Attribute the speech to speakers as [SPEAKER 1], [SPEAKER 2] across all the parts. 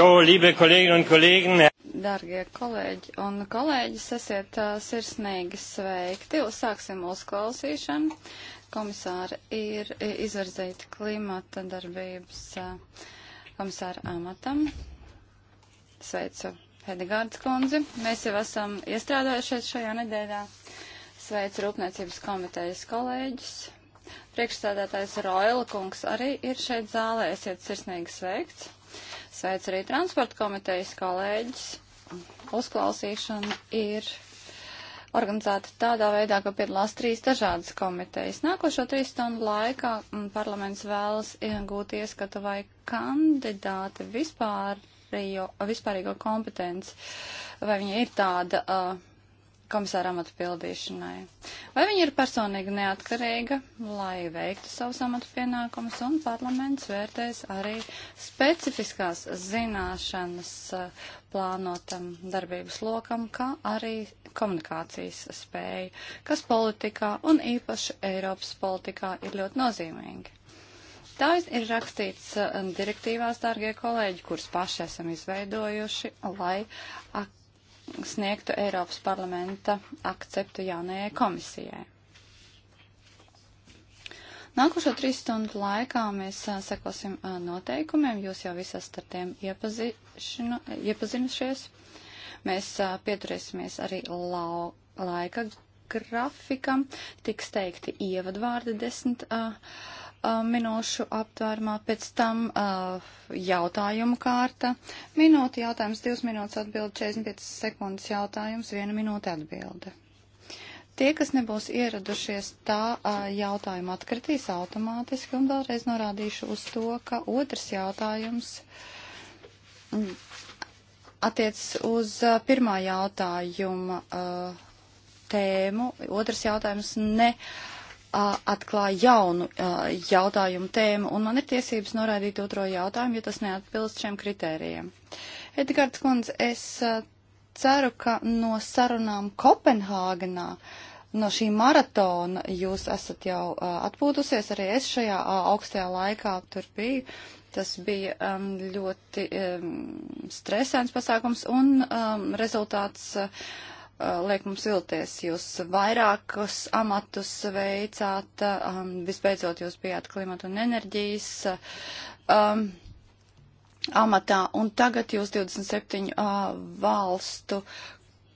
[SPEAKER 1] So, liebe Kolleginnen und Kollegen,
[SPEAKER 2] Dargie kolēģi un kolēģis, esiet uh, sirsnīgi sveikti. Uzsāksim mūsu klausīšanu. Komisāri ir izvirzīti klimata darbības uh, komisāra amatam. Sveicu Hedegārds kundzi. Mēs jau esam iestrādājušies šajā nedēļā. Sveicu Rūpniecības komitejas kolēģis. Priekšstādātājs Roila kungs arī ir šeit zālē. Esiet sirsnīgi sveikts. Sveic arī transporta komitejas kolēģis. Uzklausīšana ir organizēta tādā veidā, ka piedalās trīs dažādas komitejas. Nākošo trīs stundu laikā mm, parlaments vēlas iegūt ieskatu, vai kandidāti vispār vispārējo kompetenci, vai viņa ir tāda uh, komisāra amatu pildīšanai. Vai viņa ir personīgi neatkarīga, lai veiktu savus amatu pienākumus, un parlaments vērtēs arī specifiskās zināšanas eh, plānotam darbības lokam, kā arī komunikācijas spēju, kas politikā un īpaši Eiropas politikā ir ļoti nozīmīgi. Tā ir rakstīts eh, direktīvās, dārgie kolēģi, kuras paši esam izveidojuši, lai ak sniegtu Eiropas parlamenta akceptu jaunajai komisijai. Nākošo trīs stundu laikā mēs a, sekosim a, noteikumiem, jūs jau visas ar tiem iepazinušies. Mēs a, pieturēsimies arī lau, laika grafikam, tiks teikti ievadvārdi desmit. Uh, Uh, minūšu aptvērumā, pēc tam uh, jautājumu kārta. Minūte jautājums, divas minūtes atbilde, 45 sekundes jautājums, viena minūte atbilde. Tie, kas nebūs ieradušies, tā uh, jautājuma atkritīs automātiski un vēlreiz norādīšu uz to, ka otrs jautājums mm, attiecas uz uh, pirmā jautājuma uh, tēmu. Otrs jautājums ne. Uh, atklāja jaunu jautājumu tēmu, un man ir tiesības noraidīt otro jautājumu, jo tas neatbilst šiem kritērijiem. Edgards Kundze, es ceru, ka no sarunām Kopenhāgenā, no šī maratona jūs esat jau atpūtusies, arī es šajā augstajā laikā tur biju. Tas bija um, ļoti um, stresēns pasākums un um, rezultāts. Uh, Uh, liek mums vilties. Jūs vairākus amatus veicāt, uh, um, visbeidzot jūs bijāt klimata un enerģijas uh, um, amatā, un tagad jūs 27 uh, valstu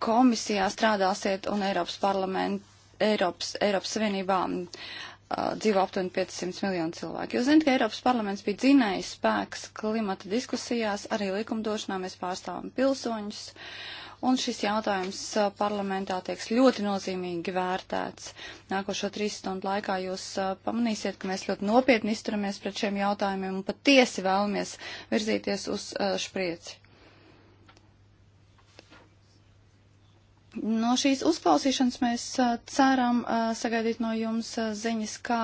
[SPEAKER 2] komisijā strādāsiet un Eiropas parlament, Eiropas, Eiropas Savienībā um, uh, dzīvo aptuveni 500 miljonu cilvēku. Jūs zināt, ka Eiropas parlaments bija dzinējs spēks klimata diskusijās, arī likumdošanā mēs pārstāvam pilsoņus. Uh, un šis jautājums parlamentā tieks ļoti nozīmīgi vērtēts. Nākošo trīs stundu laikā jūs pamanīsiet, ka mēs ļoti nopietni izturamies pret šiem jautājumiem un patiesi vēlamies virzīties uz šprieci. No šīs uzklausīšanas mēs ceram sagaidīt no jums ziņas, kā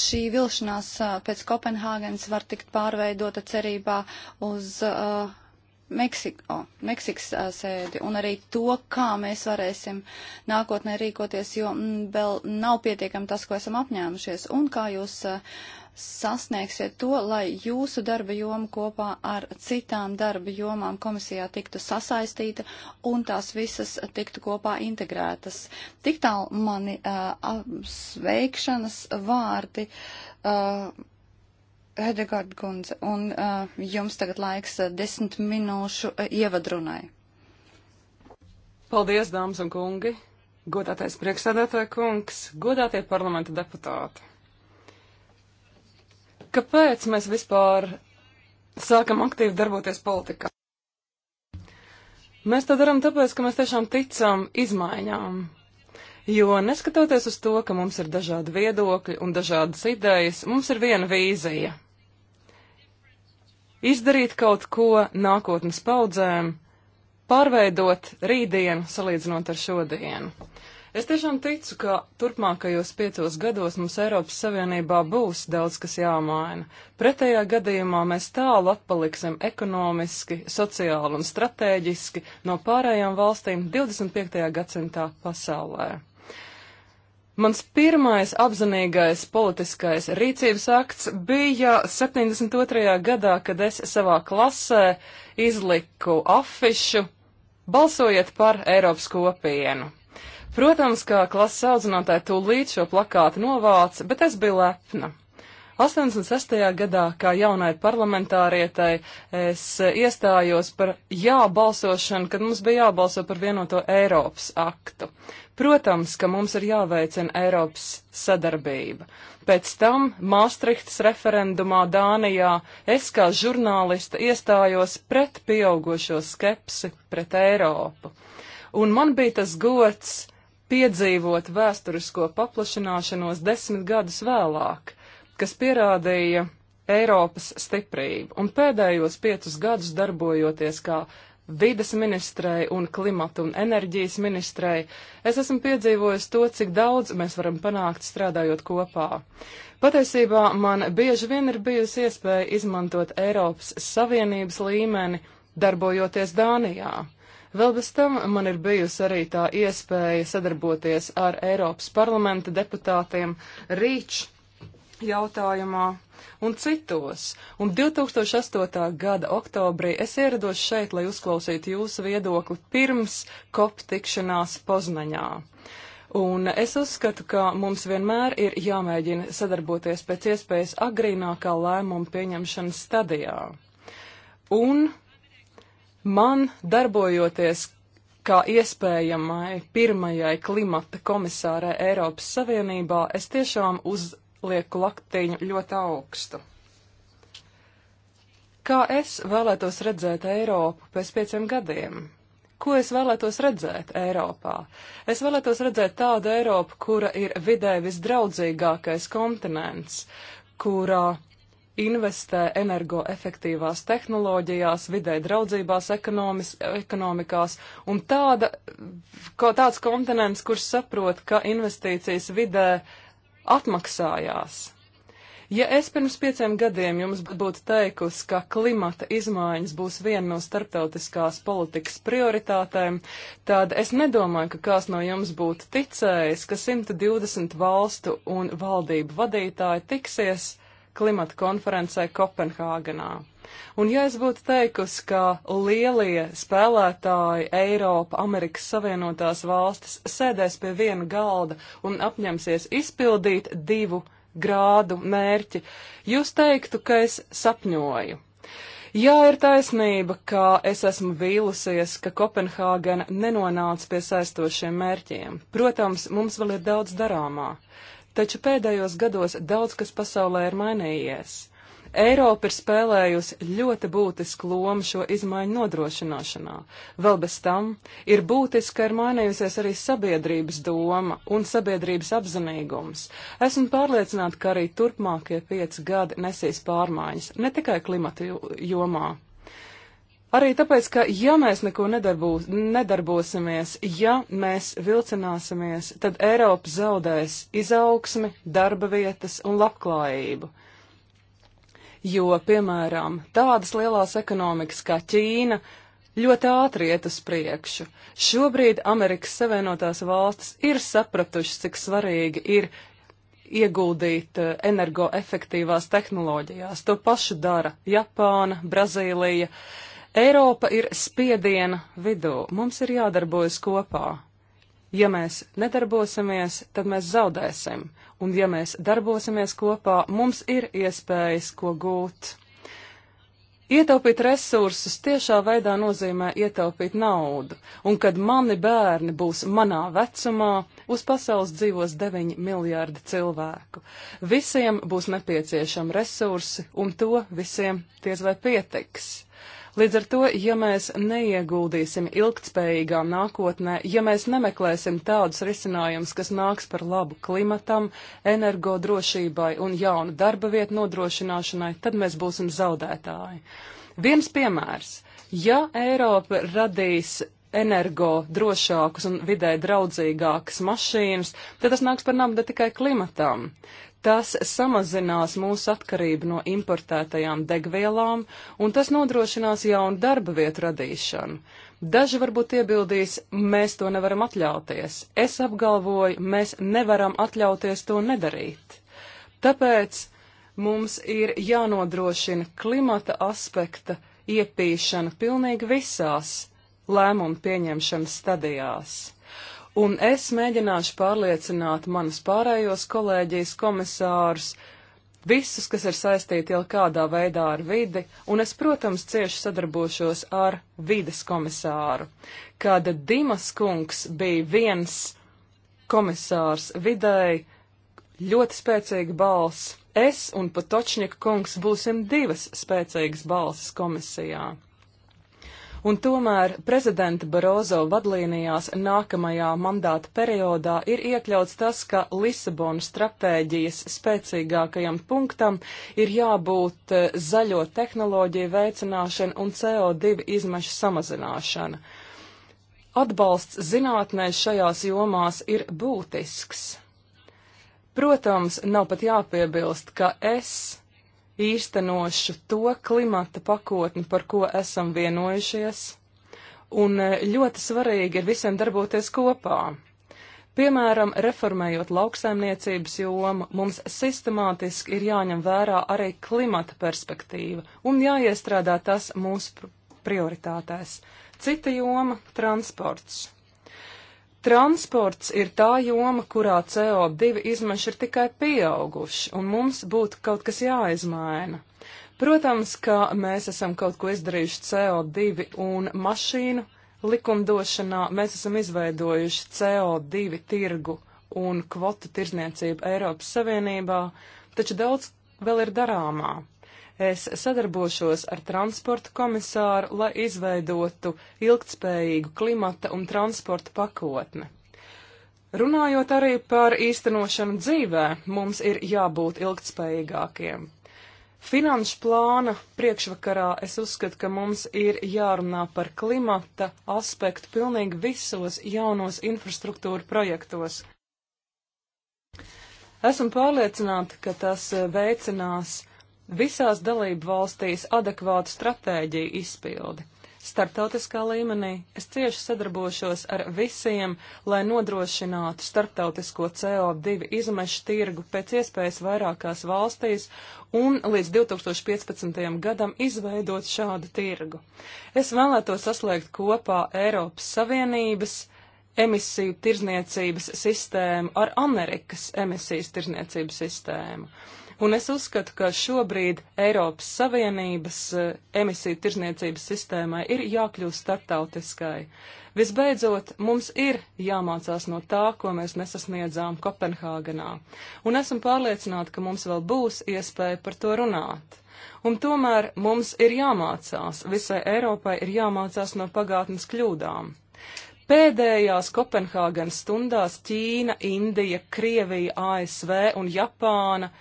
[SPEAKER 2] šī vilšanās pēc Kopenhāgenes var tikt pārveidota cerībā uz uh, Meksiko, Meksikas sēdi un arī to, kā mēs varēsim nākotnē rīkoties, jo m, mm, vēl nav pietiekami tas, ko esam apņēmušies, un kā jūs a, sasniegsiet to, lai jūsu darba joma kopā ar citām darba jomām komisijā tiktu sasaistīta un tās visas tiktu kopā integrētas. Tik tālu mani uh, sveikšanas vārdi. Uh, Hedegard kundze, un uh, jums tagad laiks uh, desmit minūšu uh, ievadrunai.
[SPEAKER 1] Paldies, dāmas un kungi, godātais priekšsēdētāja kungs, godātie parlamenta deputāti. Kāpēc mēs vispār sākam aktīvi darboties politikā? Mēs to darām tāpēc, ka mēs tiešām ticam izmaiņām, Jo neskatoties uz to, ka mums ir dažādi viedokļi un dažādas idejas, mums ir viena vīzija izdarīt kaut ko nākotnes paudzēm, pārveidot rītdienu salīdzinot ar šodienu. Es tiešām ticu, ka turpmākajos piecos gados mums Eiropas Savienībā būs daudz kas jāmaina. Pretējā gadījumā mēs tālu atpaliksim ekonomiski, sociāli un strateģiski no pārējām valstīm 25. gadsimtā pasaulē. Mans pirmais apzinīgais politiskais rīcības akts bija 72. gadā, kad es savā klasē izliku afišu Balsojiet par Eiropas kopienu. Protams, kā klases audzinātāji tūlīt šo plakātu novāca, bet es biju lepna. 86. gadā, kā jaunai parlamentārietai, es iestājos par jābalsošanu, kad mums bija jābalso par vienoto Eiropas aktu. Protams, ka mums ir jāveicina Eiropas sadarbība. Pēc tam Maastrichtas referendumā Dānijā es kā žurnālista iestājos pret pieaugošo skepsi pret Eiropu. Un man bija tas gods piedzīvot vēsturisko paplašināšanos desmit gadus vēlāk, kas pierādīja Eiropas stiprību, un pēdējos piecus gadus darbojoties kā vides ministrei un klimatu un enerģijas ministrei, es esmu piedzīvojis to, cik daudz mēs varam panākt strādājot kopā. Patiesībā man bieži vien ir bijusi iespēja izmantot Eiropas Savienības līmeni, darbojoties Dānijā. Vēl bez tam man ir bijusi arī tā iespēja sadarboties ar Eiropas parlamenta deputātiem Rīčs jautājumā un citos. Un 2008. gada oktobrī es ierados šeit, lai uzklausītu jūsu viedokli pirms kop tikšanās Poznaņā. Un es uzskatu, ka mums vienmēr ir jāmēģina sadarboties pēc iespējas agrīnākā lēmuma pieņemšanas stadijā. Un man darbojoties kā iespējamai pirmajai klimata komisārai Eiropas Savienībā, es tiešām uz lieku laktiņu ļoti augstu. Kā es vēlētos redzēt Eiropu pēc pieciem gadiem? Ko es vēlētos redzēt Eiropā? Es vēlētos redzēt tādu Eiropu, kura ir vidē visdraudzīgākais kontinents, kurā investē energoefektīvās tehnoloģijās, vidē draudzībās ekonomis, ekonomikās, un tāda, ko, tāds kontinents, kurš saprot, ka investīcijas vidē uh, atmaksājās. Ja es pirms pieciem gadiem jums būtu teikusi, ka klimata izmaiņas būs viena no starptautiskās politikas prioritātēm, tad es nedomāju, ka kāds no jums būtu ticējis, ka 120 valstu un valdību vadītāji tiksies klimata konferencē Kopenhāganā. Un ja es būtu teikusi, ka lielie spēlētāji Eiropa, Amerikas Savienotās valstis sēdēs pie viena galda un apņemsies izpildīt divu grādu mērķi, jūs teiktu, ka es sapņoju. Jā, ir taisnība, ka es esmu vīlusies, ka Kopenhāgena nenonāca pie saistošiem mērķiem. Protams, mums vēl ir daudz darāmā, taču pēdējos gados daudz kas pasaulē ir mainījies. Eiropa ir spēlējusi ļoti būtisku lomu šo izmaiņu nodrošināšanā. Vēl bez tam ir būtiski, ka ir mainījusies arī sabiedrības doma un sabiedrības apzinīgums. Esmu pārliecināta, ka arī turpmākie pieci gadi nesīs pārmaiņas, ne tikai klimata jomā. Arī tāpēc, ka ja mēs neko nedarbūs, nedarbosimies, ja mēs vilcināsimies, tad Eiropa zaudēs izaugsmi, darba vietas un labklājību jo, piemēram, tādas lielās ekonomikas kā Ķīna ļoti ātri iet uz priekšu. Šobrīd Amerikas Savienotās valstis ir sapratušas, cik svarīgi ir ieguldīt eh, energoefektīvās tehnoloģijās. To pašu dara Japāna, Brazīlija. Eiropa ir spiediena vidū. Mums ir jādarbojas kopā. Ja mēs nedarbosimies, tad mēs zaudēsim, un ja mēs darbosimies kopā, mums ir iespējas, ko gūt. Ietaupīt resursus tiešā veidā nozīmē ietaupīt naudu, un kad mani bērni būs manā vecumā, uz pasaules dzīvos 9 miljārdi cilvēku. Visiem būs nepieciešami resursi, un to visiem tiez vai pietiks. Līdz ar to, ja mēs neieguldīsim ilgtspējīgā nākotnē, ja mēs nemeklēsim tādus risinājumus, kas nāks par labu klimatam, energodrošībai un jaunu darba vietu nodrošināšanai, tad mēs būsim zaudētāji. Viens piemērs. Ja Eiropa radīs energo drošākus un vidē draudzīgākas mašīnas, tad tas nāks par naudu tikai klimatam. Tas samazinās mūsu atkarību no importētajām degvielām, un tas nodrošinās jaunu darba vietu radīšanu. Daži varbūt iebildīs, mēs to nevaram atļauties. Es apgalvoju, mēs nevaram atļauties to nedarīt. Tāpēc mums ir jānodrošina klimata aspekta iepīšana pilnīgi visās lēmumu pieņemšanas stadijās un es mēģināšu pārliecināt manus pārējos kolēģijas komisārus, visus, kas ir saistīti jau kādā veidā ar vidi, un es, protams, cieši sadarbošos ar vides komisāru. Kad Dimas kungs bija viens komisārs vidēji, ļoti spēcīga balss, es un Patočņika kungs būsim divas spēcīgas balss komisijā. Un tomēr prezidenta Barozo vadlīnijās nākamajā mandāta periodā ir iekļauts tas, ka Lisabonas stratēģijas spēcīgākajam punktam ir jābūt eh, zaļo tehnoloģiju veicināšana un CO2 izmešu samazināšana. Atbalsts zinātnē šajās jomās ir būtisks. Protams, nav pat jāpiebilst, ka es īstenošu to klimata pakotni, par ko esam vienojušies, un e, ļoti svarīgi ir visiem darboties kopā. Piemēram, reformējot lauksaimniecības jomu, mums sistemātiski ir jāņem vērā arī klimata perspektīva un jāiestrādā tas mūsu prioritātēs. Cita joma - transports. Transports ir tā joma, kurā CO2 izmeši ir tikai pieauguši, un mums būtu kaut kas jāizmaina. Protams, ka mēs esam kaut ko izdarījuši CO2 un mašīnu likumdošanā, mēs esam izveidojuši CO2 tirgu un kvotu tirzniecību Eiropas Savienībā, taču daudz vēl ir darāmā. Es sadarbošos ar transporta komisāru, lai izveidotu ilgtspējīgu klimata un transporta pakotni. Runājot arī par īstenošanu dzīvē, mums ir jābūt ilgtspējīgākiem. Finanšu plāna priekšvakarā es uzskatu, ka mums ir jārunā par klimata aspektu pilnīgi visos jaunos infrastruktūra projektos. Esmu pārliecināta, ka tas eh, veicinās uh, visās dalību valstīs adekvātu stratēģiju izpildi. Startautiskā līmenī es cieši sadarbošos ar visiem, lai nodrošinātu startautisko CO2 izmešu tirgu pēc iespējas vairākās valstīs un līdz 2015. gadam izveidot šādu tirgu. Es vēlētos saslēgt kopā Eiropas Savienības emisiju tirzniecības sistēmu ar Amerikas emisijas tirzniecības sistēmu. Un es uzskatu, ka šobrīd Eiropas Savienības eh, emisiju tirzniecības sistēmai ir jākļūst startautiskai. Visbeidzot, mums ir jāmācās no tā, ko mēs nesasniedzām Kopenhāgenā. Un esam pārliecināti, ka mums vēl būs iespēja par to runāt. Un tomēr mums ir jāmācās, visai Eiropai ir jāmācās no pagātnes kļūdām. Pēdējās Kopenhāgenes stundās Ķīna, Indija, Krievija, ASV un Japāna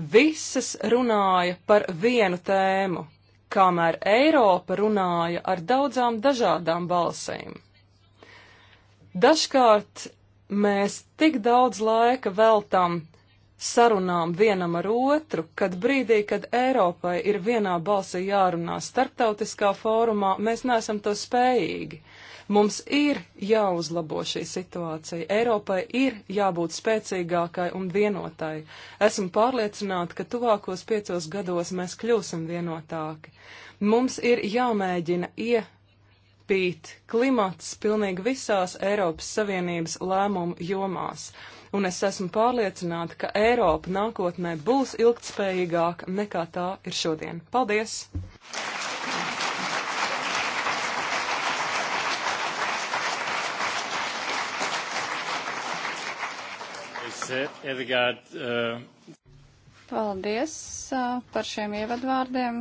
[SPEAKER 1] visas runāja par vienu tēmu, kamēr Eiropa runāja ar daudzām dažādām balsīm. Dažkārt mēs tik daudz laika veltam sarunām vienam ar otru, kad brīdī, kad Eiropai ir vienā balsī jārunā starptautiskā fórumā, mēs neesam to spējīgi. Mums ir jāuzlabo šī situācija. Eiropai ir jābūt spēcīgākai un vienotai. Esmu pārliecināta, ka tuvākos piecos gados mēs kļūsim vienotāki. Mums ir jāmēģina iepīt klimats pilnīgi visās Eiropas Savienības lēmumu jomās un es esmu pārliecināta, ka Eiropa nākotnē būs ilgtspējīgāka nekā tā ir šodien. Paldies!
[SPEAKER 3] Edgard. Uh,
[SPEAKER 2] Paldies uh, par šiem ievadvārdiem.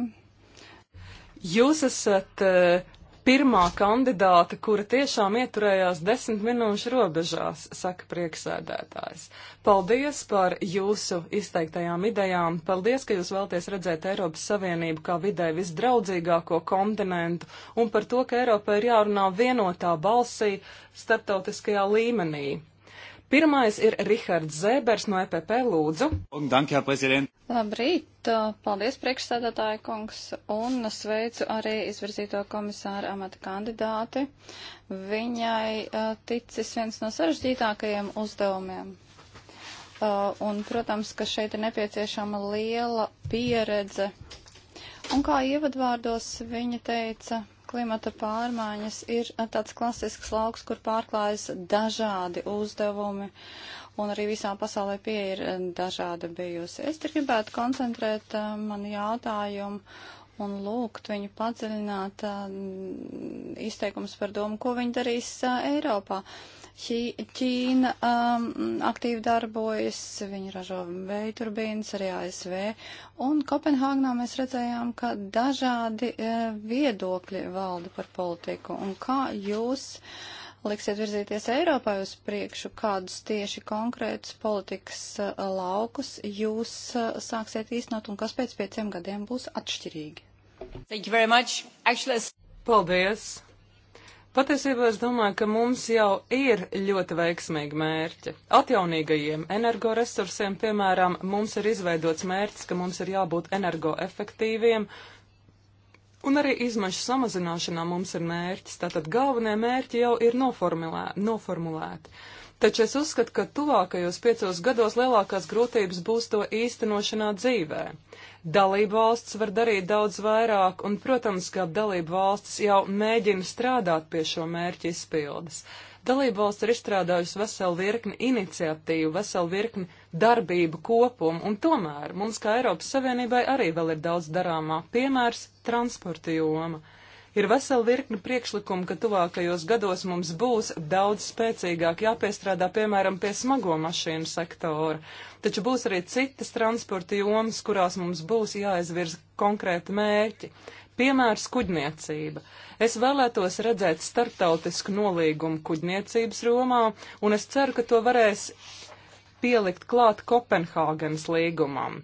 [SPEAKER 1] Jūs esat uh, pirmā kandidāta, kura tiešām ieturējās desmit minūšu robežās, saka prieksēdētājs. Paldies par jūsu izteiktajām idejām. Paldies, ka jūs vēlties redzēt Eiropas Savienību kā vidē visdraudzīgāko kontinentu un par to, ka Eiropai ir jārunā vienotā balsī starptautiskajā līmenī. Pirmais ir Rihards Zēbers no EPP lūdzu. Un dankjā, prezident.
[SPEAKER 2] Labrīt, paldies priekšsēdētāja kungs un sveicu arī izvirzīto komisāra amata kandidāti. Viņai ticis viens no sarežģītākajiem uzdevumiem. Un, protams, ka šeit ir nepieciešama liela pieredze. Un kā ievadvārdos viņa teica, Klimata pārmaiņas ir tāds klasisks lauks, kur pārklājas dažādi uzdevumi, un arī visā pasaulē pieeja ir eh, dažāda bijusi. Es tikai gribētu koncentrēt uh, manu jautājumu un lūgt viņu padziļināt uh, izteikums par domu, ko viņi darīs uh, Eiropā. Uh, Ķīna um, aktīvi darbojas, viņi ražo vēja turbīnas arī ASV. Un Kopenhāgnā mēs redzējām, ka dažādi uh, viedokļi valda par politiku. Un kā jūs liksiet virzīties Eiropā uz priekšu, kādus tieši konkrētus politikas uh, laukus jūs uh, sāksiet īstenot un kas pēc pieciem gadiem būs atšķirīgi?
[SPEAKER 1] Thank you very much. Actually, Paldies! Patiesībā es domāju, ka mums jau ir ļoti veiksmīgi mērķi. Atjaunīgajiem energoresursiem, piemēram, mums ir izveidots mērķis, ka mums ir jābūt energoefektīviem, un arī izmašu samazināšanā mums ir mērķis. Tātad galvenie mērķi jau ir noformulēti. Taču es uzskatu, ka tuvākajos piecos gados lielākās grūtības būs to īstenošanā dzīvē. Dalību valsts var darīt daudz vairāk, un, protams, ka dalību valsts jau mēģina strādāt pie šo mērķu izpildes. Dalību valsts ir izstrādājusi veselu virkni iniciatīvu, veselu virkni darbību kopumu, un tomēr mums, kā Eiropas Savienībai, arī vēl ir daudz darāmā. Piemērs - transporta joma. Ir vesela virkni priekšlikumu, ka tuvākajos gados mums būs daudz spēcīgāk jāpiestrādā, piemēram, pie smago mašīnu sektora. Taču būs arī citas transporta jomas, kurās mums būs jāizvirza konkrēti mērķi. Piemērs kuģniecība. Es vēlētos redzēt startautisku nolīgumu kuģniecības Romā, un es ceru, ka to varēs pielikt klāt Kopenhāgenes līgumam.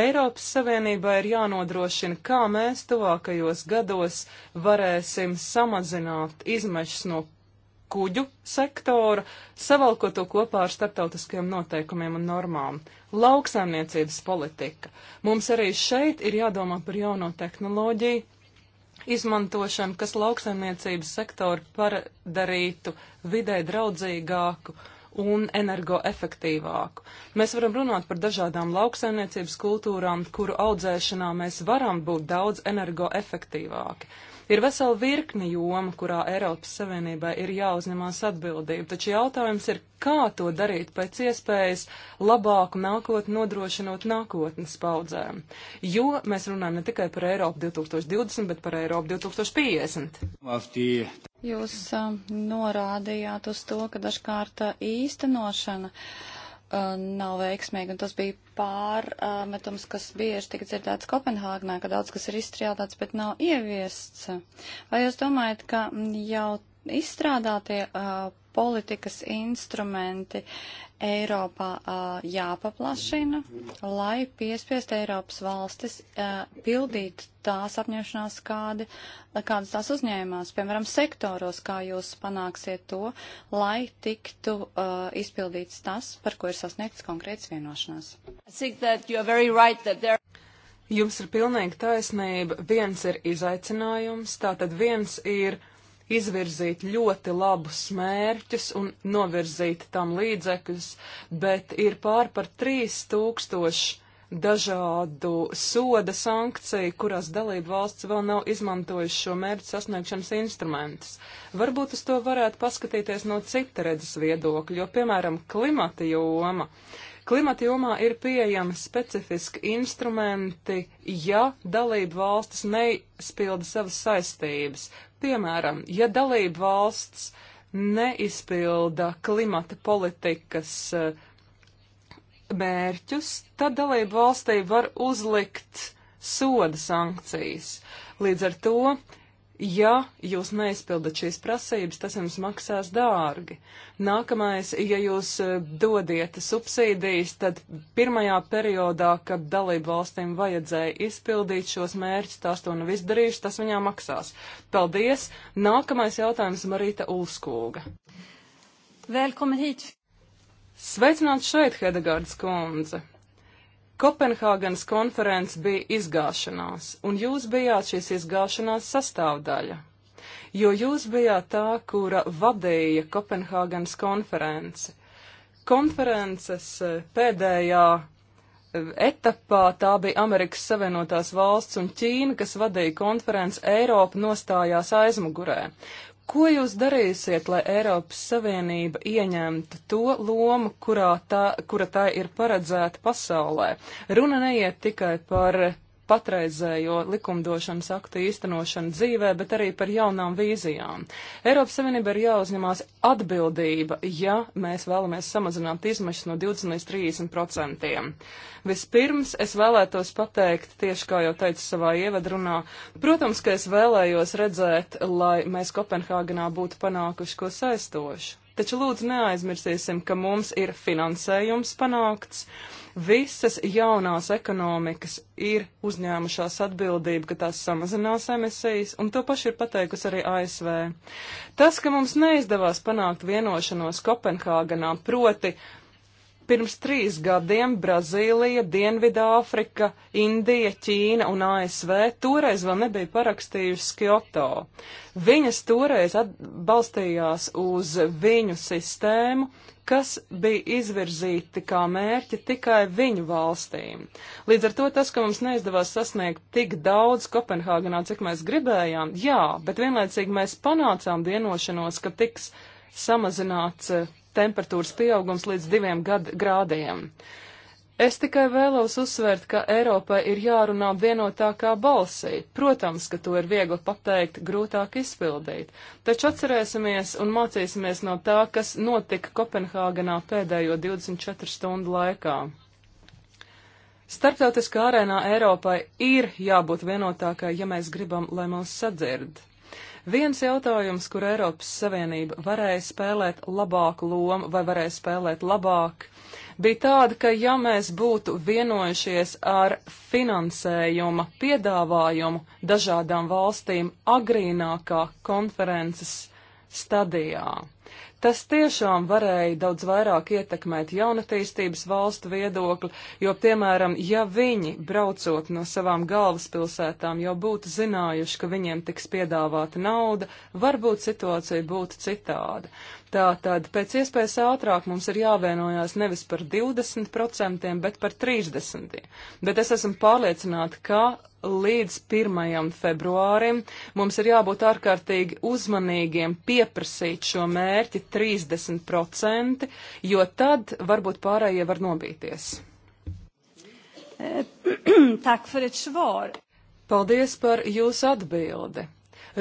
[SPEAKER 1] Eiropas Savienībā ir jānodrošina, kā mēs tuvākajos gados varēsim samazināt izmešas no kuģu sektora, savalkot to kopā ar starptautiskiem noteikumiem un normām. Lauksaimniecības politika. Mums arī šeit ir jādomā par jauno tehnoloģiju izmantošanu, kas lauksaimniecības sektoru padarītu vidē draudzīgāku un energoefektīvāku. Mēs varam runāt par dažādām lauksaimniecības kultūrām, kuru audzēšanā mēs varam būt daudz energoefektīvāki. Ir vesela virkni joma, kurā Eiropas Savienībai ir jāuzņemās atbildība, taču jautājums ir, kā to darīt pēc iespējas labāku nākotni nodrošinot nākotnes paudzēm. Jo mēs runājam ne tikai par Eiropu 2020, bet par Eiropu 2050.
[SPEAKER 2] Jūs uh, norādījāt uz to, ka dažkārt uh, īstenošana uh, nav veiksmīga, un tas bija pārmetums, kas bieži tika dzirdēts Kopenhāgnā, ka daudz kas ir izstrādāts, bet nav ieviests. Vai jūs domājat, ka jau izstrādātie politikas instrumenti Eiropā uh, jāpaplašina, lai piespiest Eiropas valstis uh, pildīt tās apņemšanās, kādi, kādas tās uzņēmās, piemēram, sektoros, kā jūs panāksiet to, lai tiktu uh, izpildīts tas, par ko ir sasniegts konkrēts vienošanās.
[SPEAKER 1] Right there... Jums ir pilnīgi taisnība. Viens ir izaicinājums, tātad viens ir izvirzīt ļoti labus mērķus un novirzīt tam līdzekļus, bet ir pār par 3000 dažādu soda sankciju, kurās dalību valsts vēl nav izmantojuši šo mērķu sasniegšanas instrumentus. Varbūt uz to varētu paskatīties no cita redzes viedokļa, jo, piemēram, klimata joma. Jo Klimata jomā ir pieejami specifiski instrumenti, ja dalību valstis neizpilda savas saistības. Piemēram, ja dalību valsts neizpilda klimata politikas eh, mērķus, tad dalību valstī var uzlikt soda sankcijas. Līdz ar to Ja jūs neizpildat šīs prasības, tas jums maksās dārgi. Nākamais, ja jūs e, dodiet subsīdijas, tad pirmajā periodā, kad dalību valstīm vajadzēja izpildīt šos mērķus, tās to nav izdarījušas, tas viņām maksās. Paldies! Nākamais jautājums Marīta Ulskūga. Velkomen hīt! Sveicināt šeit, Hedegārds kundze! Kopenhāgenes konference bija izgāšanās, un jūs bijāt šīs izgāšanās sastāvdaļa, jo jūs bijāt tā, kura vadīja Kopenhāgenes konferenci. Konferences e, pēdējā e, etapā tā bija Amerikas Savienotās valsts un Ķīna, kas vadīja konferenci Eiropa nostājās aizmugurē. Ko jūs darīsiet, lai Eiropas Savienība ieņemtu to lomu, kurā tā, kura tā ir paredzēta pasaulē? Runa neiet tikai par patreizējo likumdošanas aktu īstenošanu dzīvē, bet arī par jaunām vīzijām. Eiropas Savienība ir jāuzņemās atbildība, ja mēs vēlamies samazināt izmešas no 20 līdz 30 procentiem. Vispirms es vēlētos pateikt, tieši kā jau teicu savā ievadrunā, protams, ka es vēlējos redzēt, lai mēs Kopenhāgenā būtu panākuši ko saistošu. Taču lūdzu neaizmirsīsim, ka mums ir finansējums panākts. Uh, Visas jaunās ekonomikas ir uzņēmušās atbildību, ka tās samazinās emisijas, un to pašu ir pateikusi arī ASV. Tas, ka mums neizdevās panākt vienošanos Kopenhāganā, proti pirms trīs gadiem Brazīlija, Dienvidāfrika, Indija, Ķīna un ASV toreiz vēl nebija parakstījušas Kyoto. Viņas toreiz balstījās uz viņu sistēmu, kas bija izvirzīti kā mērķi tikai viņu valstīm. Līdz ar to tas, ka mums neizdevās sasniegt tik daudz Kopenhāgenā, cik mēs gribējām, jā, bet vienlaicīgi mēs panācām vienošanos, ka tiks samazināts eh, temperatūras pieaugums līdz diviem grādiem. Es tikai vēlos uzsvērt, ka Eiropai ir jārunā vienotākā balsī. Protams, ka to ir viegli pateikt, grūtāk izpildīt. Taču atcerēsimies un mācīsimies no tā, kas notika Kopenhāgenā pēdējo 24 stundu laikā. Starptautiskā arēnā Eiropai ir jābūt vienotākai, ja mēs gribam, lai mūs sadzird. Viens jautājums, kur Eiropas Savienība varēja spēlēt labāku lomu vai varēja spēlēt labāk, bija tāda, ka ja mēs būtu vienojušies ar finansējuma piedāvājumu dažādām valstīm agrīnākā konferences stadijā, tas tiešām varēja daudz vairāk ietekmēt jaunatīstības valstu viedokli, jo, piemēram, ja viņi, braucot no savām galvaspilsētām, jau būtu zinājuši, ka viņiem tiks piedāvāta nauda, varbūt situācija būtu citāda. Tātad pēc iespējas ātrāk mums ir jāvienojās nevis par 20%, bet par 30%. Bet es esmu pārliecināta, ka līdz 1. februārim mums ir jābūt ārkārtīgi uzmanīgiem pieprasīt šo mērķi 30%, jo tad varbūt pārējie var nobīties. Eh, Paldies par jūsu atbildi.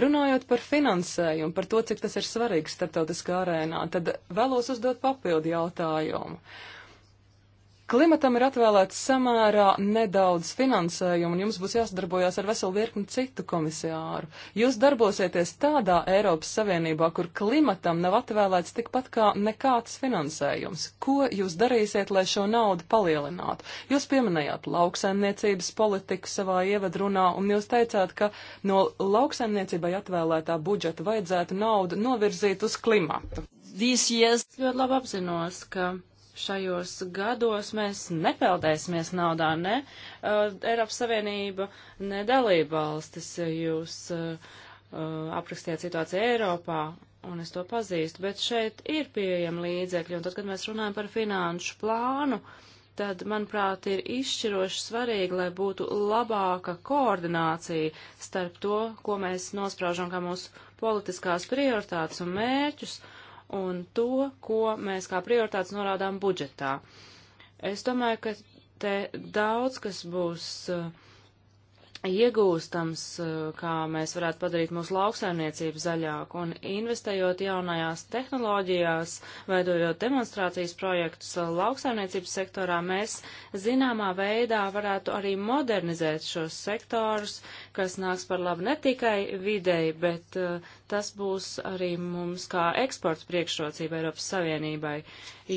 [SPEAKER 1] Runājot par finansējumu, par to, cik tas ir svarīgs starptautiskā arēnā, tad vēlos uzdot papildu jautājumu. Klimatam ir atvēlēts samērā nedaudz finansējumu, un jums būs jāsadarbojās ar veselu virkni citu komisāru. Jūs darbosieties tādā Eiropas Savienībā, kur klimatam nav atvēlēts tikpat kā nekāds finansējums. Ko jūs darīsiet, lai šo naudu palielinātu? Jūs pieminējāt lauksaimniecības politiku savā ievadrunā, un jūs teicāt, ka no lauksaimniecībai atvēlētā budžeta vajadzētu naudu novirzīt uz klimatu. Ļoti labi apzinos, ka
[SPEAKER 3] šajos gados mēs nepeldēsimies naudā, ne uh, Eiropas Savienība, ne dalībvalstis. Jūs uh, uh, aprakstījāt situāciju Eiropā, un es to pazīstu, bet šeit ir pieejami līdzekļi, un tad, kad mēs runājam par finanšu plānu, tad, manuprāt, ir izšķiroši svarīgi, lai būtu labāka koordinācija starp to, ko mēs nospraužam kā mūsu politiskās prioritātes un mērķus, un to, ko mēs kā prioritātes norādām budžetā. Es domāju, ka te daudz kas būs eh, iegūstams, eh, kā mēs varētu padarīt mūsu lauksaimniecību zaļāku un investējot jaunajās tehnoloģijās, veidojot demonstrācijas projektus eh, lauksaimniecības sektorā, mēs zināmā veidā varētu arī modernizēt šos sektorus, kas nāks par labu ne tikai videi, bet uh, tas būs arī mums kā eksporta priekšrocība Eiropas Savienībai,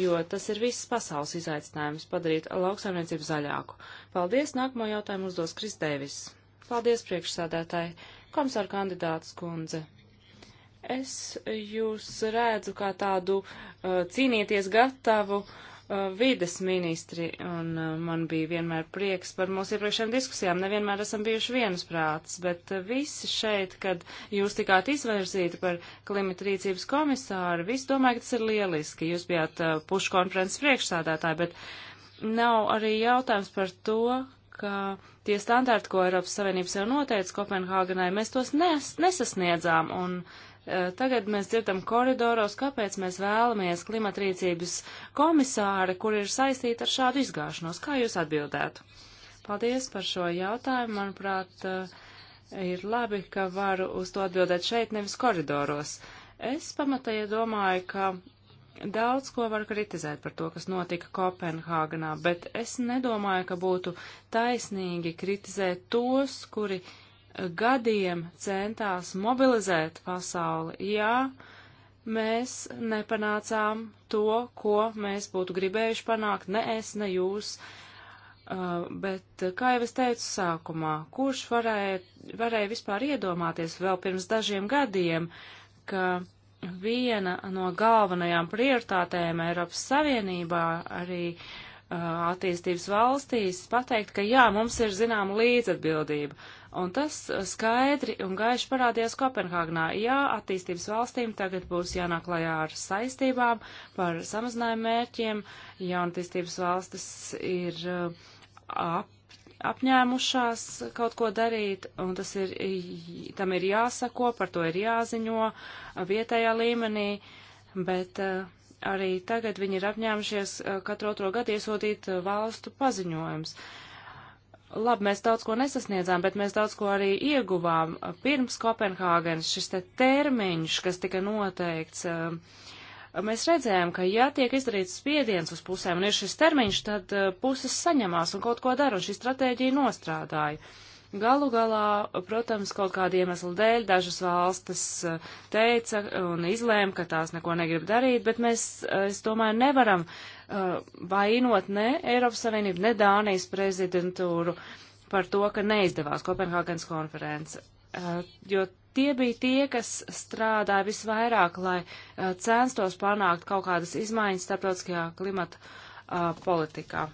[SPEAKER 3] jo tas ir viss pasaules izaicinājums padarīt lauksaimniecību zaļāku. Paldies, nākamo jautājumu uzdos Kris Devis. Paldies, priekšsādātāji, komisāra kandidāts kundze. Es jūs redzu kā tādu uh, cīnīties gatavu uh, Uh, vides ministri, un uh, man bija vienmēr prieks par mūsu iepriekšējām diskusijām. Nevienmēr esam bijuši viensprāts, bet uh, visi šeit, kad jūs tikāt izvērzīti par klimata rīcības komisāru, visi domāja, ka tas ir lieliski. Jūs bijāt puškonferences priekšsādātāji, bet nav arī jautājums par to, ka tie standarti, ko Eiropas Savienība sev noteica Kopenhāganai, mēs tos nes nesasniedzām, un Eh, tagad mēs dzirdam koridoros, kāpēc mēs vēlamies klimatrīcības komisāri, kur ir saistīta ar šādu izgāšanos. Kā jūs atbildētu? Paldies par šo jautājumu. Manuprāt, eh, ir labi, ka varu uz to atbildēt šeit, nevis koridoros. Es pamatai domāju, ka daudz ko var kritizēt par to, kas notika Kopenhāganā, bet es nedomāju, ka būtu taisnīgi kritizēt tos, kuri gadiem centās mobilizēt pasauli. Jā, mēs nepanācām to, ko mēs būtu gribējuši panākt, ne es, ne jūs. Uh, bet, kā jau es teicu sākumā, kurš varēja, varēja vispār iedomāties vēl pirms dažiem gadiem, ka viena no galvenajām prioritātēm Eiropas Savienībā arī uh, attīstības valstīs pateikt, ka jā, mums ir zinām līdzatbildība. Un tas uh, skaidri un gaiši parādījās Kopenhāgnā. Jā, attīstības valstīm tagad būs jānāk lajā ar saistībām par samazinājumu mērķiem. Jaunatīstības valstis ir uh, ap, apņēmušās kaut ko darīt, un tas ir, tam ir jāsako, par to ir jāziņo uh, vietējā līmenī, bet arī tagad viņi ir apņēmušies katru otro gadu iesūtīt valstu paziņojums. Uh, labi, mēs daudz ko nesasniedzām, bet mēs daudz ko arī ieguvām. Pirms Kopenhāgenes šis te termiņš, kas tika noteikts, eh, mēs redzējām, ka ja tiek izdarīts spiediens uz pusēm un ir šis termiņš, tad eh, puses saņemās un kaut ko dara, un šī stratēģija nostrādāja. Galu galā, protams, kaut kāda iemesla dēļ dažas valstis eh, teica un izlēma, ka tās neko negrib darīt, bet mēs, es domāju, nevaram Uh, vainot ne Eiropas Savienību, ne Dānijas prezidentūru par to, ka neizdevās Kopenhāgenes konference. Uh, jo tie bija tie, kas strādāja visvairāk, lai uh, censtos panākt kaut kādas izmaiņas starptautiskajā klimata uh, politikā.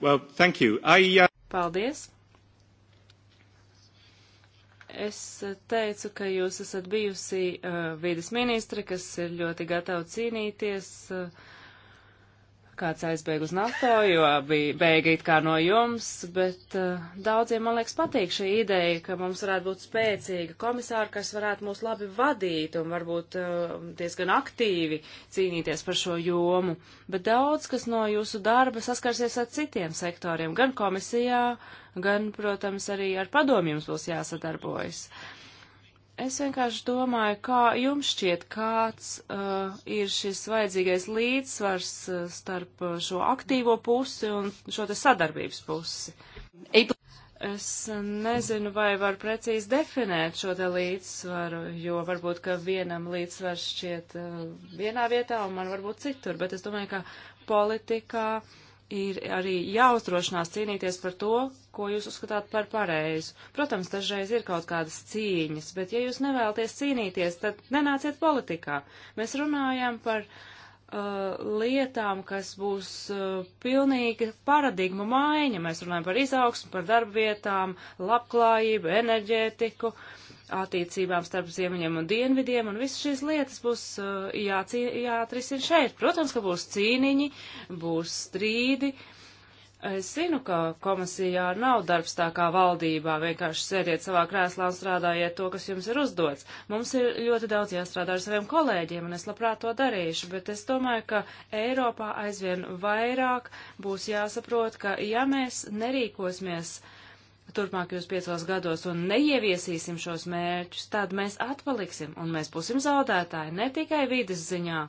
[SPEAKER 3] Well, thank you. I, uh... Paldies. Es teicu, ka jūs esat bijusi uh, vīdes ministre, kas ir ļoti gatava cīnīties uh, kāds aizbēg uz NATO, jo bija bēga it kā no jums, bet uh, daudziem, man liekas, patīk šī ideja, ka mums varētu būt spēcīga komisāra, kas varētu mūs labi vadīt un varbūt uh, diezgan aktīvi cīnīties par šo jomu. Bet daudz, kas no jūsu darba saskarsies ar citiem sektoriem, gan komisijā, gan, protams, arī ar padomjums būs jāsadarbojas. Uh, Es vienkārši domāju, kā jums šķiet, kāds uh, ir šis vajadzīgais līdzsvars uh, starp uh, šo aktīvo pusi un šo te sadarbības pusi. Es nezinu, vai var precīzi definēt šo te līdzsvaru, jo varbūt, ka vienam līdzsvars šķiet uh, vienā vietā un man varbūt citur, bet es domāju, ka politikā ir arī jāuzdrošinās cīnīties par to, ko jūs uzskatāt par pareizu. Protams, dažreiz ir kaut kādas cīņas, bet ja jūs nevēlaties cīnīties, tad nenāciet politikā. Mēs runājam par uh, lietām, kas būs uh, pilnīgi paradigma maiņa. Mēs runājam par izaugsmu, par darbvietām, labklājību, enerģētiku, attiecībām starp ziemeņiem un dienvidiem, un visas šīs lietas būs uh, jāatrisina šeit. Protams, ka būs cīniņi, būs strīdi. Uh, Es zinu, ka komisijā nav darbs tā kā valdībā, vienkārši sēdiet savā krēslā un strādājiet to, kas jums ir uzdots. Mums ir ļoti daudz jāstrādā ar saviem kolēģiem, un es labprāt to darīšu, bet es domāju, ka Eiropā aizvien vairāk būs jāsaprot, ka ja mēs nerīkosimies turpmākajos piecos gados un neieviesīsim šos mērķus, tad mēs atpaliksim un mēs būsim zaudētāji ne tikai vides ziņā,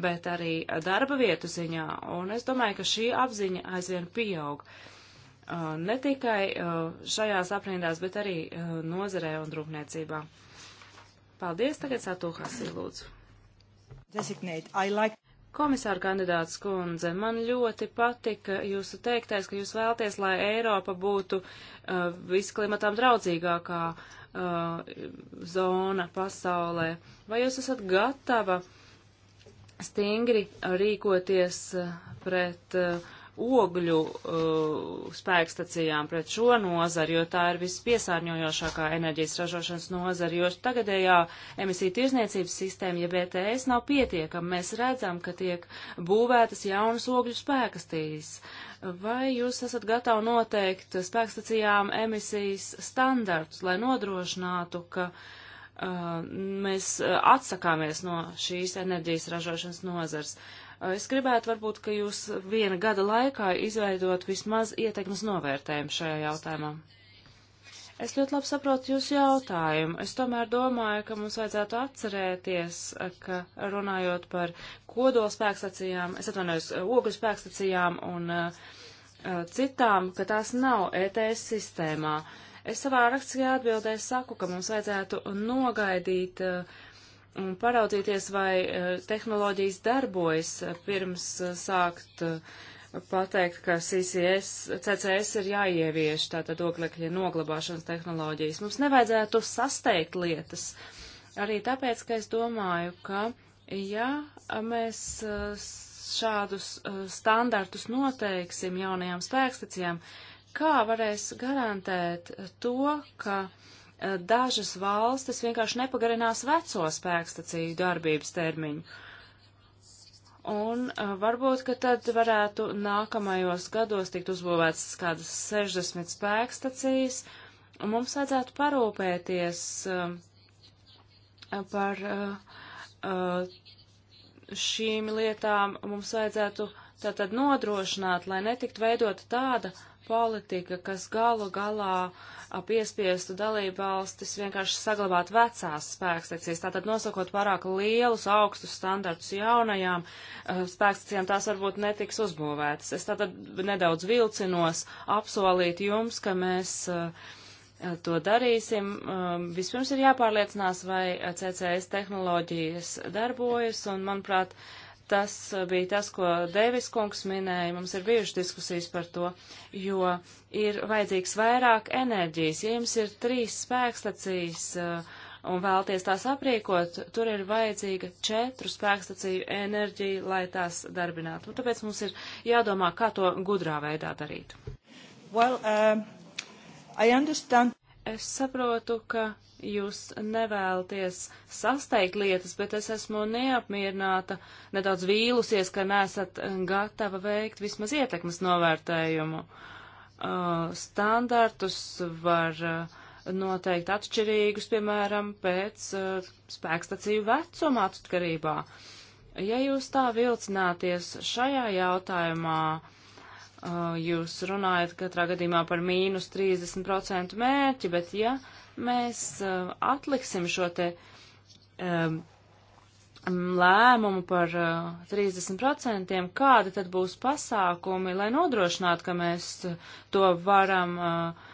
[SPEAKER 3] bet arī darba vietu ziņā, un es domāju, ka šī apziņa aizvien pieaug. Uh, ne tikai uh, šajās aprindās, bet arī uh, nozarē un rūpniecībā. Paldies, tagad Satūhasī lūdzu. Designate, I like. Komisāra kandidāts kundze, man ļoti patika jūsu teiktais, ka jūs vēlties, lai Eiropa būtu uh, visklimatām draudzīgākā uh, zona pasaulē. Vai jūs esat gatava uh, stingri rīkoties eh, pret eh, ogļu uh, spēkstacijām pret šo nozaru, jo tā ir vispiesārņojošākā enerģijas ražošanas nozara, jo tagadējā emisiju tirzniecības sistēma, ja BTS nav pietiekama, mēs redzam, ka tiek būvētas jaunas ogļu spēkstacijas. Vai jūs esat gatavi noteikt spēkstacijām emisijas standartus, lai nodrošinātu, ka uh, Uh, mēs uh, atsakāmies no šīs enerģijas ražošanas nozars. Uh, es gribētu varbūt, ka jūs viena gada laikā izveidot vismaz ietekmes novērtējumu šajā jautājumā. Es ļoti labi saprotu jūsu jautājumu. Es tomēr domāju, ka mums vajadzētu atcerēties, ka runājot par kodola spēkstacijām, es atvainojos, ogļu spēkstacijām un uh, citām, ka tās nav ETS sistēmā. Uh, Es savā rakstiskajā atbildē saku, ka mums vajadzētu nogaidīt eh, un paraudzīties, vai eh, tehnoloģijas darbojas eh, pirms sākt pateikt, ka CCS, CCS ir jāievieš, tātad oglekļa noglabāšanas tehnoloģijas. Mums nevajadzētu sasteigt lietas. Arī tāpēc, ka es domāju, ka ja mēs šādus standartus noteiksim jaunajām spēkstacijām, kā varēs garantēt to, ka eh, dažas valstis vienkārši nepagarinās veco spēkstacīju darbības termiņu. Un eh, varbūt, ka tad varētu nākamajos gados tikt uzbūvēts kādas 60 spēkstacijas, un mums vajadzētu parūpēties eh, par šīm lietām, mums vajadzētu tātad nodrošināt, lai netikt veidota tāda politika, kas galu galā piespiestu dalību valstis vienkārši saglabāt vecās spēkstacijas, tātad nosakot pārāk lielus, augstus standartus jaunajām spēkstacijām, tās varbūt netiks uzbūvētas. Es tātad nedaudz vilcinos apsolīt jums, ka mēs to darīsim. Vispirms ir jāpārliecinās, vai CCS tehnoloģijas darbojas, un, manuprāt, uh, Tas bija tas, ko Dēvis kungs minēja, mums ir bijušas diskusijas par to, jo ir vajadzīgs vairāk enerģijas. Ja jums ir trīs spēkstacijas uh, un vēlties tās aprīkot, tur ir vajadzīga četru spēkstaciju enerģija, lai tās darbinātu. Un tāpēc mums ir jādomā, kā to gudrā veidā darīt. Well, um, I understand. Es saprotu, ka jūs nevēlaties sasteigt lietas, bet es esmu neapmierināta, nedaudz vīlusies, ka nesat eh, gatava veikt vismaz ietekmes novērtējumu. Eh, standartus var eh, noteikt atšķirīgus, piemēram, pēc spēkstaciju vecuma atkarībā. Ja jūs tā vilcināties šajā jautājumā, jūs runājat katrā gadījumā par mīnus 30% mērķi, bet ja mēs uh, atliksim šo te um, lēmumu par uh, 30%, kādi tad būs pasākumi, lai nodrošinātu, ka mēs uh, to varam uh,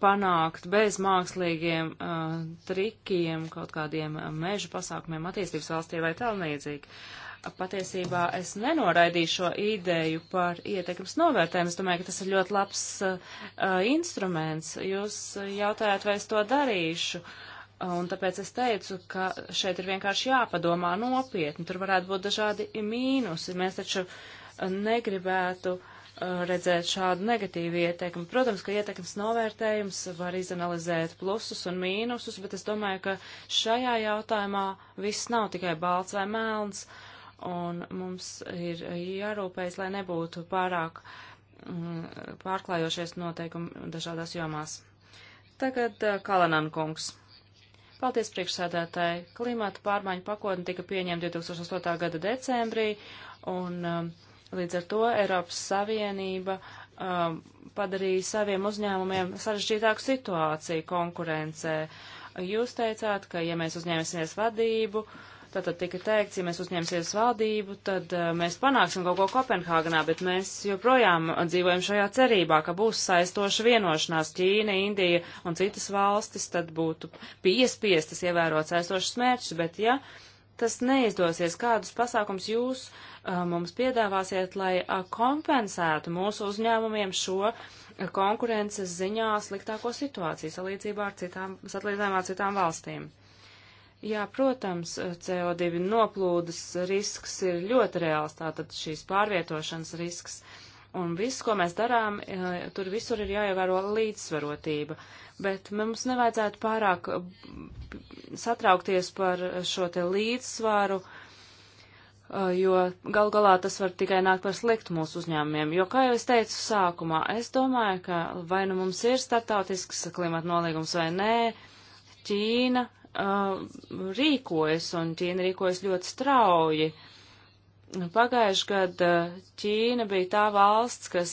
[SPEAKER 3] panākt bez mākslīgiem uh, trikiem, kaut kādiem uh, meža pasākumiem attīstības valstī vai tālīdzīgi. Uh, patiesībā es nenoraidīju šo ideju par ietekmes novērtējumu. Es domāju, ka tas ir ļoti labs uh, instruments. Jūs jautājāt, vai es to darīšu. Un tāpēc es teicu, ka šeit ir vienkārši jāpadomā nopietni. Tur varētu būt dažādi mīnusi. Mēs taču negribētu uh, redzēt šādu negatīvu ietekmi. Protams, ka ietekmes novērtējums var izanalizēt plusus un mīnusus, bet es domāju, ka šajā jautājumā viss nav tikai balts vai melns. Uh, un mums ir jārūpējas, lai nebūtu pārāk mm, pārklājošies noteikumi dažādās jomās. Tagad eh, Kalanan kungs. Paldies priekšsēdētāji. Klimata pārmaiņu pakotni tika pieņemta 2008. gada decembrī, un um, līdz ar to Eiropas Savienība um, padarīja saviem uzņēmumiem sarežģītāku situāciju konkurencē. Jūs teicāt, ka ja mēs uzņēmēsimies vadību, uh, Tātad tika teikts, ja mēs uzņemsies valdību, tad uh, mēs panāksim kaut ko Kopenhāganā, bet mēs joprojām dzīvojam šajā cerībā, ka būs saistoša vienošanās Ķīna, Indija un citas valstis, tad būtu piespiestas ievērot saistošas mērķus, bet ja tas neizdosies, kādus pasākums jūs uh, mums piedāvāsiet, lai uh, kompensētu mūsu uzņēmumiem šo konkurences ziņā sliktāko situāciju salīdzībā ar citām, salīdzinājumā ar citām valstīm? Jā, protams, CO2 noplūdes risks ir ļoti reāls, tātad šīs pārvietošanas risks. Un viss, ko mēs darām, e, tur visur ir jāievēro līdzsvarotība. Bet mums nevajadzētu pārāk satraukties par šo te līdzsvaru, e, jo gal galā tas var tikai nākt par sliktu mūsu uzņēmumiem. Jo, kā jau es teicu sākumā, es domāju, ka vai nu mums ir startautisks klimata nolīgums vai nē, Ķīna uh, rīkojas, un Ķīna rīkojas ļoti strauji. Pagājuši gadu Ķīna bija tā valsts, kas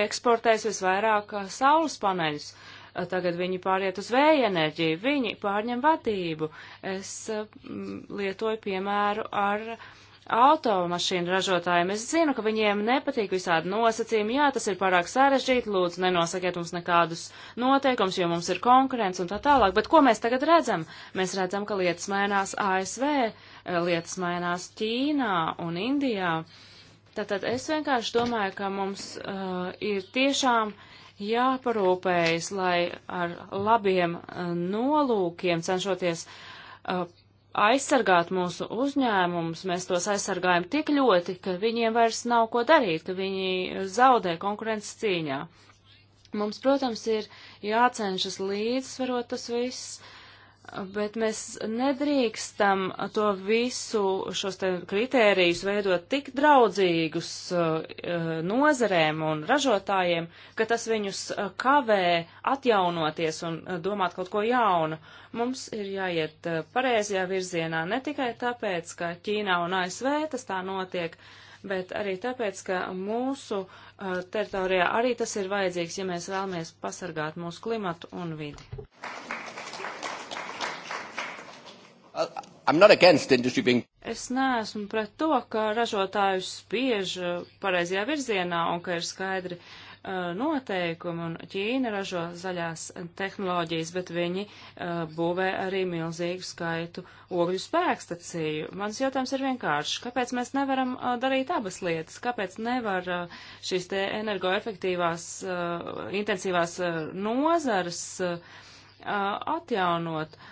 [SPEAKER 3] eksportēs visvairāk uh, saules paneļus. Uh, tagad viņi pāriet uz vēja enerģiju, viņi pārņem vadību. Es uh, lietoju piemēru ar uh, automašīnu ražotājiem. Es zinu, ka viņiem nepatīk visādi nosacījumi. Jā, tas ir pārāk sarežģīti. Lūdzu, nenosakiet mums nekādus noteikumus, jo mums ir konkurence un tā tālāk. Bet ko mēs tagad redzam? Mēs redzam, ka lietas mainās ASV, lietas mainās Ķīnā un Indijā. Tātad es vienkārši domāju, ka mums uh, ir tiešām jāparūpējas, lai ar labiem uh, nolūkiem cenšoties uh, aizsargāt mūsu uzņēmumus, mēs tos aizsargājam tik ļoti, ka viņiem vairs nav ko darīt, ka viņi zaudē konkurences cīņā. Mums, protams, ir jācenšas līdzsvarot tas viss bet mēs nedrīkstam to visu šos te kritērijus veidot tik draudzīgus uh, nozerēm un ražotājiem, ka tas viņus eh, kavē atjaunoties un eh, domāt kaut ko jaunu. Mums ir jāiet pareizajā virzienā ne tikai tāpēc, ka Ķīnā un ASV tas tā notiek, bet arī tāpēc, ka mūsu uh, teritorijā arī tas ir vajadzīgs, ja mēs vēlamies pasargāt mūsu klimatu un vidi. Being... Es neesmu pret to, ka ražotājus spiež uh, pareizajā virzienā un ka ir skaidri uh, noteikumi, un Ķīna ražo zaļās tehnoloģijas, bet viņi uh, būvē arī milzīgu skaitu ogļu spēkstaciju. Mans jautājums ir vienkāršs. Kāpēc mēs nevaram uh, darīt abas lietas? Kāpēc nevar uh, šīs te energoefektīvās, uh, intensīvās nozares atjaunot?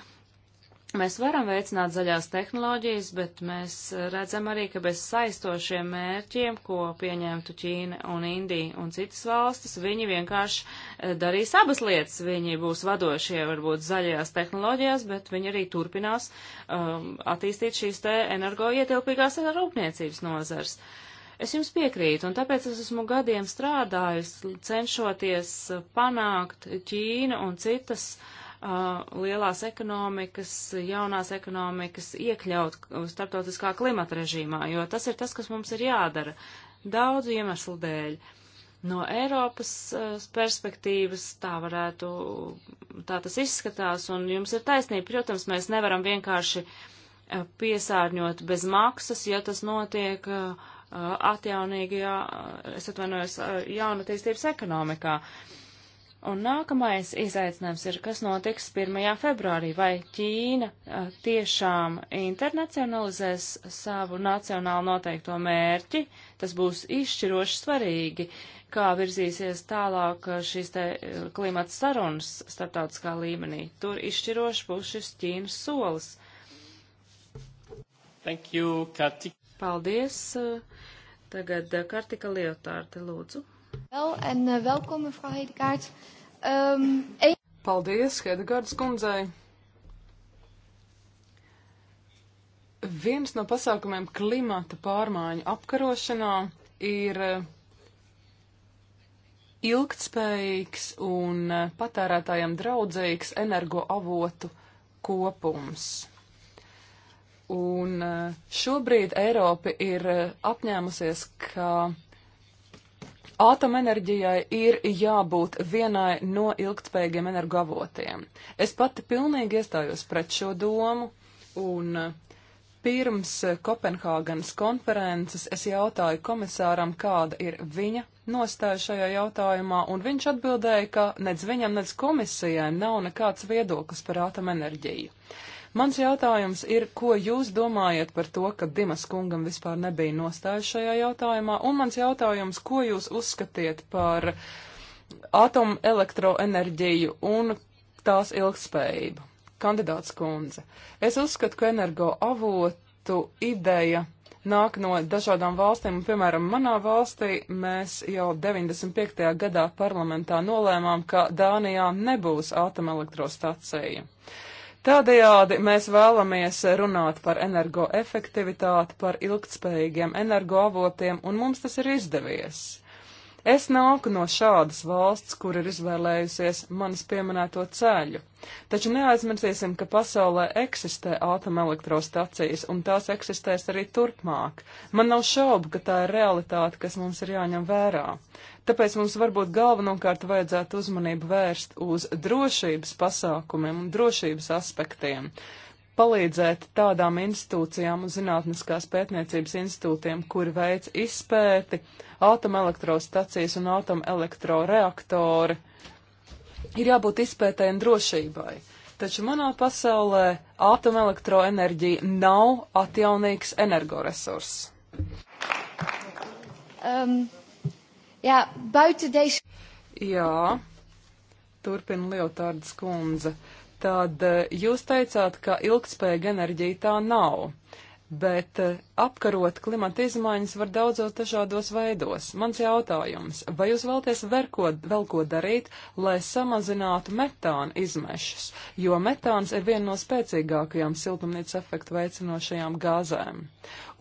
[SPEAKER 3] Mēs varam veicināt zaļās tehnoloģijas, bet mēs eh, redzam arī, ka bez saistošiem mērķiem, ko pieņemtu Ķīna un Indija un citas valstis, viņi vienkārši eh, darīs abas lietas. Viņi būs vadošie varbūt zaļajās tehnoloģijās, bet viņi arī turpinās um, attīstīt šīs te energoietilpīgās rūpniecības nozars. Es jums piekrītu, un tāpēc es esmu gadiem strādājis, cenšoties eh, panākt Ķīnu un citas uh, lielās ekonomikas, jaunās ekonomikas iekļaut starptautiskā klimata režīmā, jo tas ir tas, kas mums ir jādara daudzu iemeslu dēļ. No Eiropas perspektīvas tā varētu, tā tas izskatās, un jums ir taisnība, protams, mēs nevaram vienkārši piesārņot bez maksas, ja tas notiek atjaunīgajā, es atvainojos, jaunatīstības ekonomikā. Uh, Un nākamais izaicinājums ir, kas notiks 1. februārī, vai Ķīna a, tiešām internacionalizēs savu nacionālu noteikto mērķi. Tas būs izšķiroši svarīgi, kā virzīsies tālāk šīs te klimata sarunas starptautiskā līmenī. Tur izšķiroši būs šis Ķīnas solis. Thank you, Kartika. Paldies. Tagad Kartika Liotārte, lūdzu.
[SPEAKER 1] Wel, en uh, welkom, mevrouw Hedekaart. Um, e Paldies, Hedegaards kundzei. Viens no pasākumiem klimata pārmaiņu apkarošanā ir eh, ilgtspējīgs un eh, patērētājiem draudzīgs energoavotu kopums. Un šobrīd Eiropa ir apņēmusies, ka Atomenerģijai ir jābūt vienai no ilgtspējīgiem energoavotiem. Es pati pilnīgi iestājos pret šo domu, un uh, pirms uh, Kopenhāgenas konferences es jautāju komisāram, kāda ir viņa nostāja šajā jautājumā, un viņš atbildēja, ka nec viņam, nec komisijai nav nekāds viedoklis par atomenerģiju. enerģiju. Mans jautājums ir, ko jūs domājat par to, ka Dimas kungam vispār nebija nostājas šajā jautājumā, un mans jautājums, ko jūs uzskatiet par atomu elektroenerģiju un tās ilgspējību? Kandidāts kundze, es uzskatu, ka energo avotu ideja nāk no dažādām valstīm, un, piemēram, manā valstī mēs jau 95. gadā parlamentā nolēmām, ka Dānijā nebūs atomelektrostacija. Tādējādi mēs vēlamies runāt par energoefektivitāti, par ilgtspējīgiem energoavotiem, un mums tas ir izdevies. Es nāku no šādas valsts, kur ir izvēlējusies manis pieminēto ceļu. Taču neaizmirsīsim, ka pasaulē eksistē atomelektrostacijas, un tās eksistēs arī turpmāk. Man nav šaubu, ka tā ir realitāte, kas mums ir jāņem vērā. Tāpēc mums varbūt galvenokārt vajadzētu uzmanību vērst uz drošības pasākumiem un drošības aspektiem. Uh, palīdzēt tādām institūcijām un zinātniskās pētniecības institūtiem, kuri veic izpēti, atomelektrostacijas un atomelektroreaktori. Ir jābūt izpētēji un drošībai. Taču manā pasaulē atomelektroenerģija nav atjaunīgs energoresurss. Um, jā, buiten deze. Jā, turpina Liotārdas kundze. Uh, tad eh, jūs teicāt, ka ilgspējīga enerģija tā nav bet eh, apkarot klimata izmaiņas var daudzos dažādos veidos. Mans jautājums, vai jūs vēlties ko, vēl ko darīt, lai samazinātu metāna izmešas, jo metāns ir viena no spēcīgākajām siltumnīca efektu veicinošajām gāzēm.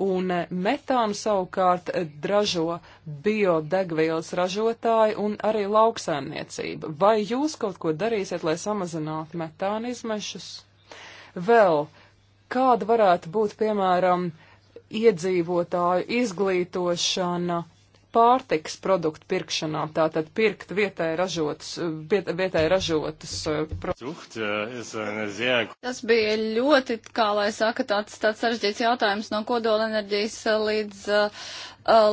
[SPEAKER 1] Un eh, metānu savukārt eh, ražo biodegvielas ražotāji un arī lauksēmniecība. Vai jūs kaut ko darīsiet, lai samazinātu metāna izmešas? Vēl Kāda varētu būt, piemēram, iedzīvotāju izglītošana pārtiks produktu pirkšanā, tātad pirkt vietēji ražotus, eh, viet, vietēji ražotus eh, produktus. Eh,
[SPEAKER 2] tas bija ļoti, kā lai saka, tāds, tāds sarežģīts jautājums no kodolenerģijas līdz uh,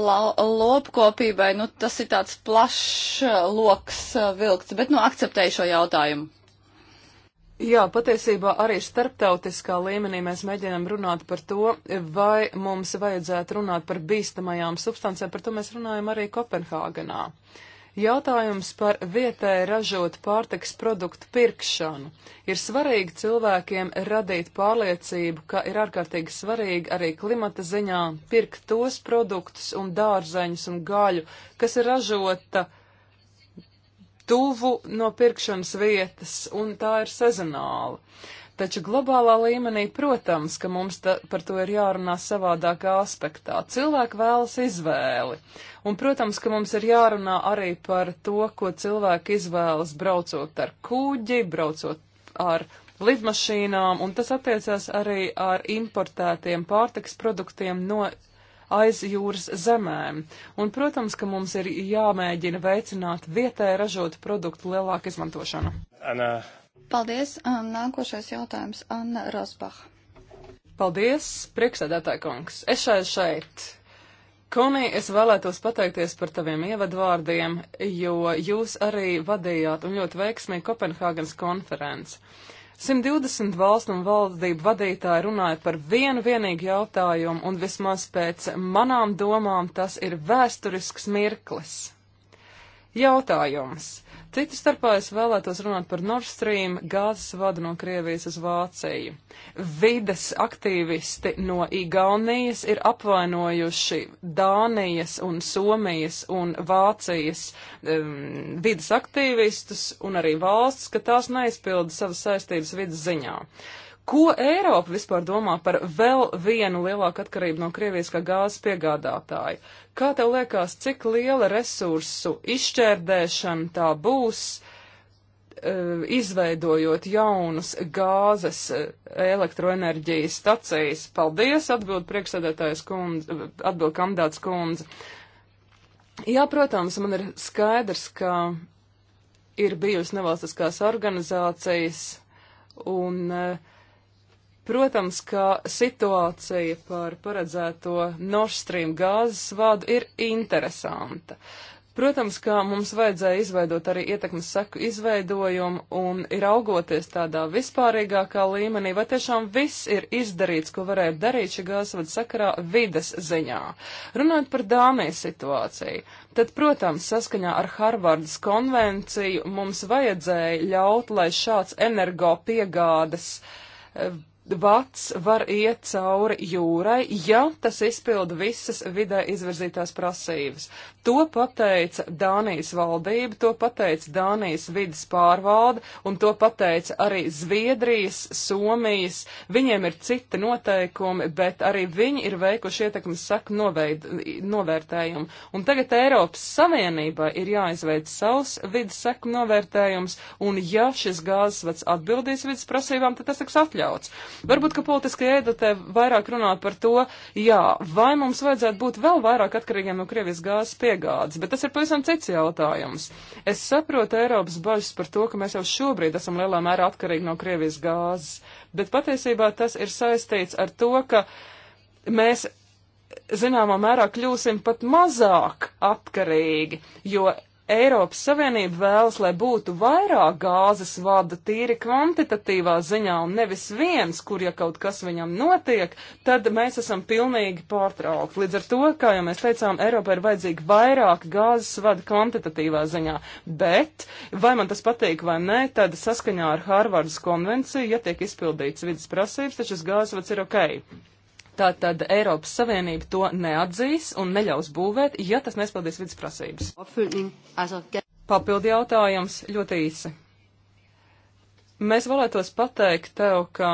[SPEAKER 2] la, lopkopībai. Nu, tas ir tāds
[SPEAKER 1] plašs loks vilkts, bet nu akceptēju šo jautājumu. Jā, patiesībā arī starptautiskā līmenī mēs mēģinām runāt par to, vai mums vajadzētu runāt par bīstamajām substancēm, par to mēs runājam arī Kopenhāgenā. Jautājums par vietēji ražotu pārtiks produktu pirkšanu. Ir svarīgi cilvēkiem radīt pārliecību, ka ir ārkārtīgi svarīgi arī klimata ziņā pirkt tos produktus un dārzeņus un gaļu, kas ir ražota uh, tuvu no pirkšanas vietas, un tā ir sezonāla. Taču globālā līmenī, protams, ka mums ta, par to ir jārunā savādākā aspektā. Cilvēki vēlas izvēli. Un, protams, ka mums ir jārunā arī par to, ko cilvēki izvēlas braucot ar kuģi, braucot ar lidmašīnām, un tas attiecās arī ar importētiem pārtiks produktiem no aiz jūras zemēm. Un, protams, ka mums ir jāmēģina veicināt vietēji ražotu produktu lielāku izmantošanu. Anna. Paldies.
[SPEAKER 2] Nākošais jautājums Anna Rosbach.
[SPEAKER 1] Paldies, priekšsēdētāja kungs. Es šeit šeit. Konī, es vēlētos pateikties par taviem ievadvārdiem, jo jūs arī vadījāt un ļoti veiksmīgi Kopenhāgens konferenci. 120 valstu un valdību vadītāji runāja par vienu vienīgu jautājumu, un vismaz pēc manām domām tas ir vēsturisks mirklis. Jautājums. Citu starpā es vēlētos runāt par Nord Stream gāzes vadu no Krievijas uz Vāciju. Vides aktīvisti no Igaunijas ir apvainojuši Dānijas un Somijas un Vācijas um, vides aktīvistus un arī valsts, ka tās neizpilda savas saistības vidas ziņā. Uh, Ko Eiropa vispār domā par vēl vienu lielāku atkarību no Krievijas kā gāzes piegādātāja? Kā tev liekas, cik liela resursu izšķērdēšana tā būs, e, izveidojot jaunus gāzes e, elektroenerģijas stacijas? Paldies, atbild priekšsēdētājas kundze, atbild kandidāts kundze. Jā, protams, man ir skaidrs, ka ir bijusi nevalstiskās organizācijas un uh, Protams, ka situācija par paredzēto Nord Stream gāzes vadu ir interesanta. Protams, ka mums vajadzēja izveidot arī ietekmes seku izveidojumu un ir augoties tādā vispārīgākā līmenī, vai tiešām viss ir izdarīts, ko varēja darīt šī gāzvada sakarā vides ziņā. Runājot par Dānijas situāciju, tad, protams, saskaņā ar Harvardas konvenciju mums vajadzēja ļaut, lai šāds energo piegādes eh, vats var iet cauri jūrai, ja tas izpilda visas vidē izvirzītās prasības. To pateica Dānijas valdība, to pateica Dānijas vidas pārvalde, un to pateica arī Zviedrijas, Somijas. Viņiem ir citi noteikumi, bet arī viņi ir veikuši ietekmes saku noveid, novērtējumu. Un tagad Eiropas Savienībai ir jāizveic savs vidas saku novērtējums, un ja šis gāzes vats atbildīs vidas prasībām, tad tas tiks atļauts. Varbūt, ka politiskajai edatē vairāk runā par to, jā, vai mums vajadzētu būt vēl vairāk atkarīgiem no Krievijas gāzes piegādes, bet tas ir pavisam cits jautājums. Es saprotu Eiropas bažas par to, ka mēs jau šobrīd esam lielā mērā atkarīgi no Krievijas gāzes, bet patiesībā tas ir saistīts ar to, ka mēs zināmā mērā kļūsim pat mazāk atkarīgi, jo Eiropas Savienība vēlas, lai būtu vairāk gāzes vada tīri kvantitatīvā ziņā un nevis viens, kur ja kaut kas viņam notiek, tad mēs esam pilnīgi pārtraukti. Līdz ar to, kā jau mēs teicām, Eiropai ir vajadzīgi vairāk gāzes vada kvantitatīvā ziņā. Bet, vai man tas patīk vai nē, tad saskaņā ar Harvardas konvenciju, ja tiek izpildīts vidas prasības, taču šis gāzes vads ir ok. Tātad Eiropas Savienība to neatzīs un neļaus būvēt, ja tas nespildīs vidas prasības. Papildi jautājums ļoti īsi. Mēs vēlētos pateikt tev, ka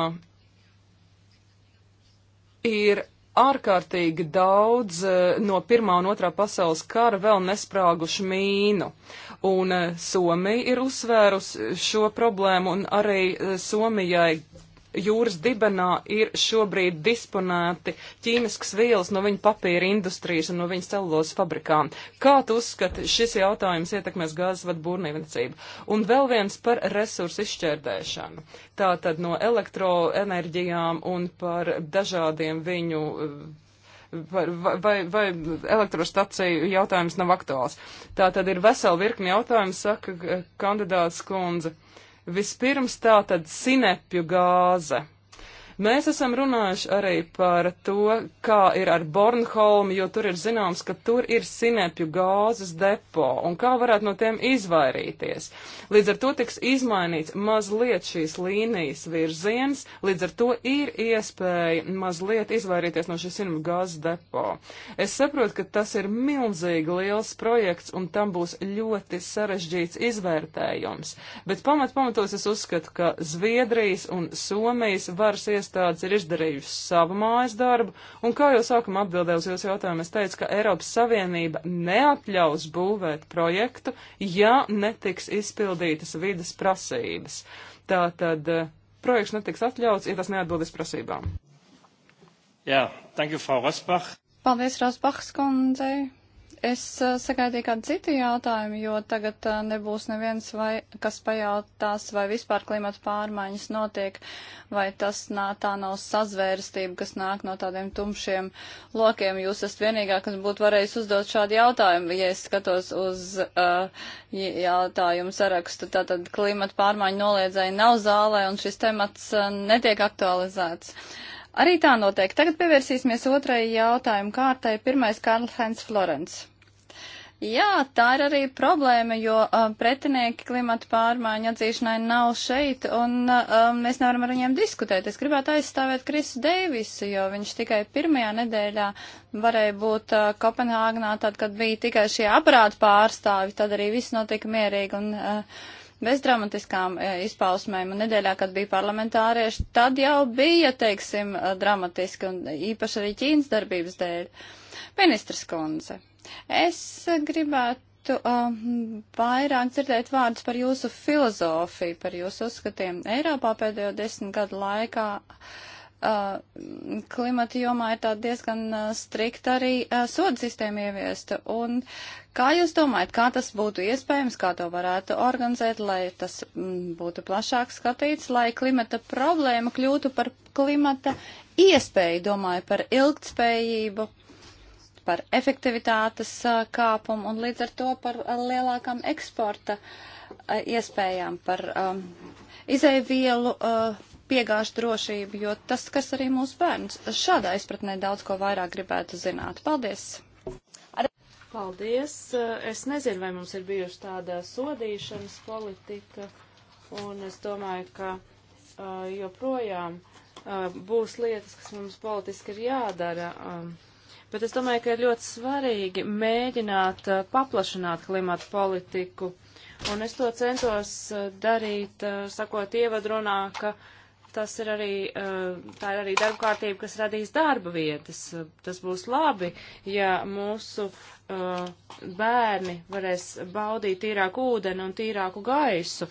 [SPEAKER 1] ir ārkārtīgi daudz e, no Pirmā un Otrā pasaules kara vēl nesprāgušu mīnu. Un e, Somija ir uzsvērusi šo problēmu, un arī e, Somijai jūras dibenā ir šobrīd disponēti ķīmiskas vielas no viņa papīra industrijas un no viņa celulozes fabrikām. Kā tu uzskati, šis jautājums ietekmēs gāzes vadu būrniecību? Un vēl viens par resursu izšķērdēšanu. Tātad no elektroenerģijām un par dažādiem viņu. Vai, vai, vai elektrostaciju jautājums nav aktuāls? Tā tad ir vesela virkni jautājumu, saka eh, kandidāts kundze. Uh, Vispirms tā tad sinepju gāze. Mēs esam runājuši arī par to, kā ir ar Bornholmu, jo tur ir zināms, ka tur ir sinepju gāzes depo un kā varētu no tiem izvairīties. Līdz ar to tiks izmainīts mazliet šīs līnijas virziens, līdz ar to ir iespēja mazliet izvairīties no šīs sinepju gāzes depo. Es saprotu, ka tas ir milzīgi liels projekts un tam būs ļoti sarežģīts izvērtējums. Bet pamat pamatos es uzskatu, ka Zviedrijas un Somijas varas iestādes iestādes ir izdarījušas savu mājas darbu, un kā jau sākumā atbildēju uz jūsu jautājumu, es teicu, ka Eiropas Savienība neatļaus būvēt projektu, ja netiks izpildītas vidas prasības. Tātad eh, projekts netiks atļauts, ja tas neatbildīs prasībām. Jā, yeah, thank you, Frau Rosbach.
[SPEAKER 2] Paldies, Rosbachs kundzei. Es eh, sagaidīju kādu citu jautājumu, jo tagad eh, nebūs neviens, vai, kas pajautās, vai vispār klimata pārmaiņas notiek, vai tas nā, tā nav sazvērstība, kas nāk no tādiem tumšiem lokiem. Jūs esat vienīgā, kas būtu varējis uzdot šādu jautājumu, ja es skatos uz uh, jautājumu sarakstu. Tātad klimata pārmaiņu noliedzēji nav zālē, un šis temats uh, netiek aktualizēts. Uh, Arī tā notiek. Tagad pievērsīsimies otrajai jautājumu kārtai. Pirmais Karlheinz Florence. Jā, tā ir arī problēma, jo um, pretinieki klimata pārmaiņu atzīšanai nav šeit, un um, mēs nevaram ar viņiem diskutēt. Es gribētu aizstāvēt Krisu Deivisu, jo viņš tikai pirmajā nedēļā varēja būt uh, Kopenhāgnā, tad, kad bija tikai šie aparāta pārstāvi, tad arī viss notika mierīgi un uh, bez dramatiskām uh, izpausmēm. Un nedēļā, kad bija parlamentārieši, tad jau bija, teiksim, uh, dramatiski, un īpaši arī Ķīnas darbības dēļ. Ministrs Konze. Es gribētu uh, vairāk dzirdēt vārdus par jūsu filozofiju, par jūsu uzskatiem. Eiropā pēdējo desmit gadu laikā uh, klimata jomā ir tāda diezgan uh, strikta arī uh, soda sistēma ieviesta. Un kā jūs domājat, kā tas būtu iespējams, kā to varētu organizēt, lai tas mm, būtu plašāk skatīts, lai klimata problēma kļūtu par klimata iespēju, domāju par ilgtspējību, par efektivitātes kāpumu un līdz ar to par lielākām eksporta iespējām, par um, izēvielu uh, piegāžu drošību, jo tas, kas arī mūsu bērns, šādā izpratnē daudz ko vairāk gribētu zināt. Paldies!
[SPEAKER 3] Paldies! Es nezinu, vai mums ir bijuši tāda sodīšanas politika, un es domāju, ka uh, joprojām uh, būs lietas, kas mums politiski ir jādara. Um, bet es domāju, ka ir ļoti svarīgi mēģināt eh, paplašināt klimatu politiku. Un es to centos eh, darīt, eh, sakot ievadrunā, ka tas ir arī, tā ir arī darba kārtība, kas radīs darba vietas. Tas būs labi, ja mūsu bērni varēs baudīt tīrāku ūdeni un tīrāku gaisu.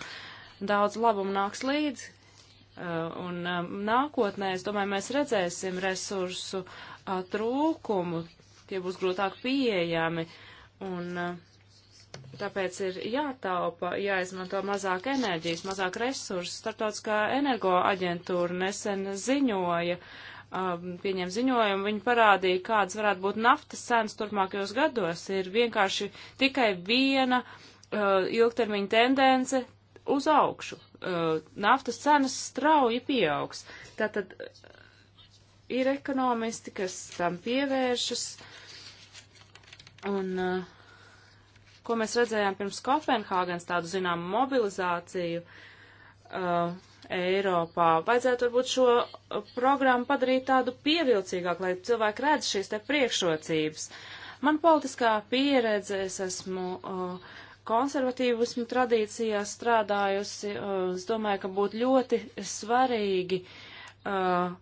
[SPEAKER 3] Daudz labumu nāks līdzi Uh, un um, nākotnē, es domāju, mēs redzēsim resursu uh, trūkumu, tie būs grūtāk pieejami. Un uh, tāpēc ir jātaupa, jāizmanto mazāk enerģijas, mazāk resursu. Startautiskā energo aģentūra nesen ziņoja, um, pieņem ziņojumu, viņi parādīja, kādas varētu būt naftas cenas turpmākajos gados. Ir vienkārši tikai viena uh, ilgtermiņa tendence uz augšu uh, naftas cenas strauji pieaugs. Tātad uh, ir ekonomisti, kas tam pievēršas. Un uh, ko mēs redzējām pirms Kopenhāgens, tādu zinām mobilizāciju uh, Eiropā, vajadzētu varbūt šo uh, programmu padarīt tādu pievilcīgāku, lai cilvēki redz šīs te priekšrocības. Man politiskā pieredze, es esmu. Uh, konservatīvismu tradīcijā strādājusi, uh, es domāju, ka būtu ļoti svarīgi uh,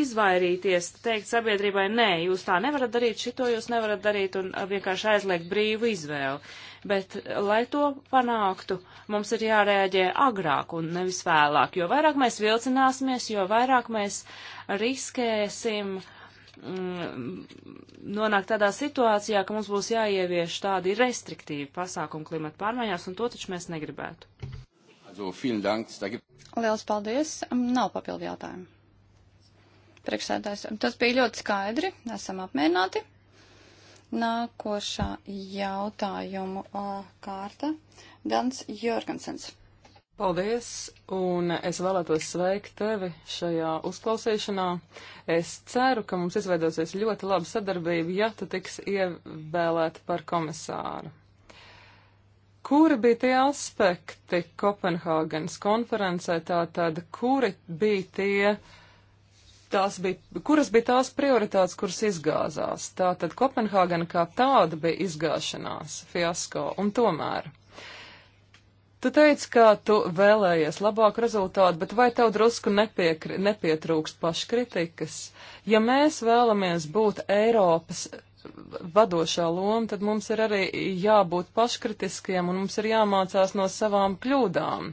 [SPEAKER 3] izvairīties, teikt sabiedrībai, nē, jūs tā nevarat darīt, šito jūs nevarat darīt un uh, vienkārši aizliegt brīvu izvēli. Bet, uh, lai to panāktu, mums ir jārēģē agrāk un nevis vēlāk, jo vairāk mēs vilcināsimies, jo vairāk mēs riskēsim uh, Mm, nonākt tādā situācijā, ka mums būs jāievieš tādi restriktīvi pasākumi klimata pārmaiņās, un to taču mēs negribētu.
[SPEAKER 2] Liels paldies. Nav papildu jautājumu. Priekšsēdājs, tas bija ļoti skaidri. Esam apmierināti. Nākošā jautājumu kārta. Dans Jorgensens.
[SPEAKER 1] Paldies, un es vēlētos sveikt tevi šajā uzklausīšanā. Es ceru, ka mums izveidosies ļoti laba sadarbība, ja tu tiks ievēlēta par komisāru. Kuri bija tie aspekti Kopenhāgenes konferencē, tātad, kuri bija tie, tās bija, kuras bija tās prioritātes, kuras izgāzās? Tātad Kopenhāgena kā tāda bija izgāšanās, fiasko, un tomēr. Tu teici, ka tu vēlējies labāku rezultātu, bet vai tev drusku nepiekri, nepietrūkst paškritikas? Ja mēs vēlamies būt Eiropas vadošā loma, tad mums ir arī jābūt paškritiskiem un mums ir jāmācās no savām kļūdām.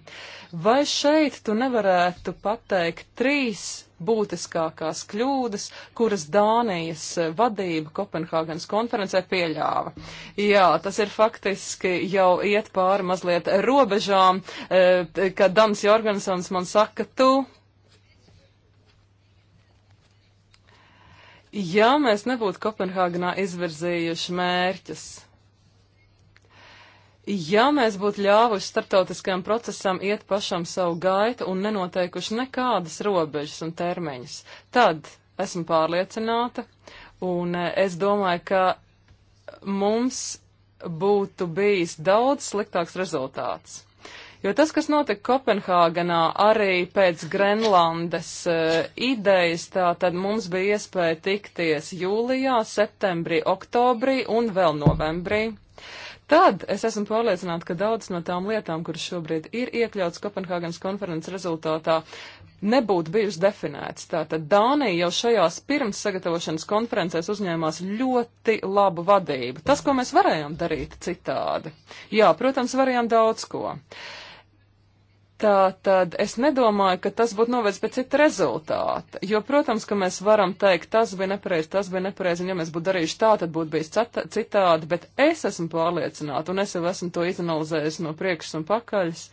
[SPEAKER 1] Vai šeit tu nevarētu pateikt trīs būtiskākās kļūdas, kuras Dānijas vadība Kopenhāgenes konferencē pieļāva? Jā, tas ir faktiski jau iet pāri mazliet robežām, eh, kad Dams Jorgensons man saka, tu ja mēs nebūtu Kopenhāgenā izvirzījuši mērķus, ja mēs būtu ļāvuši starptautiskajam procesam iet pašam savu gaitu un nenoteikuši nekādas robežas un termiņus, tad esmu pārliecināta, un eh, es domāju, ka mums būtu bijis daudz sliktāks rezultāts. Jo tas, kas notika Kopenhāgenā arī pēc Grenlandes uh, idejas, tā tad mums bija iespēja tikties jūlijā, septembrī, oktobrī un vēl novembrī. Tad es esmu pārliecināta, ka daudz no tām lietām, kuras šobrīd ir iekļauts Kopenhāgenes konferences rezultātā, nebūtu bijusi definēts. Tātad Dānija jau šajās pirms sagatavošanas konferencēs uzņēmās ļoti labu vadību. Tas, ko mēs varējām darīt citādi. Jā, protams, varējām daudz ko. Uh, Tā tad es nedomāju, ka tas būtu novedis pie cita rezultāta. Jo, protams, ka mēs varam teikt, tas bija nepareizi, tas bija nepareizi, un ja mēs būtu darījuši tā, tad būtu bijis citādi, bet es esmu pārliecināta, un es jau esmu to izanalizējusi no priekšas un pakaļas.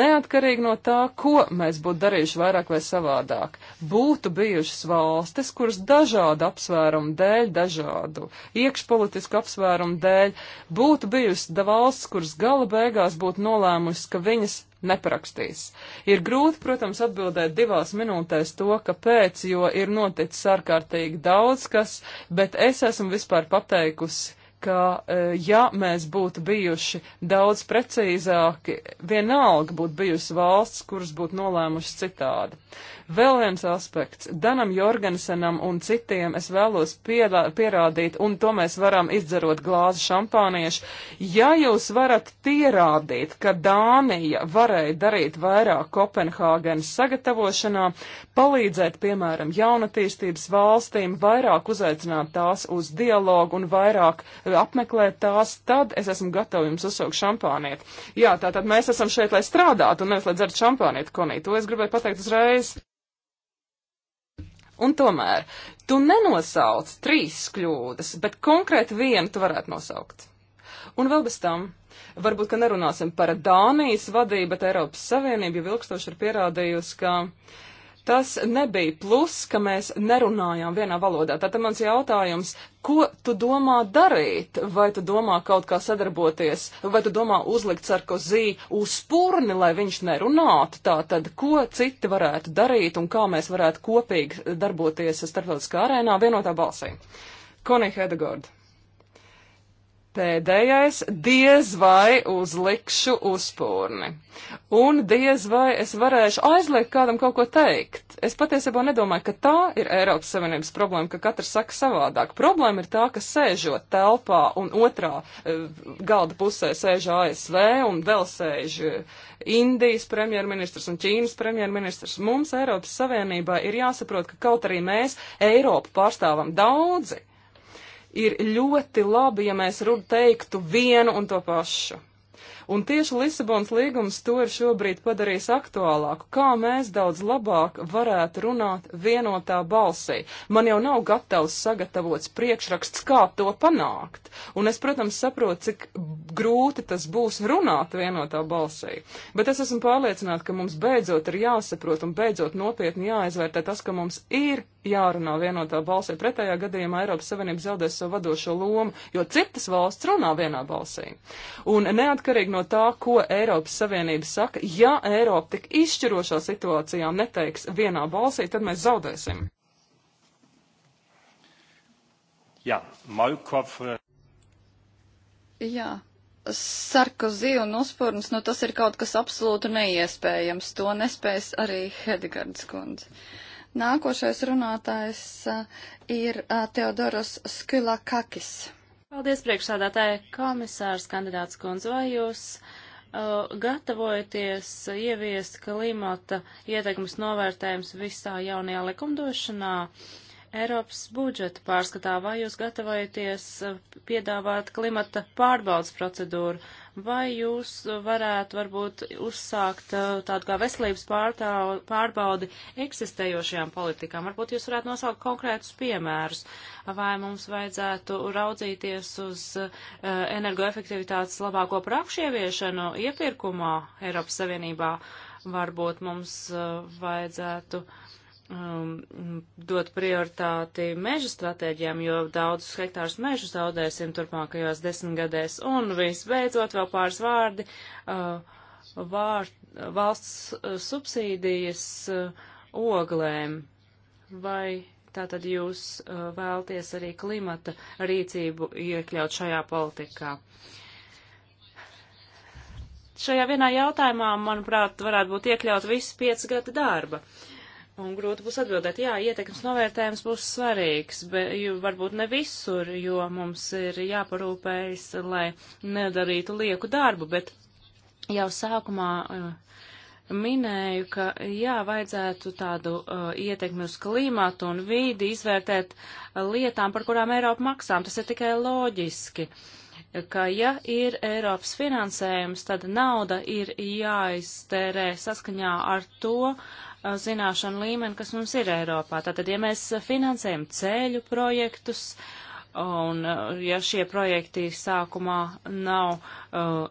[SPEAKER 1] Neatkarīgi no tā, ko mēs būtu darījuši vairāk vai savādāk, būtu bijušas valstis, kuras dažādu apsvērumu dēļ, dažādu iekšpolitisku apsvērumu dēļ, būtu bijusi valsts, kuras gala beigās būtu nolēmusi, ka viņas neparakstīs. Ir grūti, protams, atbildēt divās minūtēs to, kāpēc, jo ir noticis ārkārtīgi daudz kas, bet es esmu vispār pateikusi ka, e, ja mēs būtu bijuši daudz precīzāki, vienalga būtu bijusi valsts, kuras būtu nolēmušas citādi. Vēl viens aspekts. Danam Jorgensenam un citiem es vēlos pierā, pierādīt, un to mēs varam izdzerot glāzi šampāniešu. Ja jūs varat pierādīt, ka Dānija varēja darīt vairāk Kopenhāgenes sagatavošanā, palīdzēt, piemēram, jaunatīstības valstīm, vairāk uzaicināt tās uz dialogu un vairāk e, apmeklēt tās, tad es esmu gatavs jums uzsaukt šampāniet. Jā, tātad mēs esam šeit, lai strādātu un nevis, lai dzert šampāniet, Konī. To es gribēju pateikt uzreiz. Un tomēr tu nenosauc trīs kļūdas, bet konkrēti vienu tu varētu nosaukt. Un vēl bez tam, varbūt, ka nerunāsim par Dānijas vadību, bet Eiropas Savienība jau ilgstoši ir pierādījusi, ka Tas nebija plus, ka mēs nerunājām vienā valodā. Tātad mans jautājums, ko tu domā darīt? Vai tu domā kaut kā sadarboties, vai tu domā uzlikt Sarkozī uz spurni, lai viņš nerunātu? Tātad, ko citi varētu darīt un kā mēs varētu kopīgi darboties starptautiskā arēnā vienotā balsī? Konija Hedegorda pēdējais diez vai uzlikšu uzpūrni. Un diez vai es varēšu aizliegt kādam kaut ko teikt. Es patiesībā nedomāju, ka tā ir Eiropas Savienības problēma, ka katrs saka savādāk. Problēma ir tā, ka sēžot telpā un otrā e, galda pusē sēž ASV un vēl sēž eh, Indijas premjerministrs un Ķīnas premjerministrs. Mums Eiropas Savienībā ir jāsaprot, ka kaut arī mēs Eiropu pārstāvam daudzi ir ļoti labi, ja mēs rudu teiktu vienu un to pašu. Un tieši Lisabons līgums to ir šobrīd padarījis aktuālāku, kā mēs daudz labāk varētu runāt vienotā balsī. Man jau nav gatavs sagatavots priekšraksts, kā to panākt. Un es, protams, saprotu, cik grūti tas būs runāt vienotā balsī. Bet es esmu pārliecināta, ka mums beidzot ir jāsaprot un beidzot nopietni jāizvērtē tas, ka mums ir jārunā vienotā balsī. Pretējā gadījumā Eiropas Savienība zaudēs savu vadošo lomu, jo citas valsts runā vienā balsī. Un neatkarīgi no tā, ko Eiropas Savienība saka, ja Eiropa tik izšķirošā situācijā neteiks vienā balsī, tad mēs zaudēsim. Jā, Malkov. Eh, Jā, Sarkozy
[SPEAKER 2] un Osporns, nu tas ir kaut kas absolūti neiespējams. To nespēs arī Hedegards kundze. Uh, Nākošais runātājs uh, ir uh, Teodoros Skylakakis.
[SPEAKER 3] Paldies, priekšsādātāji komisārs kandidāts kundze, vai jūs uh, gatavojaties ieviest klimata ietekmes novērtējums visā jaunajā likumdošanā? Eiropas budžeta pārskatā, vai jūs gatavojaties uh, piedāvāt klimata pārbaudas procedūru? Vai jūs varētu varbūt uzsākt uh, tādu kā veselības pārtāv, pārbaudi eksistējošajām politikām? Varbūt jūs varētu nosaukt konkrētus piemērus, vai mums vajadzētu raudzīties uz uh, energoefektivitātes labāko prakšu ieviešanu iepirkumā Eiropas Savienībā? Varbūt mums uh, vajadzētu uh, um, dot prioritāti meža stratēģijām, jo daudzus hektārus mežu zaudēsim turpmākajos desmitgadēs. Un visbeidzot vēl pāris vārdi uh, vār, valsts uh, subsīdijas uh, oglēm. Vai tātad jūs uh, vēlties arī klimata rīcību iekļaut šajā politikā? Šajā vienā jautājumā, manuprāt, varētu būt iekļaut visi pieci gadi darba. Uh, Un grūti būs atbildēt, jā, ietekmes novērtējums būs svarīgs, bet varbūt ne visur, jo mums ir jāparūpējas, lai nedarītu lieku darbu, bet jau sākumā uh, minēju, ka jā, vajadzētu tādu uh, ietekmi uz klimatu un vīdi izvērtēt uh, lietām, par kurām Eiropa maksām. Tas ir tikai loģiski, ka ja ir Eiropas finansējums, tad nauda ir jāiztērē saskaņā ar to, uh, zināšanu līmeni, kas mums ir Eiropā. Tātad, ja mēs finansējam ceļu projektus, un ja šie projekti sākumā nav uh,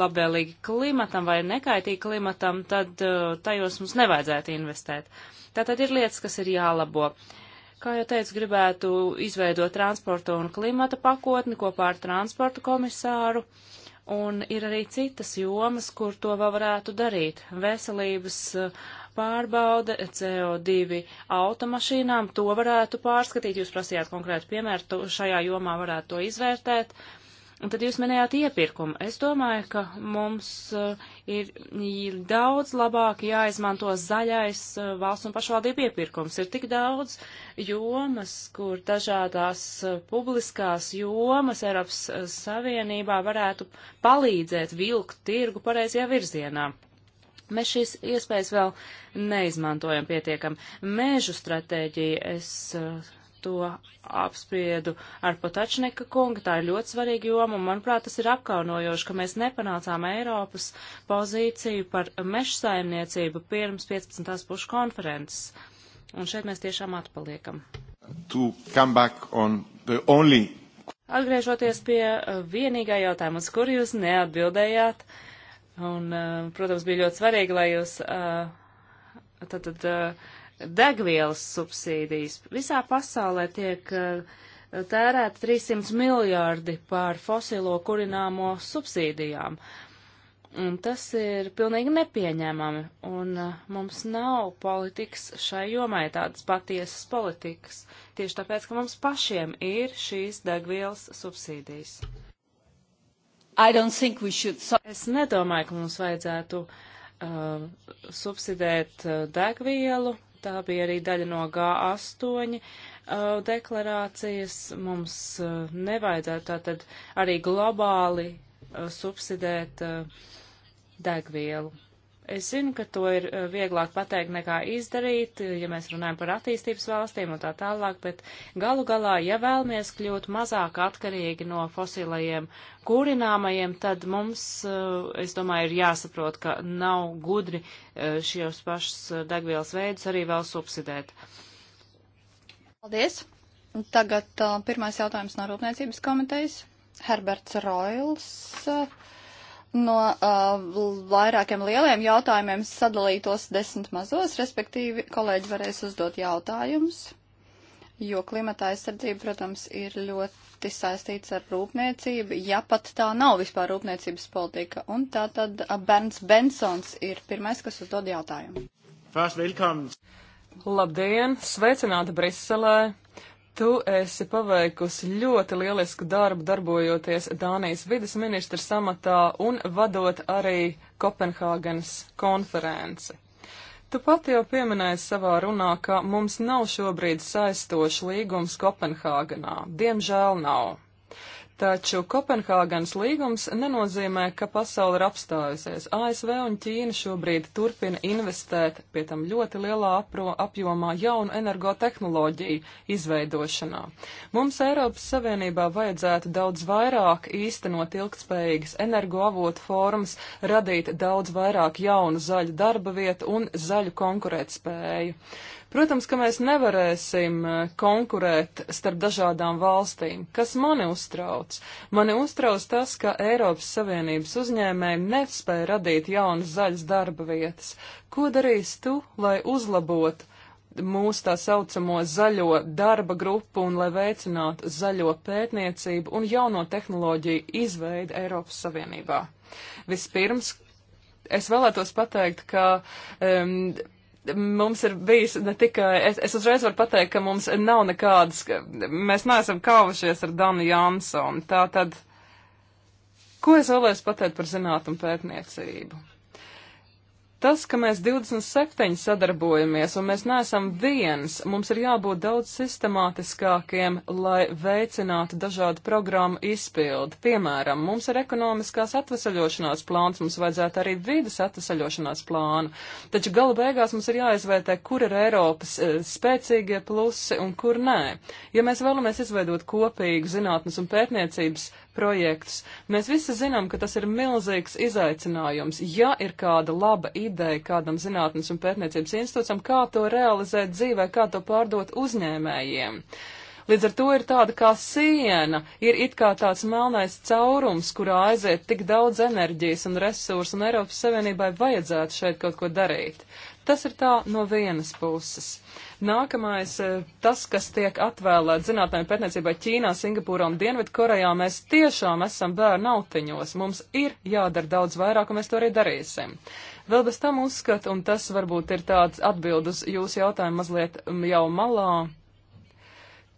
[SPEAKER 3] labvēlīgi klimatam vai nekaitīgi klimatam, tad uh, tajos mums nevajadzētu investēt. Tātad ir lietas, kas ir jālabo. Kā jau teicu, gribētu izveidot transporta un klimata pakotni kopā ar transporta komisāru. Un ir arī citas jomas, kur to vēl varētu darīt. Veselības pārbaude CO2 automašīnām, to varētu pārskatīt. Jūs prasījāt konkrētu piemēru, tu, šajā jomā varētu to izvērtēt. Un tad jūs minējāt iepirkumu. Es domāju, ka mums eh, ir daudz labāk jāizmanto zaļais eh, valsts un pašvaldību iepirkums. Ir tik daudz jomas, kur dažādās eh, publiskās jomas Eiropas Savienībā varētu palīdzēt vilkt tirgu pareizajā virzienā. Mēs šīs iespējas vēl neizmantojam pietiekam. Mēžu stratēģija es uh, to apspriedu ar Potačnika kungu. Tā ir ļoti svarīga joma, un manuprāt, tas ir apkaunojoši, ka mēs nepanācām Eiropas pozīciju par meža saimniecību pirms 15. pušu konferences. Un šeit mēs tiešām atpaliekam. On only... Atgriežoties pie uh, vienīgā jautājuma, uz kuru jūs neatbildējāt. Uh, Un, eh, protams, bija ļoti svarīgi, lai jūs eh, tad, tad, eh, degvielas subsīdijas. Visā pasaulē tiek tērēta 300 miljārdi par fosilo kurināmo subsīdijām. Un tas ir pilnīgi nepieņēmami, un mums nav politikas šai jomai tādas patiesas politikas, tieši tāpēc, ka mums pašiem ir šīs degvielas subsīdijas. Should... Es nedomāju, ka mums vajadzētu uh, subsidēt uh, degvielu. Tā bija arī daļa no G8 uh, deklarācijas. Mums uh, nevajadzētu tātad arī globāli uh, subsidēt uh, degvielu. Es zinu, ka to ir eh, vieglāk pateikt nekā izdarīt, ja mēs runājam par attīstības valstīm un tā tālāk, bet galu galā, ja vēlamies kļūt mazāk atkarīgi no fosilajiem kūrināmajiem, tad mums, eh, es domāju, ir jāsaprot, ka nav gudri eh, šos pašus degvielas veidus arī vēl subsidēt. Paldies! Tagad
[SPEAKER 2] pirmais jautājums no Rūpniecības komitejas. Herberts Roils. Uh, no uh, vairākiem lieliem jautājumiem sadalītos desmit mazos, respektīvi kolēģi varēs uzdot jautājumus, jo klimata aizsardzība, protams, ir ļoti saistīts ar rūpniecību, ja pat tā nav vispār rūpniecības politika. Un tā tad uh, Bernds Bensons ir pirmais, kas uzdod jautājumu.
[SPEAKER 1] Labdien! Sveicināti Briselē! Tu esi paveikusi ļoti lielisku darbu, darbojoties Dānijas vidas ministra samatā un vadot arī Kopenhāgenes konferenci. Tu pati jau pieminēji savā runā, ka mums nav šobrīd saistošs līgums Kopenhāgenā. Diemžēl nav. Taču Kopenhāgenes līgums nenozīmē, ka pasaule ir apstājusies. ASV un Ķīna šobrīd turpina investēt, pie tam ļoti lielā apro, apjomā, jaunu energotehnoloģiju izveidošanā. Mums Eiropas Savienībā vajadzētu daudz vairāk īstenot ilgtspējīgas energoavotu formas, radīt daudz vairāk jaunu zaļu darba vietu un zaļu konkurētspēju. Protams, ka mēs nevarēsim e, konkurēt starp dažādām valstīm. Kas mani uztrauc? Mani uztrauc tas, ka Eiropas Savienības uzņēmējiem nespēja radīt jaunas zaļas darba vietas. Ko darīs tu, lai uzlabotu mūsu tā saucamo zaļo darba grupu un lai veicinātu zaļo pētniecību un jauno tehnoloģiju izveidi Eiropas Savienībā. Vispirms, es vēlētos pateikt, ka um, mums ir bijis ne tikai, es, es uzreiz varu pateikt, ka mums nav nekādas, mēs neesam kaujušies ar Danu Jansonu. Tā tad, ko es vēlēs pateikt par zinātnu pētniecību? Tas, ka mēs 27 sadarbojamies un mēs neesam viens, mums ir jābūt daudz sistemātiskākiem, lai veicinātu dažādu programmu izpildi. Piemēram, mums ir ekonomiskās atvesaļošanās plāns, mums vajadzētu arī vidas atvesaļošanās plānu, taču gala beigās mums ir jāizvērtē, kur ir Eiropas e, spēcīgie plusi un kur nē. Ja mēs vēlamies izveidot kopīgu zinātnes un pētniecības projektus. Mēs visi zinām, ka tas ir milzīgs izaicinājums. Ja ir kāda laba ideja kādam zinātnes un pētniecības institūcijam, kā to realizēt dzīvē, kā to pārdot uzņēmējiem. Līdz ar to ir tāda kā siena, ir it kā tāds melnais caurums, kurā aiziet tik daudz enerģijas un resursu, un Eiropas Savienībai vajadzētu šeit kaut ko darīt. Tas ir tā no vienas puses. Nākamais, eh, tas, kas tiek atvēlēts zinātnē un pētniecībai Ķīnā, Singapūrā un Dienvidkorejā, mēs tiešām esam bērnu autiņos. Mums ir jādara daudz vairāk, un mēs to arī darīsim. Vēl bez tam uzskatu, un tas varbūt ir tāds atbild uz jūsu jautājumu mazliet mm, jau malā.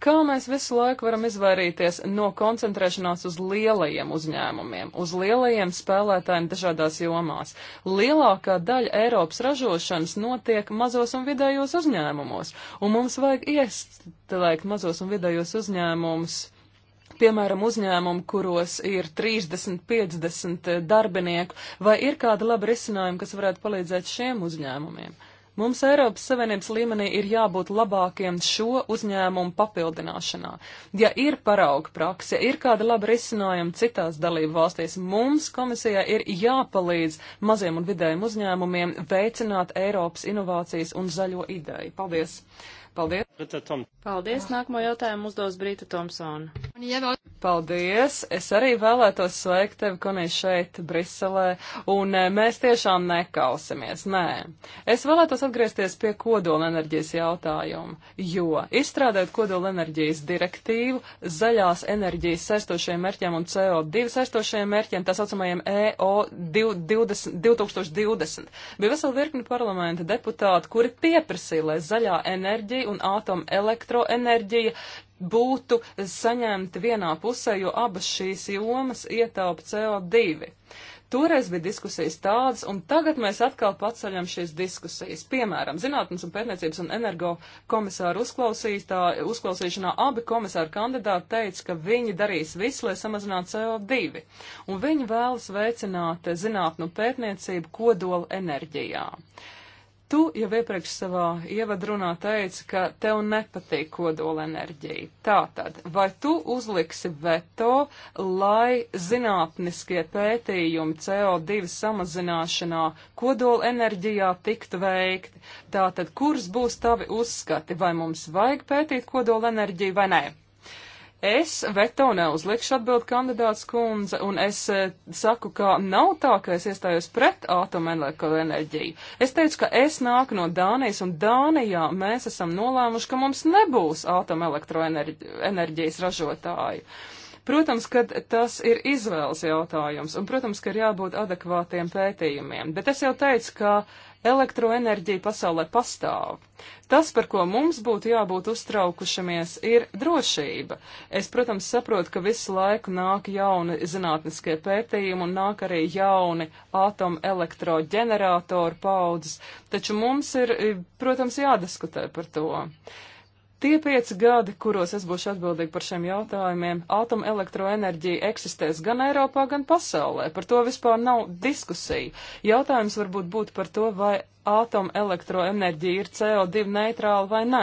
[SPEAKER 1] Kā mēs visu laiku varam izvairīties no koncentrēšanās uz lielajiem uzņēmumiem, uz lielajiem spēlētājiem dažādās jomās? Lielākā daļa Eiropas ražošanas notiek mazos un vidējos uzņēmumos, un mums vajag iestelēkt mazos un vidējos uzņēmumus piemēram, uzņēmumu, kuros ir 30, 50 darbinieku, vai ir kāda laba risinājuma, kas varētu palīdzēt šiem uzņēmumiem? Mums Eiropas Savienības līmenī ir jābūt labākiem šo uzņēmumu papildināšanā. Ja ir parauga praksa, ja ir kāda laba risinājuma citās dalību valstīs, mums komisijā ir jāpalīdz maziem un vidējiem uzņēmumiem veicināt Eiropas inovācijas un zaļo ideju. Paldies! Paldies. Paldies. Nākamo jautājumu uzdos Brita Tomsona. Paldies. Es arī vēlētos sveikt tevi, Konī, šeit, Briselē. Un eh, mēs tiešām nekausimies. Nē. Es vēlētos atgriezties pie kodolenerģijas jautājuma, jo izstrādājot kodolenerģijas direktīvu, zaļās enerģijas saistošajiem mērķiem un CO2 saistošajiem mērķiem, tā saucamajiem EO 20, 2020, bija vesela virkni parlamenta deputāti, kuri pieprasīja, lai zaļā enerģija enerģija un atomelektroenerģija būtu saņemti vienā pusē, jo abas šīs jomas ietaupa CO2. Toreiz bija diskusijas tādas, un tagad mēs atkal paceļam šīs diskusijas. Piemēram, zinātnes un pētniecības un energo komisāru uzklausīšanā abi komisāru kandidāti teica, ka viņi darīs visu, lai samazinātu CO2, un viņi vēlas veicināt zinātnu pētniecību kodola enerģijā. Uh, Tu jau iepriekš savā ievadrunā teici, ka tev nepatīk kodolenerģija. Tātad, vai tu uzliksi veto, lai zinātniskie pētījumi CO2 samazināšanā kodolenerģijā tiktu veikti? Tātad, kurs būs tavi uzskati, vai mums vajag pētīt kodolenerģiju vai nē? Es veto neuzlikšu atbildu kandidāts kundze, un es e, saku, ka nav tā, ka es iestājos pret atomenerģiju. Es teicu, ka es nāku no Dānijas, un Dānijā mēs esam nolēmuši, ka mums nebūs atomelektroenerģijas ražotāju. Protams, ka tas ir izvēles jautājums, un, protams, ka ir jābūt adekvātiem pētījumiem. Bet es jau teicu, ka Elektroenerģija pasaulē pastāv. Tas, par ko mums būtu jābūt uztraukušamies, ir drošība. Es, protams, saprotu, ka visu laiku nāk jauni zinātniskie pētījumi un nāk arī jauni atomelektroģeneratoru paudzes, taču mums ir, protams, jādiskutē par to. Tie pieci gadi, kuros es būšu atbildīgi par šiem jautājumiem, atomelektroenerģija eksistēs gan Eiropā, gan pasaulē. Par to vispār nav diskusija. Jautājums varbūt būtu par to, vai atomelektroenerģija ir CO2 neitrāla vai nē.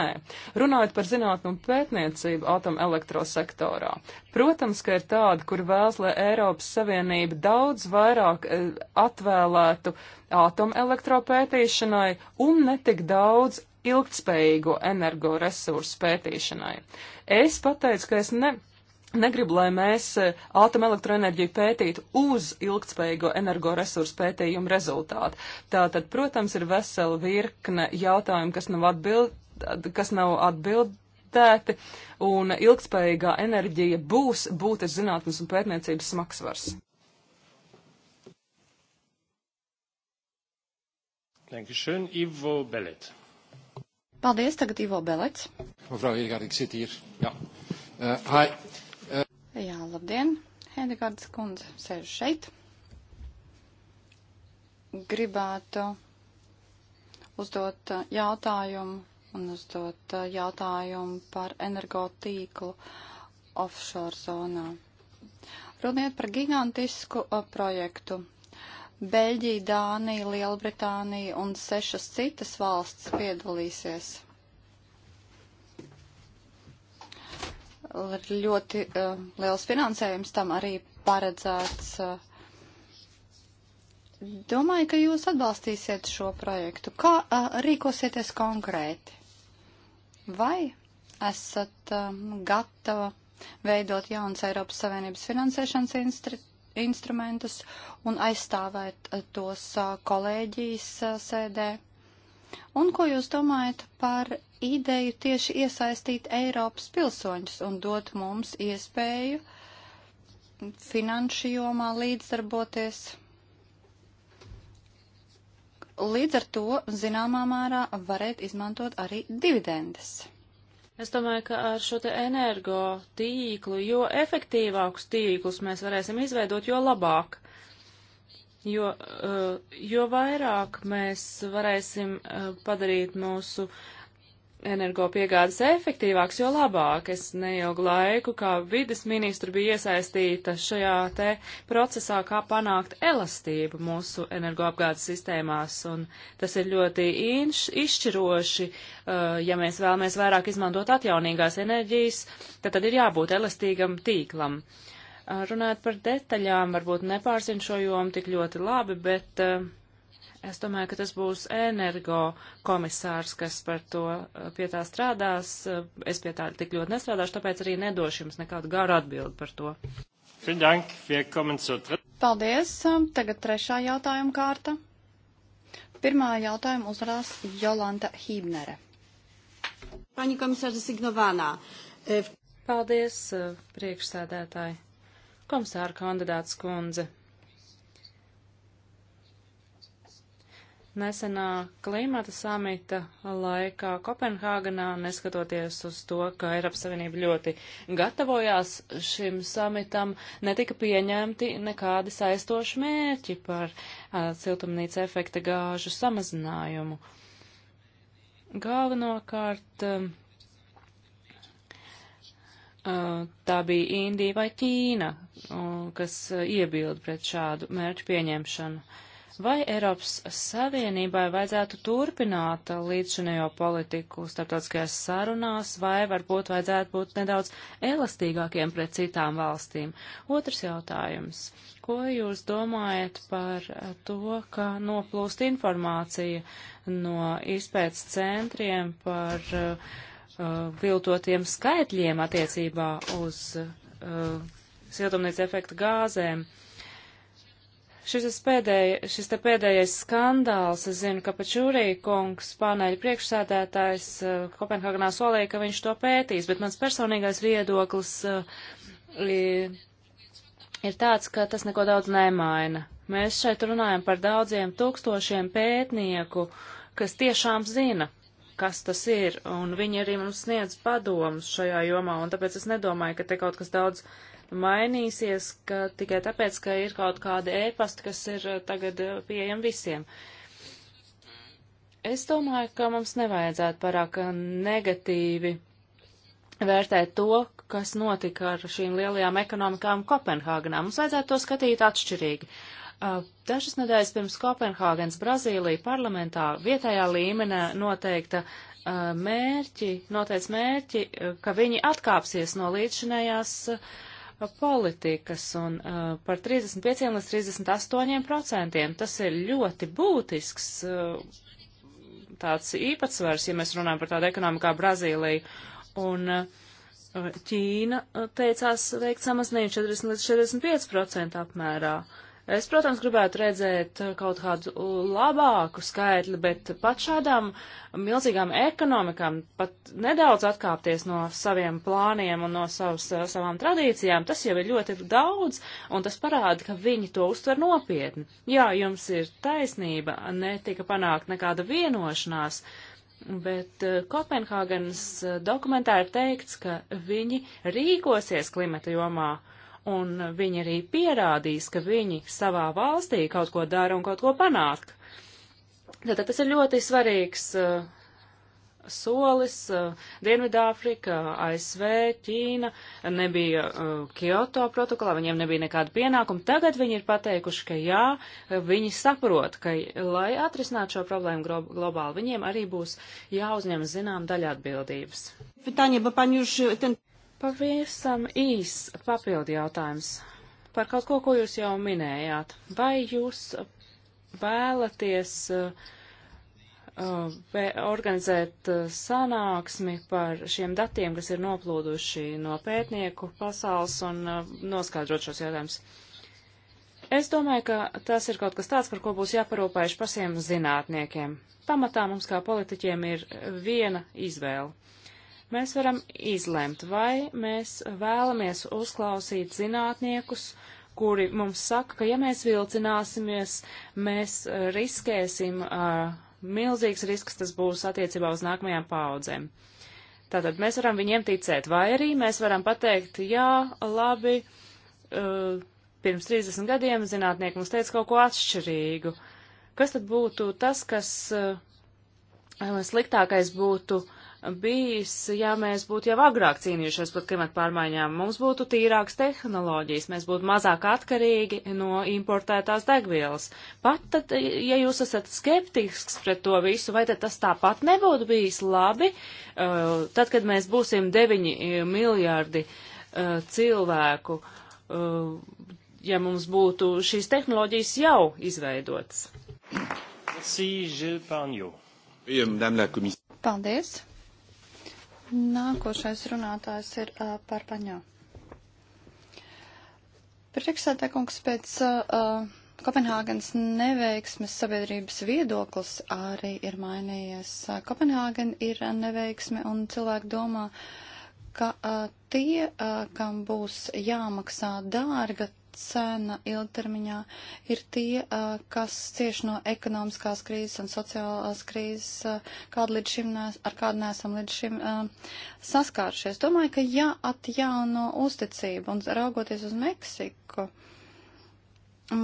[SPEAKER 1] Runājot par zinātnu un pētniecību atomelektrosektorā. Protams, ka ir tādi, kur vēlas, lai Eiropas Savienība daudz vairāk eh, atvēlētu atoelektropētīšanai un netik daudz ilgtspējīgo energoresursu pētīšanai. Es pateicu, ka es ne, negribu, lai mēs e, atomelektroenerģiju pētītu uz ilgtspējīgo energoresursu pētījumu rezultātu. Tātad, protams, ir vesela virkne jautājumu, kas nav, atbild, kas nav atbildēti, un ilgtspējīgā enerģija būs būtiski zinātnes un pētniecības smagsvars. Dankeschön, Ivo Bellet.
[SPEAKER 2] Paldies, tagad Ivo Belets.
[SPEAKER 1] Mevrouw Hedegaard, ik zit hier. Ja. Uh, hi. Uh.
[SPEAKER 2] Eh. Jā, labdien. Hedegaards kundze sēž šeit. Gribētu uzdot eh, jautājumu un uzdot jautājumu par energotīklu offshore zonā. Runiet par gigantisku projektu Beļģija, Dānija, Lielbritānija un sešas citas valsts piedalīsies. Ir ļoti uh, liels finansējums tam arī paredzēts. Uh, domāju, ka jūs atbalstīsiet šo projektu. Kā uh, rīkosieties konkrēti? Vai esat uh, gatava veidot jaunas Eiropas Savienības finansēšanas instru instrumentus un aizstāvēt eh, tos eh, kolēģijas eh, sēdē. Un ko jūs domājat par ideju tieši iesaistīt Eiropas pilsoņus un dot mums iespēju finanšu jomā līdzdarboties? Līdz ar to, zināmā mērā, varētu izmantot arī dividendes.
[SPEAKER 3] Es domāju, ka ar šo te energo tīklu, jo efektīvākus tīklus mēs varēsim izveidot, jo labāk. Jo, uh, jo vairāk mēs varēsim uh, padarīt mūsu uh, energopiegādes efektīvāks, jo labāk. Es neilgu laiku kā vides ministru biju iesaistīta šajā te procesā, kā panākt elastību mūsu energoapgādes sistēmās, un tas ir ļoti inš, izšķiroši, uh, ja mēs vēlamies vairāk izmantot atjaunīgās enerģijas, tad, tad ir jābūt elastīgam tīklam. Uh, runājot par detaļām, varbūt nepārsinšojom tik ļoti labi, bet uh, Es domāju, ka tas būs energo komisārs, kas par to eh, pie tā strādās. Eh, es pie tā tik ļoti nestrādāšu, tāpēc arī nedošu jums nekādu garu atbildi par to.
[SPEAKER 2] Paldies. Um, tagad trešā jautājuma kārta. Pirmā jautājuma uzrās Jolanta
[SPEAKER 3] Hībnere. Paņi komisāra Signovānā. Eh, Paldies, priekšsēdētāji. Komisāra kandidāts kundze. nesenā klimata samita laikā Kopenhāganā, neskatoties uz to, ka Eiropas Savienība ļoti gatavojās šim samitam, netika pieņemti nekādi saistoši mērķi par uh, siltumnīca efekta gāžu samazinājumu. Galvenokārt uh, tā bija Indija vai Ķīna, uh, kas iebilda pret šādu mērķu pieņemšanu. Vai Eiropas Savienībai vajadzētu turpināt līdzšinējo politiku starptautiskajās sarunās, vai varbūt vajadzētu būt nedaudz elastīgākiem pret citām valstīm? Otrs jautājums. Ko jūs domājat par to, ka noplūst informācija no izpētes centriem par uh, viltotiem skaitļiem attiecībā uz uh, siltumnīca efekta gāzēm? Uh, Šis, pēdēja, šis te pēdējais skandāls, es zinu, ka Pačūrī kungs, pāneļa priekšsēdētājs, eh, Kopenhagenā solīja, ka viņš to pētīs, bet mans personīgais viedoklis eh, ir tāds, ka tas neko daudz nemaina. Mēs šeit runājam par daudziem tūkstošiem pētnieku, kas tiešām zina, kas tas ir, un viņi arī mums sniedz padomus šajā jomā, un tāpēc es nedomāju, ka te kaut kas daudz mainīsies, ka tikai tāpēc, ka ir kaut kāda ēpasta, kas ir eh, tagad eh, pieejama visiem. Es domāju, ka mums nevajadzētu pārāk negatīvi vērtēt to, kas notika ar šīm lielajām ekonomikām Kopenhāgenā. Mums vajadzētu to skatīt atšķirīgi. Eh, dažas nedēļas pirms Kopenhāgenes Brazīlija parlamentā vietējā līmenē noteikta mērķi, noteica mērķi, ka viņi atkāpsies no līdzšinējās uh, Uh, politikas un uh, par 35 līdz 38 procentiem. Tas ir ļoti būtisks uh, tāds īpatsvars, ja mēs runājam par tādu ekonomiku kā Brazīlija. Un uh, Ķīna uh, teicās veikt samazinājumu 40 līdz 45 procentu apmērā. Uh, Es, protams, gribētu redzēt kaut kādu labāku skaitli, bet pat šādām milzīgām ekonomikām pat nedaudz atkāpties no saviem plāniem un no savs, savām tradīcijām, tas jau ir ļoti daudz, un tas parāda, ka viņi to uztver nopietni. Jā, jums ir taisnība, netika panākt nekāda vienošanās, Bet eh, Kopenhāgenes eh, dokumentā ir teikts, ka viņi rīkosies klimata jomā. Uh, un viņi arī pierādīs, ka viņi savā valstī kaut ko dara un kaut ko panāk. Tātad tas ir ļoti svarīgs uh, solis. Uh, Dienvidāfrika, ASV, Ķīna nebija uh, Kyoto protokolā, viņiem nebija nekāda pienākuma. Tagad viņi ir pateikuši, ka jā, viņi saprot, ka, lai atrisinātu šo problēmu globāli, viņiem arī būs jāuzņem zinām daļa atbildības. Pitāņa, Pavisam īs papildi jautājums par kaut ko, ko jūs jau minējāt. Vai jūs vēlaties uh, uh organizēt uh, sanāksmi par šiem datiem, kas ir noplūduši no pētnieku pasaules un uh, noskaidrot šos jautājumus. Es domāju, ka tas ir kaut kas tāds, par ko būs jāparūpējuši pašiem zinātniekiem. Pamatā mums kā politiķiem ir viena izvēle. Mēs varam izlemt, vai mēs vēlamies uzklausīt zinātniekus, kuri mums saka, ka ja mēs vilcināsimies, mēs uh, riskēsim, uh, milzīgs risks tas būs attiecībā uz nākamajām paudzēm. Tātad mēs varam viņiem ticēt, vai arī mēs varam pateikt, jā, labi, uh, pirms 30 gadiem zinātnieki mums teica kaut ko atšķirīgu. Kas tad būtu tas, kas uh, sliktākais būtu uh, bijis, ja mēs būtu jau agrāk cīnījušies pret klimatu pārmaiņām. Mums būtu tīrākas tehnoloģijas, mēs būtu mazāk atkarīgi no importētās degvielas. Pat tad, ja jūs esat skeptisks pret to visu, vai tad tas tāpat nebūtu bijis labi, uh, tad, kad mēs būsim 9 eh, miljārdi uh, eh, cilvēku, uh, ja mums būtu šīs tehnoloģijas jau izveidotas.
[SPEAKER 2] Paldies! Nākošais runātājs ir uh, Parpaņo. Priekšsēdētājs pēc uh, Kopenhāgenes neveiksmes sabiedrības viedoklis arī ir mainījies. Kopenhāgena ir neveiksme un cilvēki domā, ka uh, tie, uh, kam būs jāmaksā dārga, cena ilgtermiņā ir tie, kas cieš no ekonomiskās krīzes un sociālās krīzes, kādu līdz šim nes, ar kādu nesam līdz šim saskāršies. Domāju, ka jāatjauno uzticība un raugoties uz Meksiku.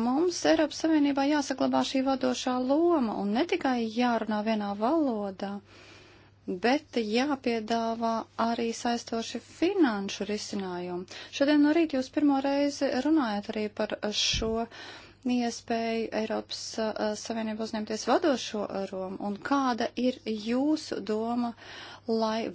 [SPEAKER 2] Mums Eiropas Savienībā jāsaglabā šī vadošā loma un ne tikai jārunā vienā valodā. Uh, bet jāpiedāvā arī saistoši finanšu risinājumi. Šodien no rīta jūs pirmo reizi runājat arī par šo iespēju Eiropas uh, Savienību uzņemties vadošo uh, romu un kāda ir jūsu doma uh, lai,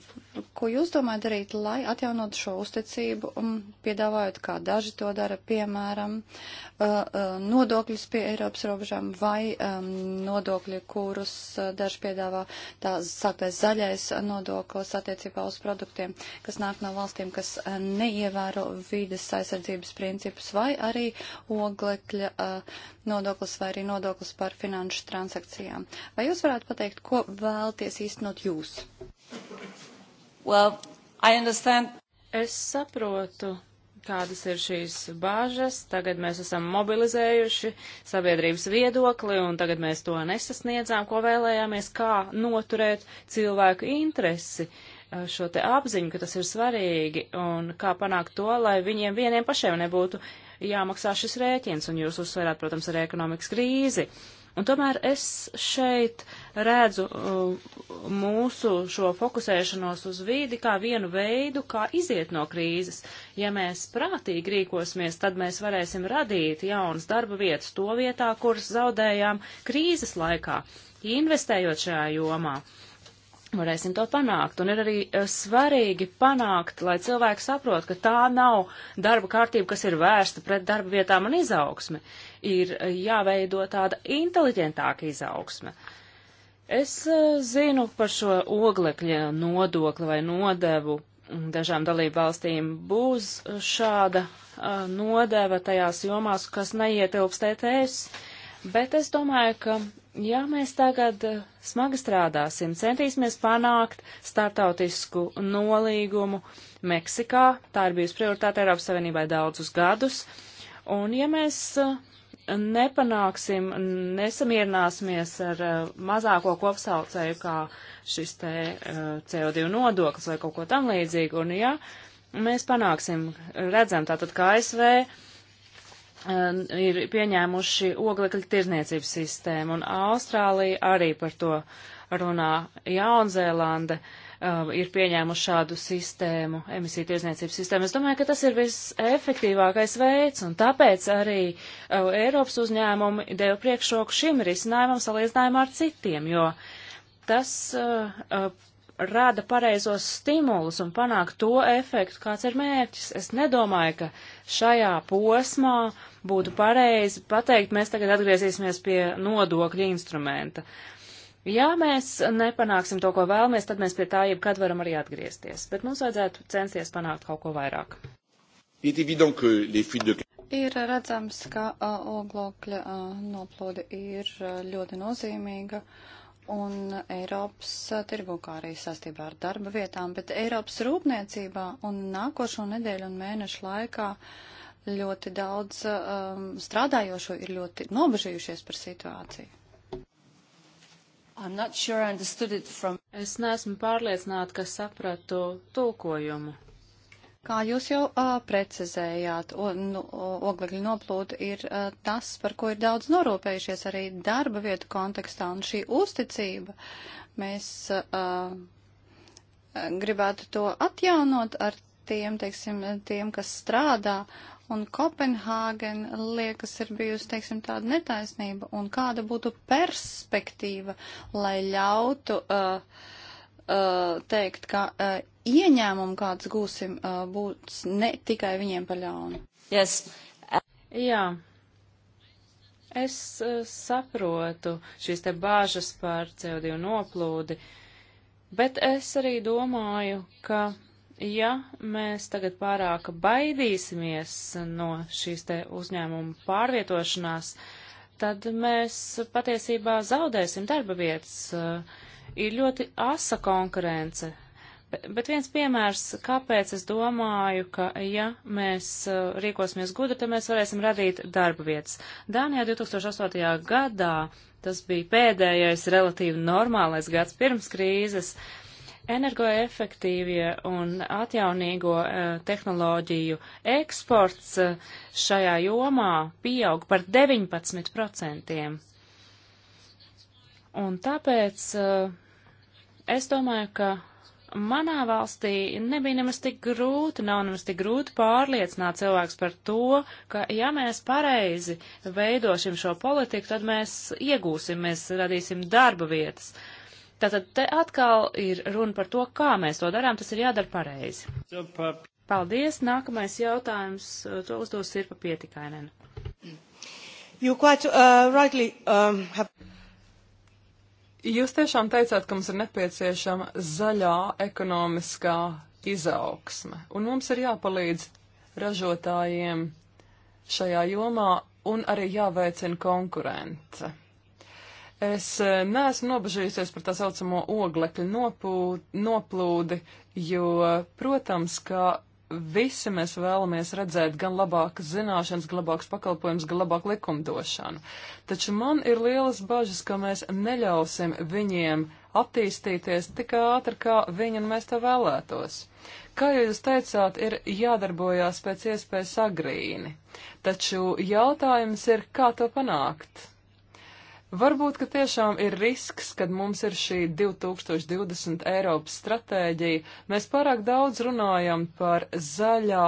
[SPEAKER 2] ko jūs domājat darīt, lai atjaunot šo uzticību, um, piedāvājot, kā daži to dara, piemēram, uh, uh, nodokļus pie Eiropas robežām vai um, nodokļi, kurus uh, daži piedāvā, tā sāktais zaļais nodoklis attiecībā uz produktiem, kas nāk no valstīm, kas uh, neievēro vides aizsardzības principus, vai arī oglekļa uh, nodoklis vai arī nodoklis par finanšu transakcijām. Vai jūs varētu pateikt, ko vēlties īstenot jūs?
[SPEAKER 3] Well, I understand. Es saprotu, kādas ir šīs bāžas. Tagad mēs esam mobilizējuši sabiedrības viedokli, un tagad mēs to nesasniedzām, ko vēlējāmies, kā noturēt cilvēku interesi, eh, šo te apziņu, ka tas ir svarīgi, un kā panākt to, lai viņiem vieniem pašiem nebūtu jāmaksā šis rēķins, un jūs uzsverāt, protams, ar ekonomikas krīzi. Uh, Un tomēr es šeit redzu uh, mūsu šo fokusēšanos uz vīdi kā vienu veidu, kā iziet no krīzes. Ja mēs prātīgi rīkosimies, tad mēs varēsim radīt jaunas darba vietas to vietā, kuras zaudējām krīzes laikā, investējot šajā jomā. Varēsim to panākt, un ir arī uh, svarīgi panākt, lai cilvēki saprot, ka tā nav darba kārtība, kas ir vērsta pret darba vietām un izaugsmi. Uh, ir jāveido tāda inteliģentāka izaugsme. Es eh, zinu par šo oglekļa nodokli vai nodevu. Dažām dalību valstīm būs šāda uh, nodeva tajās jomās, kas neietilpst ETS, bet es domāju, ka ja mēs tagad eh, smagi strādāsim, centīsimies panākt startautisku nolīgumu Meksikā, tā ir bijusi prioritāte Eiropas Savienībai daudzus gadus, un ja mēs nepanāksim, nesamierināsimies ar uh, mazāko kopsaucēju kā šis te uh, CO2 nodoklis vai kaut ko tam līdzīgu. Un ja mēs panāksim, redzam tātad, kā ASV uh, ir pieņēmuši oglekļa tirzniecības sistēmu, un Austrālija arī par to runā, Jaunzēlande. Uh, um, ir pieņēmuši šādu sistēmu, emisiju tirzniecības sistēmu. Es domāju, ka tas ir visefektīvākais veids, un tāpēc arī uh, Eiropas uzņēmumi deva priekšroku šim risinājumam salīdzinājumā ar citiem, jo tas uh, uh, rada pareizos stimulus un panāk to efektu, kāds ir mērķis. Es nedomāju, ka šajā posmā būtu pareizi pateikt, mēs tagad atgriezīsimies pie nodokļa instrumenta. Uh, Ja mēs nepanāksim to, ko vēlamies, tad mēs pie tā jebkad varam arī atgriezties, bet mums vajadzētu censties panākt kaut ko vairāk. Ir
[SPEAKER 2] redzams, ka uh, oglokļa uh, noplūde ir uh, ļoti nozīmīga un Eiropas tirgu, kā arī sastībā ar darba vietām, bet Eiropas rūpniecībā un nākošo nedēļu un mēnešu laikā ļoti daudz um, strādājošo ir ļoti nobežījušies par situāciju.
[SPEAKER 3] Sure from... Es neesmu pārliecināta, ka sapratu tulkojumu.
[SPEAKER 2] Kā jūs jau uh, precizējāt, o, nu, oglekļu noplūda ir uh, tas, par ko ir daudz norūpējušies arī darba vietu kontekstā, un šī uzticība mēs uh, gribētu to atjaunot ar tiem, teiksim, tiem, kas strādā Un Kopenhāgen, liekas, ir bijusi, teiksim, tāda netaisnība. Un kāda būtu perspektīva, lai ļautu uh, uh, teikt, ka uh, ieņēmumu kāds gūsim uh, būs ne tikai viņiem par ļaunu?
[SPEAKER 3] Yes. Jā. Es uh, saprotu šīs te bāžas par CO2 noplūdi, bet es arī domāju, ka ja mēs tagad pārāk baidīsimies no šīs te uzņēmumu pārvietošanās, tad mēs patiesībā zaudēsim darba vietas. Uh, ir ļoti asa konkurence. Bet viens piemērs, kāpēc es domāju, ka ja mēs uh, rīkosimies gudri, tad mēs varēsim radīt darba vietas. Dānijā 2008. gadā, tas bija pēdējais relatīvi normālais gads pirms krīzes, uh, Energoefektīvie un atjaunīgo uh, tehnoloģiju eksports uh, šajā jomā pieaug par 19%. Un tāpēc uh, es domāju, ka manā valstī nebija nemaz tik grūti, nav nemaz tik grūti pārliecināt cilvēks par to, ka ja mēs pareizi veidošim šo politiku, tad mēs iegūsim, mēs radīsim darba vietas. Uh, Tātad te atkal ir runa par to, kā mēs to darām, tas ir jādara pareizi. Paldies, nākamais jautājums, uh, to uzdos ir pa pietikainen. Uh, um,
[SPEAKER 1] Jūs tiešām teicāt, ka mums ir nepieciešama zaļā ekonomiskā izaugsme, un mums ir jāpalīdz ražotājiem šajā jomā un arī jāveicina konkurence. Es e, neesmu nobežījusies par tā saucamo oglekļu nopūd, noplūdi, jo, protams, ka visi mēs vēlamies redzēt gan labākas zināšanas, gan labākus pakalpojumus, gan labāku likumdošanu. Taču man ir lielas bažas, ka mēs neļausim viņiem attīstīties tik ātri, kā viņi un mēs to vēlētos. Kā jūs teicāt, ir jādarbojās pēc iespējas agrīni, taču jautājums ir, kā to panākt? Varbūt, ka tiešām ir risks, kad mums ir šī 2020 Eiropas stratēģija. Mēs pārāk daudz runājam par zaļā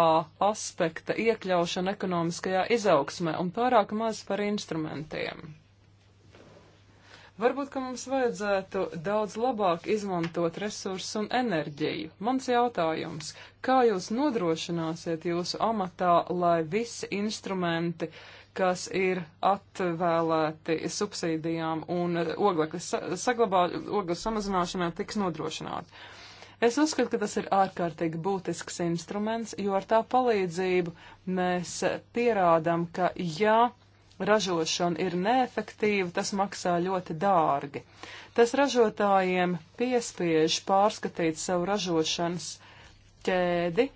[SPEAKER 1] aspekta iekļaušanu ekonomiskajā izaugsmē un pārāk maz par instrumentiem. Varbūt, ka mums vajadzētu daudz labāk izmantot resursus un enerģiju. Mans jautājums, kā jūs nodrošināsiet jūsu amatā, lai visi instrumenti uh, kas ir atvēlēti subsīdijām un oglekļa saglabā, oglekļa samazināšanai tiks nodrošināti. Es uzskatu, ka tas ir ārkārtīgi būtisks instruments, jo ar tā palīdzību mēs pierādam, ka ja ražošana ir neefektīva, tas maksā ļoti dārgi. Tas ražotājiem piespiež pārskatīt savu ražošanas ķēdi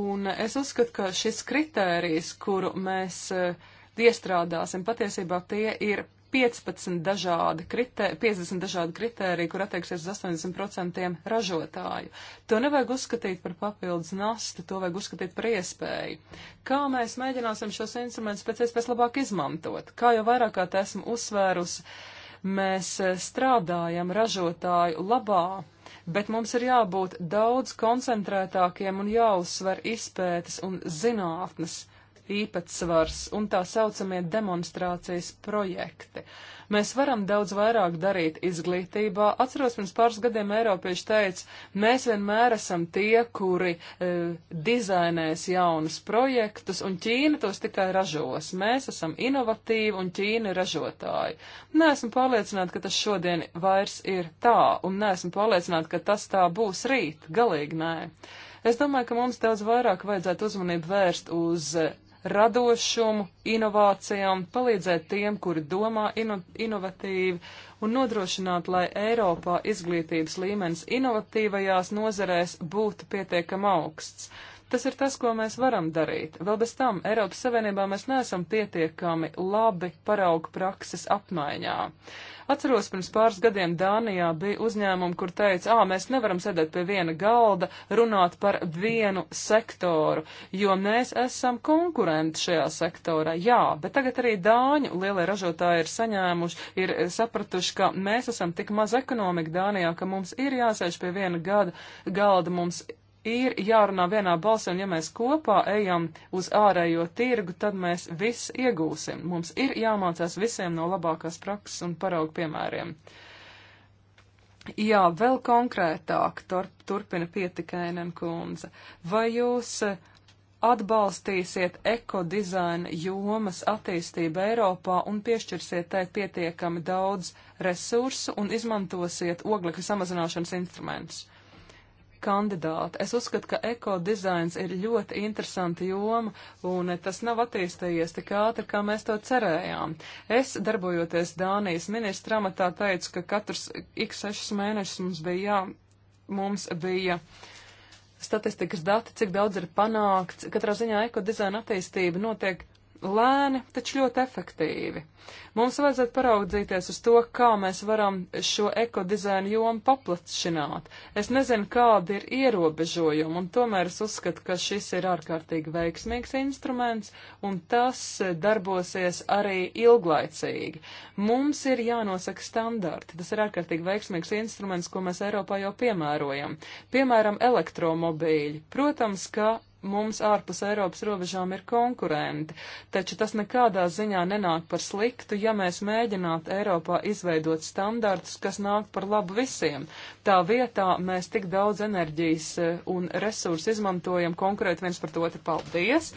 [SPEAKER 1] Un es uzskatu, ka šis kritērijs, kuru mēs eh, iestrādāsim, patiesībā tie ir 15 dažādi kritēri, 50 dažādi kritēriji, kur attieksies uz 80% ražotāju. To nevajag uzskatīt par papildus nastu, to vajag uzskatīt par iespēju. Kā mēs mēģināsim šos instrumentus pēc iespējas labāk izmantot? Kā jau vairāk kārt esmu uzsvērusi, mēs eh, strādājam ražotāju labā, bet mums ir jābūt daudz koncentrētākiem un jāuzsver izpētes un zinātnes īpatsvars un tā saucamie demonstrācijas projekti. Mēs varam daudz vairāk darīt izglītībā. Atceros, pirms pāris gadiem Eiropieši teica, mēs vienmēr esam tie, kuri e, dizainēs jaunus projektus, un Ķīna tos tikai ražos. Mēs esam inovatīvi, un Ķīna ir ražotāji. Neesmu pārliecināta, ka tas šodien vairs ir tā, un neesmu pārliecināta, ka tas tā būs rīt. Galīgi nē. Es domāju, ka mums daudz vairāk vajadzētu uzmanību vērst uz e, radošumu, inovācijām, palīdzēt tiem, kuri domā ino inovatīvi un nodrošināt, lai Eiropā izglītības līmenis inovatīvajās nozarēs būtu pietiekam augsts. Tas ir tas, ko mēs varam darīt. Vēl bez tam Eiropas Savienībā mēs neesam pietiekami labi paraugu prakses apmaiņā. Atceros, pirms pāris gadiem Dānijā bija uzņēmumi, kur teica, ā, mēs nevaram sēdēt pie viena galda, runāt par vienu sektoru, jo mēs esam konkurenti šajā sektorā. Jā, bet tagad arī Dāņu lielie ražotāji ir saņēmuši, ir sapratuši, ka mēs esam tik maz ekonomika Dānijā, ka mums ir jāsēž pie viena gada, galda, mums ir jārunā vienā balsī, un ja mēs kopā ejam uz ārējo tirgu, tad mēs viss iegūsim. Mums ir jāmācās visiem no labākās prakses un paraugu piemēriem. Jā, vēl konkrētāk, turp, turpina pietikainen kundze. Vai jūs eh, atbalstīsiet ekodizaina jomas attīstību Eiropā un piešķirsiet tai pietiekami daudz resursu un izmantosiet oglekļa samazināšanas instrumentus? kandidāti. Es uzskatu, ka ekodizains ir ļoti interesanta joma, un tas nav attīstījies tik ātri, kā mēs to cerējām. Es, darbojoties Dānijas ministra amatā, teicu, ka katrs x sešus mēnešus mums bija jā, mums bija statistikas dati, cik daudz ir panākts. Katrā ziņā ekodizaina attīstība notiek lēni, taču ļoti efektīvi. Mums vajadzētu paraudzīties uz to, kā mēs varam šo ekodizainu jomu paplašināt. Es nezinu, kādi ir ierobežojumi, un tomēr es uzskatu, ka šis ir ārkārtīgi veiksmīgs instruments, un tas darbosies arī ilglaicīgi. Mums ir jānosaka standarti. Tas ir ārkārtīgi veiksmīgs instruments, ko mēs Eiropā jau piemērojam. Piemēram, elektromobīļi. Protams, ka mums ārpus Eiropas robežām ir konkurenti, taču tas nekādā ziņā nenāk par sliktu, ja mēs mēģinātu Eiropā izveidot standartus, kas nāk par labu visiem. Tā vietā mēs tik daudz enerģijas e, un resursu izmantojam konkrēti viens par to otru paldies.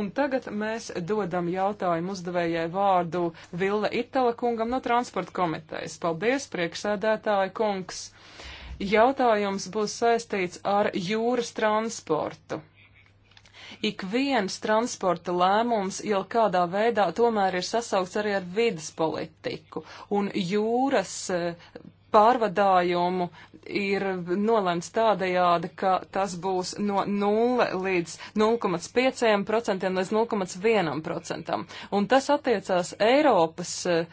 [SPEAKER 1] Un tagad mēs dodam jautājumu uzdevējai vārdu Villa Itala kungam no transporta komitejas. Paldies, priekšsēdētāji kungs! Jautājums būs saistīts ar jūras transportu ik viens transporta lēmums jau kādā veidā tomēr ir sasaukts arī ar vidas politiku un jūras e, pārvadājumu ir nolēmts tādajādi, ka tas būs no 0 līdz 0,5% līdz 0,1%. Un tas attiecās Eiropas uh,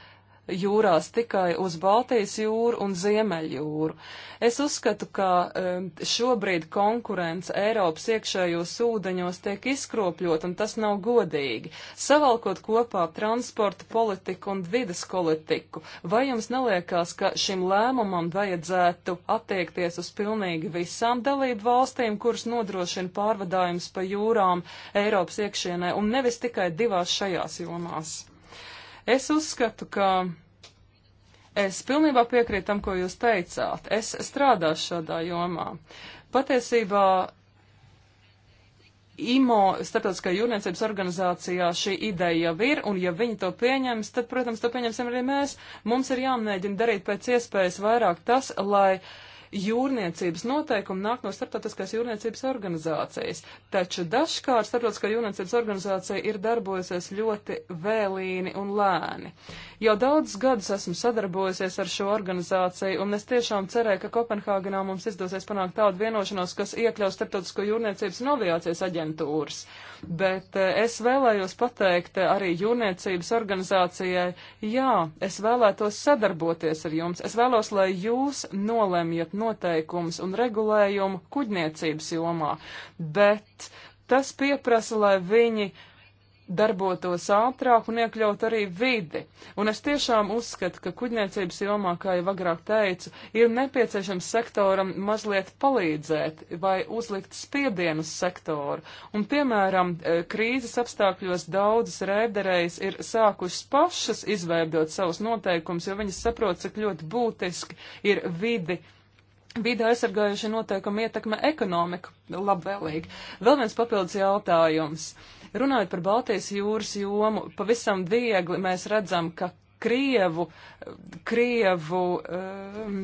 [SPEAKER 1] jūrās tikai uz Baltijas jūru un Ziemeļjūru. Es uzskatu, ka šobrīd konkurence Eiropas iekšējos ūdeņos tiek izkropļot, un tas nav godīgi. Savalkot kopā transporta politiku un vidas politiku, vai jums neliekās, ka šim lēmumam vajadzētu attiekties uz pilnīgi visām dalību valstīm, kuras nodrošina pārvadājums pa jūrām Eiropas iekšienē, un nevis tikai divās šajās jomās? Es uzskatu, ka es pilnībā piekrītu tam, ko jūs teicāt. Es strādāšu šādā jomā. Patiesībā IMO, starptautiskajā jūrniecības organizācijā, šī ideja jau ir, un ja viņi to pieņems, tad, protams, to pieņemsim arī mēs. Mums ir jāmēģina darīt pēc iespējas vairāk tas, lai uh, jūrniecības noteikumi nāk no starptautiskās jūrniecības organizācijas. Taču dažkārt starptautiskā jūrniecības organizācija ir darbojusies ļoti vēlīni un lēni. Jau daudzus gadus esmu sadarbojusies ar šo organizāciju, un es tiešām cerēju, ka Kopenhāgenā mums izdosies panākt tādu vienošanos, kas iekļaus starptautisko jūrniecības un aviācijas aģentūras. Bet eh, es vēlējos pateikt arī jūrniecības organizācijai, jā, es vēlētos sadarboties ar jums. Es vēlos, lai jūs nolemjat noteikumus un regulējumu kuģniecības jomā, bet tas pieprasa, lai viņi darbotos ātrāk un iekļaut arī vidi. Un es tiešām uzskatu, ka kuģniecības jomā, kā jau agrāk teicu, ir nepieciešams sektoram mazliet palīdzēt vai uzlikt spiedienu uz sektoru. Un, piemēram, e, krīzes apstākļos daudzas rēderējas ir sākušas pašas izveidot savus noteikumus, jo viņas saprot, cik ļoti būtiski ir vidi Vide aizsargājušie noteikumi ietekmē ekonomiku labvēlīgi. Vēl viens papildus jautājums. Runājot par Baltijas jūras jomu, pavisam viegli mēs redzam, ka Krievu, Krievu um,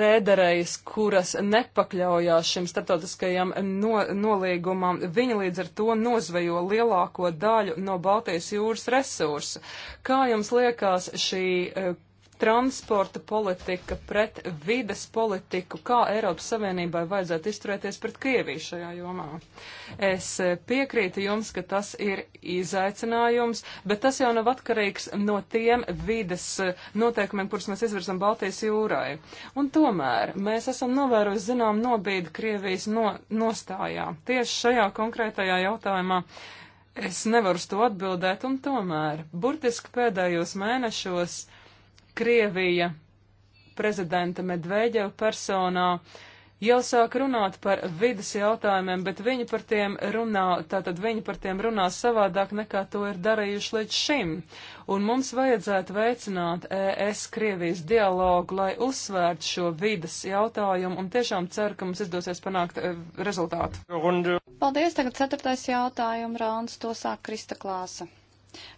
[SPEAKER 1] rēderejas, kuras nepakļaujās šim startautiskajam no, nolīgumam, viņi līdz ar to nozvejo lielāko daļu no Baltijas jūras resursu. Kā jums liekas šī uh, transporta politika pret vides politiku, kā Eiropas Savienībai vajadzētu izturēties pret Krieviju šajā jomā. Es eh, piekrītu jums, ka tas ir izaicinājums, bet tas jau nav atkarīgs no tiem vides eh, noteikumiem, kurus mēs izvirzam Baltijas jūrai. Un tomēr mēs esam novērojuši zinām nobīdi Krievijas no, nostājā. Tieši šajā konkrētajā jautājumā. Es nevaru uz to atbildēt, un tomēr, burtiski pēdējos mēnešos, uh, Krievija prezidenta Medveģeva personā jau sāk runāt par vidas jautājumiem, bet viņi par tiem runā, tātad viņi par tiem runā savādāk nekā to ir darījuši līdz šim. Un mums vajadzētu veicināt ES Krievijas dialogu, lai uzsvērtu šo vidas jautājumu un tiešām ceru, ka mums izdosies panākt e, rezultātu.
[SPEAKER 2] Paldies, tagad ceturtais jautājums, Rāns, to sāk Krista Klāsa.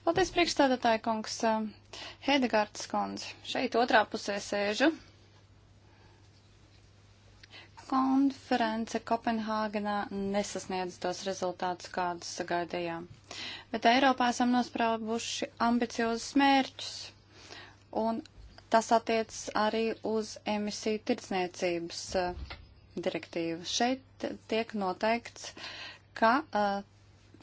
[SPEAKER 2] Paldies, priekšstādātāja kungs. Eh, Hedegārds kundze, šeit otrā pusē sēžu. Konference Kopenhāgenā nesasniedz tos rezultātus, kādus sagaidījām. Bet Eiropā esam nospraubuši ambiciozus mērķus. Un tas attiec arī uz emisiju tirdzniecības eh, direktīvu. Šeit tiek noteikts, ka uh,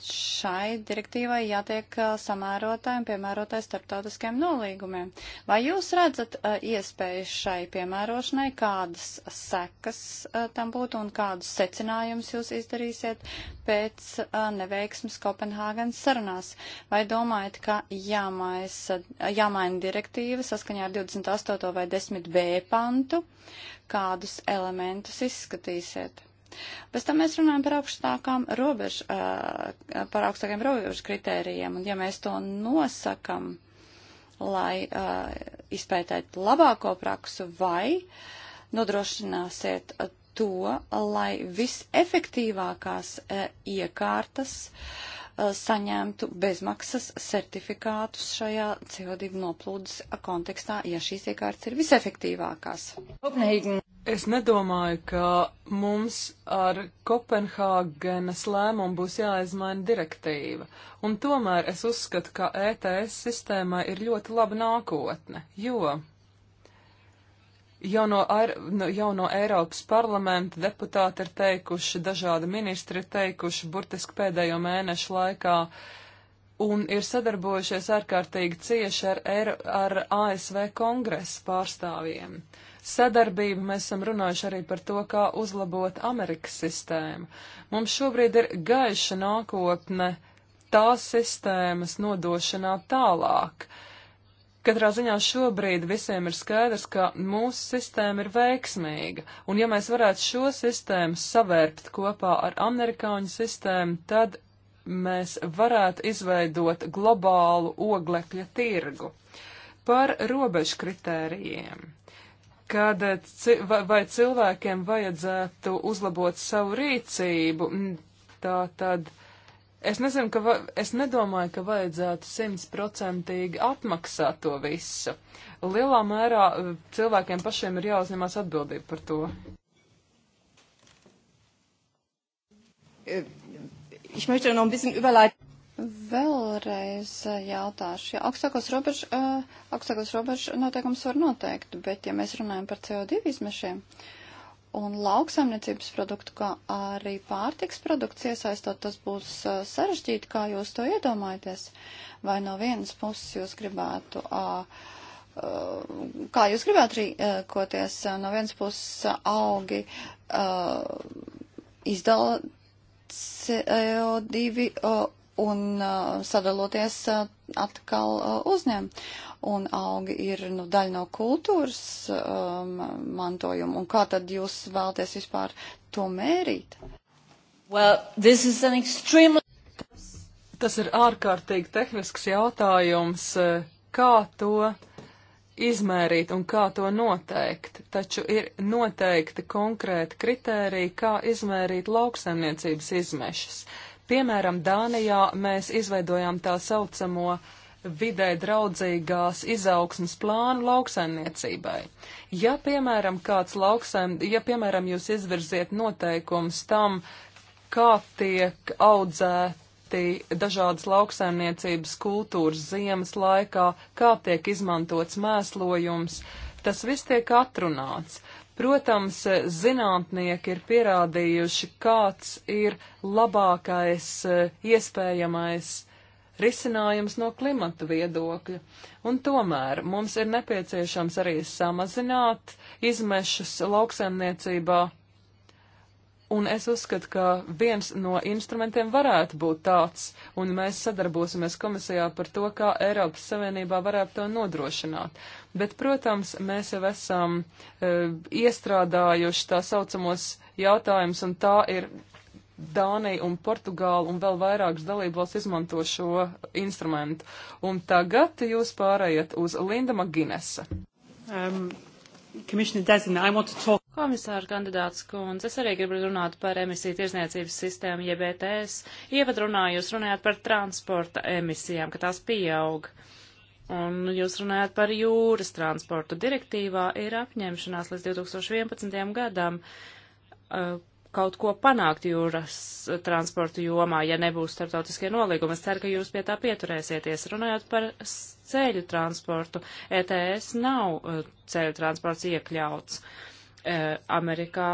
[SPEAKER 2] šai direktīvai jātiek uh, samērotai un piemērotai starptautiskiem nolīgumiem. Vai jūs redzat uh, iespējas šai piemērošanai, kādas sekas uh, tam būtu un kādus secinājumus jūs izdarīsiet pēc neveiksmes Kopenhāgenes sarunās? Vai domājat, ka jāmais, jāmaina direktīva saskaņā ar 28. vai 10b pantu? Kādus elementus izskatīsiet? Bez tam mēs runājam par augstākām robežu, par augstākiem robežu kritērijiem, un ja mēs to nosakam, lai izpētētu labāko praksu vai nodrošināsiet to, lai visefektīvākās iekārtas uh, Uh, saņemtu bezmaksas certifikātus šajā CO2 noplūdes kontekstā, ja šīs iekārtas ir visefektīvākās.
[SPEAKER 1] Es nedomāju, ka mums ar Kopenhāgenes lēmumu būs jāizmaina direktīva, un tomēr es uzskatu, ka ETS sistēmai ir ļoti laba nākotne, jo Jau no, nu, jau no Eiropas parlamenta deputāti ir teikuši, dažādi ministri ir teikuši burtiski pēdējo mēnešu laikā un ir sadarbojušies ārkārtīgi cieši ar, Eiro, ar ASV kongresa pārstāvjiem. Sadarbību mēs esam runājuši arī par to, kā uzlabot Amerikas sistēmu. Mums šobrīd ir gaiša nākotne tās sistēmas nodošanā tālāk. Uh, Katrā ziņā šobrīd visiem ir skaidrs, ka mūsu sistēma ir veiksmīga, un ja mēs varētu šo sistēmu savērpt kopā ar amerikāņu sistēmu, tad mēs varētu izveidot globālu oglekļa tirgu. Par robežu kritērijiem. Kad vai cilvēkiem vajadzētu uzlabot savu rīcību, tā tad. tad Es nezinu, ka va, es nedomāju, ka vajadzētu simtprocentīgi atmaksāt to visu. Lielā mērā eh, cilvēkiem pašiem ir jāuzņemās atbildība par to. Eh,
[SPEAKER 2] ich möchte noch ein bisschen überleiten. Vēlreiz eh, jautāšu, ja augstākos robežu, uh, augstākos robežu noteikums var noteikt, bet ja mēs runājam par CO2 izmešiem, uh, un lauksaimniecības produktu, kā arī pārtiks produkts iesaistot, tas būs uh, sarežģīti, kā jūs to iedomājaties. Vai no vienas puses jūs gribētu, uh, uh, kā jūs gribētu rīkoties, uh, no vienas puses uh, augi uh, izdala CO2 uh, un uh, sadaloties uh, atkal uh, uzņem. Un augi ir nu, daļa no kultūras um, mantojuma. Un kā tad jūs vēlaties vispār to mērīt?
[SPEAKER 1] Well, extremely... tas, tas ir ārkārtīgi tehnisks jautājums, uh, kā to izmērīt un kā to noteikt, taču ir noteikti konkrēti kritēriji, kā izmērīt lauksaimniecības izmešas. Uh, Piemēram, Dānijā mēs izveidojām tā saucamo vidē draudzīgās izaugsmas plānu lauksaimniecībai. Ja, piemēram, kāds lauksaim, ja, piemēram, jūs izvirziet noteikums tam, kā tiek audzēti dažādas lauksaimniecības kultūras ziemas laikā, kā tiek izmantots mēslojums, tas viss tiek atrunāts. Protams, zinātnieki ir pierādījuši, kāds ir labākais eh, iespējamais risinājums no klimatu viedokļa. Un tomēr mums ir nepieciešams arī samazināt izmešus lauksaimniecībā Un es uzskatu, ka viens no instrumentiem varētu būt tāds, un mēs sadarbosimies komisijā par to, kā Eiropas Savienībā varētu to nodrošināt. Bet, protams, mēs jau esam e, iestrādājuši tā saucamos jautājumus, un tā ir Dānija un Portugāla un vēl vairākas dalībvalsts izmanto šo instrumentu. Un tagad jūs pārējat uz Linda Maginesa. Um, talk...
[SPEAKER 3] Komisāra kandidāts kundze, es arī gribu runāt par emisiju tirzniecības sistēmu, jeb ETS. Ievadrunā jūs runājāt par transporta emisijām, ka tās pieaug. Un jūs runājāt par jūras transportu. Direktīvā ir apņemšanās līdz 2011. gadam uh, kaut ko panākt jūras transportu jomā, ja nebūs starptautiskie nolīgumi. Es ceru, ka jūs pie tā pieturēsieties. Runājot par ceļu transportu, ETS nav uh, ceļu transports iekļauts. Uh, E, Amerikā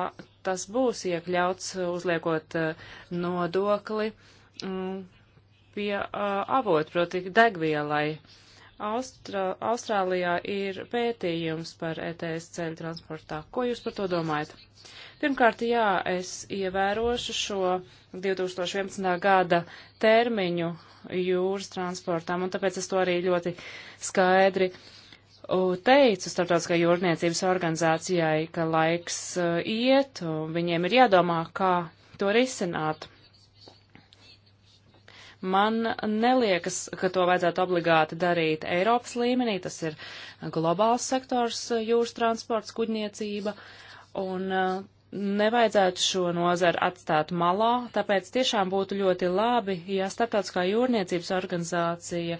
[SPEAKER 3] tas būs iekļauts, uzliekot e, nodokli mm, pie e, avotu, proti degvielai. Austra, Austrālijā ir pētījums par ETS ceļu transportā. Ko jūs par to domājat? Pirmkārt, jā, es ievērošu šo 2011. gada termiņu jūras transportām, un tāpēc es to arī ļoti skaidri uh, teicu starptautiskajai jūrniecības organizācijai, ka laiks uh, iet, un viņiem ir jādomā, kā to risināt. Man neliekas, ka to vajadzētu obligāti darīt Eiropas līmenī, tas ir globāls sektors e, jūras transports, kuģniecība, un uh, nevajadzētu šo nozaru atstāt malā, tāpēc tiešām būtu ļoti labi, ja starptautiskā jūrniecības organizācija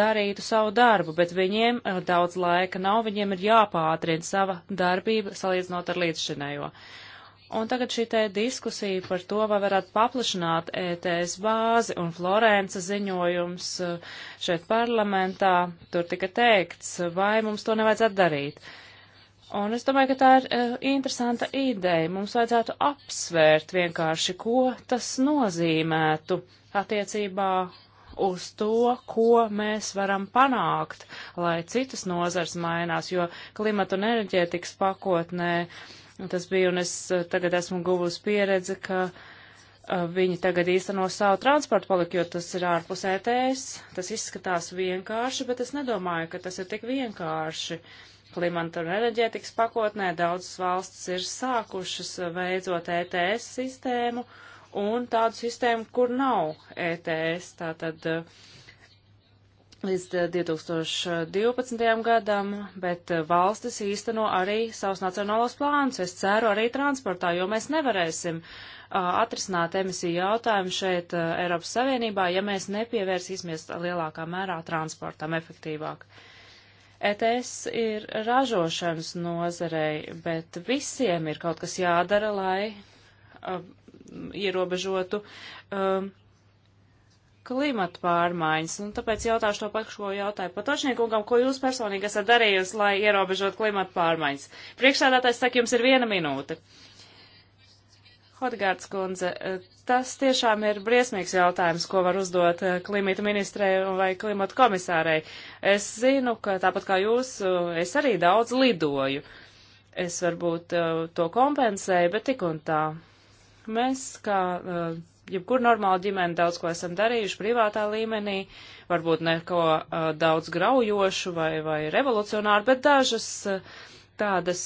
[SPEAKER 3] darītu savu darbu, bet viņiem daudz laika nav, viņiem ir jāpātrina sava darbība salīdzinot ar līdzšinējo. Un tagad šī te diskusija par to, vai varētu paplašināt ETS bāzi un Florence ziņojums šeit parlamentā, tur tika teikts, vai mums to nevajadzētu darīt. Uh, Un es domāju, ka tā ir uh, interesanta ideja. Mums vajadzētu apsvērt vienkārši, ko tas nozīmētu attiecībā uz to, ko mēs varam panākt, lai citas nozars mainās, jo klimata un enerģētikas pakotnē tas bija, un es eh, tagad esmu guvusi pieredzi, ka uh, viņi tagad īsteno savu transportu paliku, jo tas ir ārpus ETS. Tas izskatās vienkārši, bet es nedomāju, ka tas ir tik vienkārši. Uh, klimata un enerģētikas pakotnē daudzas valstis ir sākušas veidot ETS sistēmu un tādu sistēmu, kur nav ETS. Tātad eh, līdz 2012. Eh, gadam, bet eh, valstis īsteno arī savus nacionālos plānus. Es ceru arī transportā, jo mēs nevarēsim atrisināt emisiju jautājumu šeit Eiropas Savienībā, ja mēs nepievērsīsimies lielākā mērā transportam efektīvāk. Uh, ETS ir ražošanas nozarei, bet visiem ir kaut kas jādara, lai uh, ierobežotu uh, um, klimata pārmaiņas. Un tāpēc jautāšu to pašu, ko jautāju patočniekungam, ko jūs personīgi esat darījusi, lai ierobežotu klimata pārmaiņas. Priekšsādātājs saka, jums ir viena minūte. Uh, Hodgārds kundze, eh, tas tiešām ir briesmīgs jautājums, ko var uzdot eh, klimata ministrei vai klimata komisārei. Es zinu, ka tāpat kā jūs, eh, es arī daudz lidoju. Es varbūt to kompensēju, bet tik un tā. Mēs, kā jebkur normāla ģimene, daudz ko esam darījuši privātā līmenī, varbūt neko daudz graujošu vai, vai revolucionāru, bet dažas tādas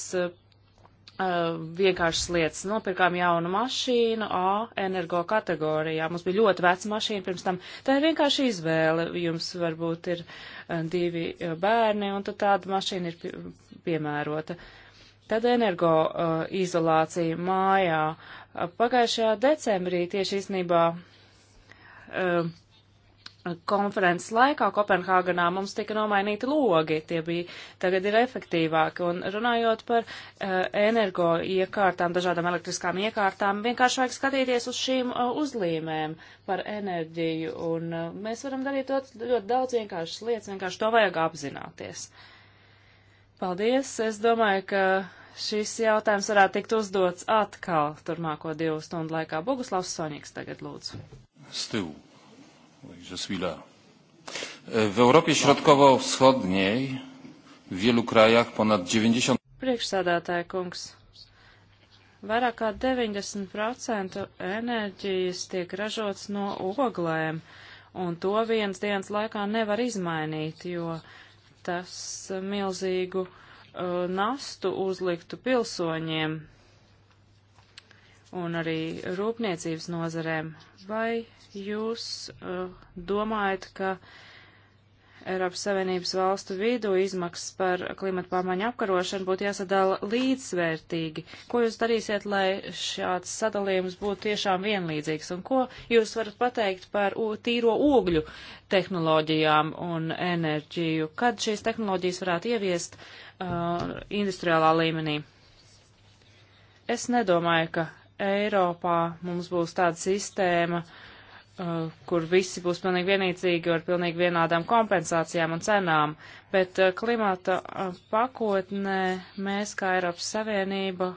[SPEAKER 3] Uh, vienkāršas lietas. Nopirkām jaunu mašīnu A energo kategorijā. Mums bija ļoti veca mašīna pirms tam. Tā ir vienkārši izvēle. Jums varbūt ir uh, divi uh, bērni, un tad tāda mašīna ir piemērota. Tad energo uh, izolācija mājā. Pagājušajā decembrī tieši īstenībā uh, konferences laikā Kopenhāganā mums tika nomainīti logi, tie bija tagad ir efektīvāki. Un runājot par uh, energo iekārtām, dažādām elektriskām iekārtām, vienkārši vajag skatīties uz šīm uh, uzlīmēm par enerģiju. Un uh, mēs varam darīt ļoti daudz vienkāršas lietas, vienkārši to vajag apzināties. Paldies! Es domāju, ka šis jautājums varētu tikt uzdots atkal turmāko divu stundu laikā. Boguslavs Soņiks tagad lūdzu.
[SPEAKER 1] Stūl. Je suis là. E, w Europie Środkowo-Wschodniej w wielu krajach ponad 90...
[SPEAKER 3] Priekšsādātāja kungs, vairāk kā 90% enerģijas tiek ražots no oglēm, un to viens dienas laikā nevar izmainīt, jo tas milzīgu uh, nastu uzliktu pilsoņiem un arī rūpniecības nozarēm. Vai jūs uh, domājat, ka Eiropas Savienības valstu vidū izmaksas par klimatu pārmaiņu apkarošanu būtu jāsadala līdzvērtīgi? Ko jūs darīsiet, lai šāds sadalījums būtu tiešām vienlīdzīgs? Un ko jūs varat pateikt par tīro ogļu tehnoloģijām un enerģiju? Kad šīs tehnoloģijas varētu ieviest uh, industriālā līmenī? Es nedomāju, ka Eiropā mums būs tāda sistēma, Uh, kur visi būs pilnīgi vienīdzīgi ar pilnīgi vienādām kompensācijām un cenām, bet uh, klimata uh, pakotnē mēs kā Eiropas Savienība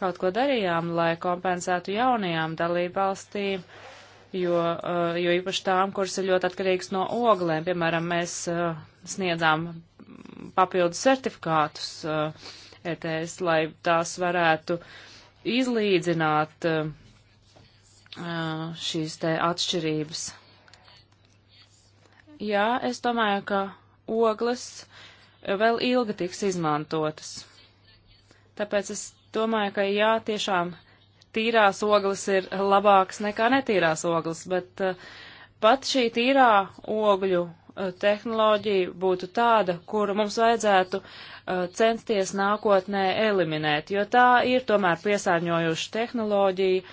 [SPEAKER 3] kaut ko darījām, lai kompensētu jaunajām dalībvalstīm, jo, uh, jo īpaši tām, kuras ir ļoti atkarīgas no oglēm, piemēram, mēs uh, sniedzām papildus certifikātus uh, ETS, lai tās varētu uh, izlīdzināt eh, eh, šīs te atšķirības. Jā, es domāju, ka ogles vēl ilgi tiks izmantotas. Tāpēc es domāju, ka jā, tiešām tīrās ogles ir labāks nekā netīrās ogles, bet uh, pat šī tīrā ogļu Eh, tehnoloģija būtu tāda, kuru mums vajadzētu uh, censties nākotnē eliminēt, jo tā ir tomēr piesārņojuša tehnoloģija.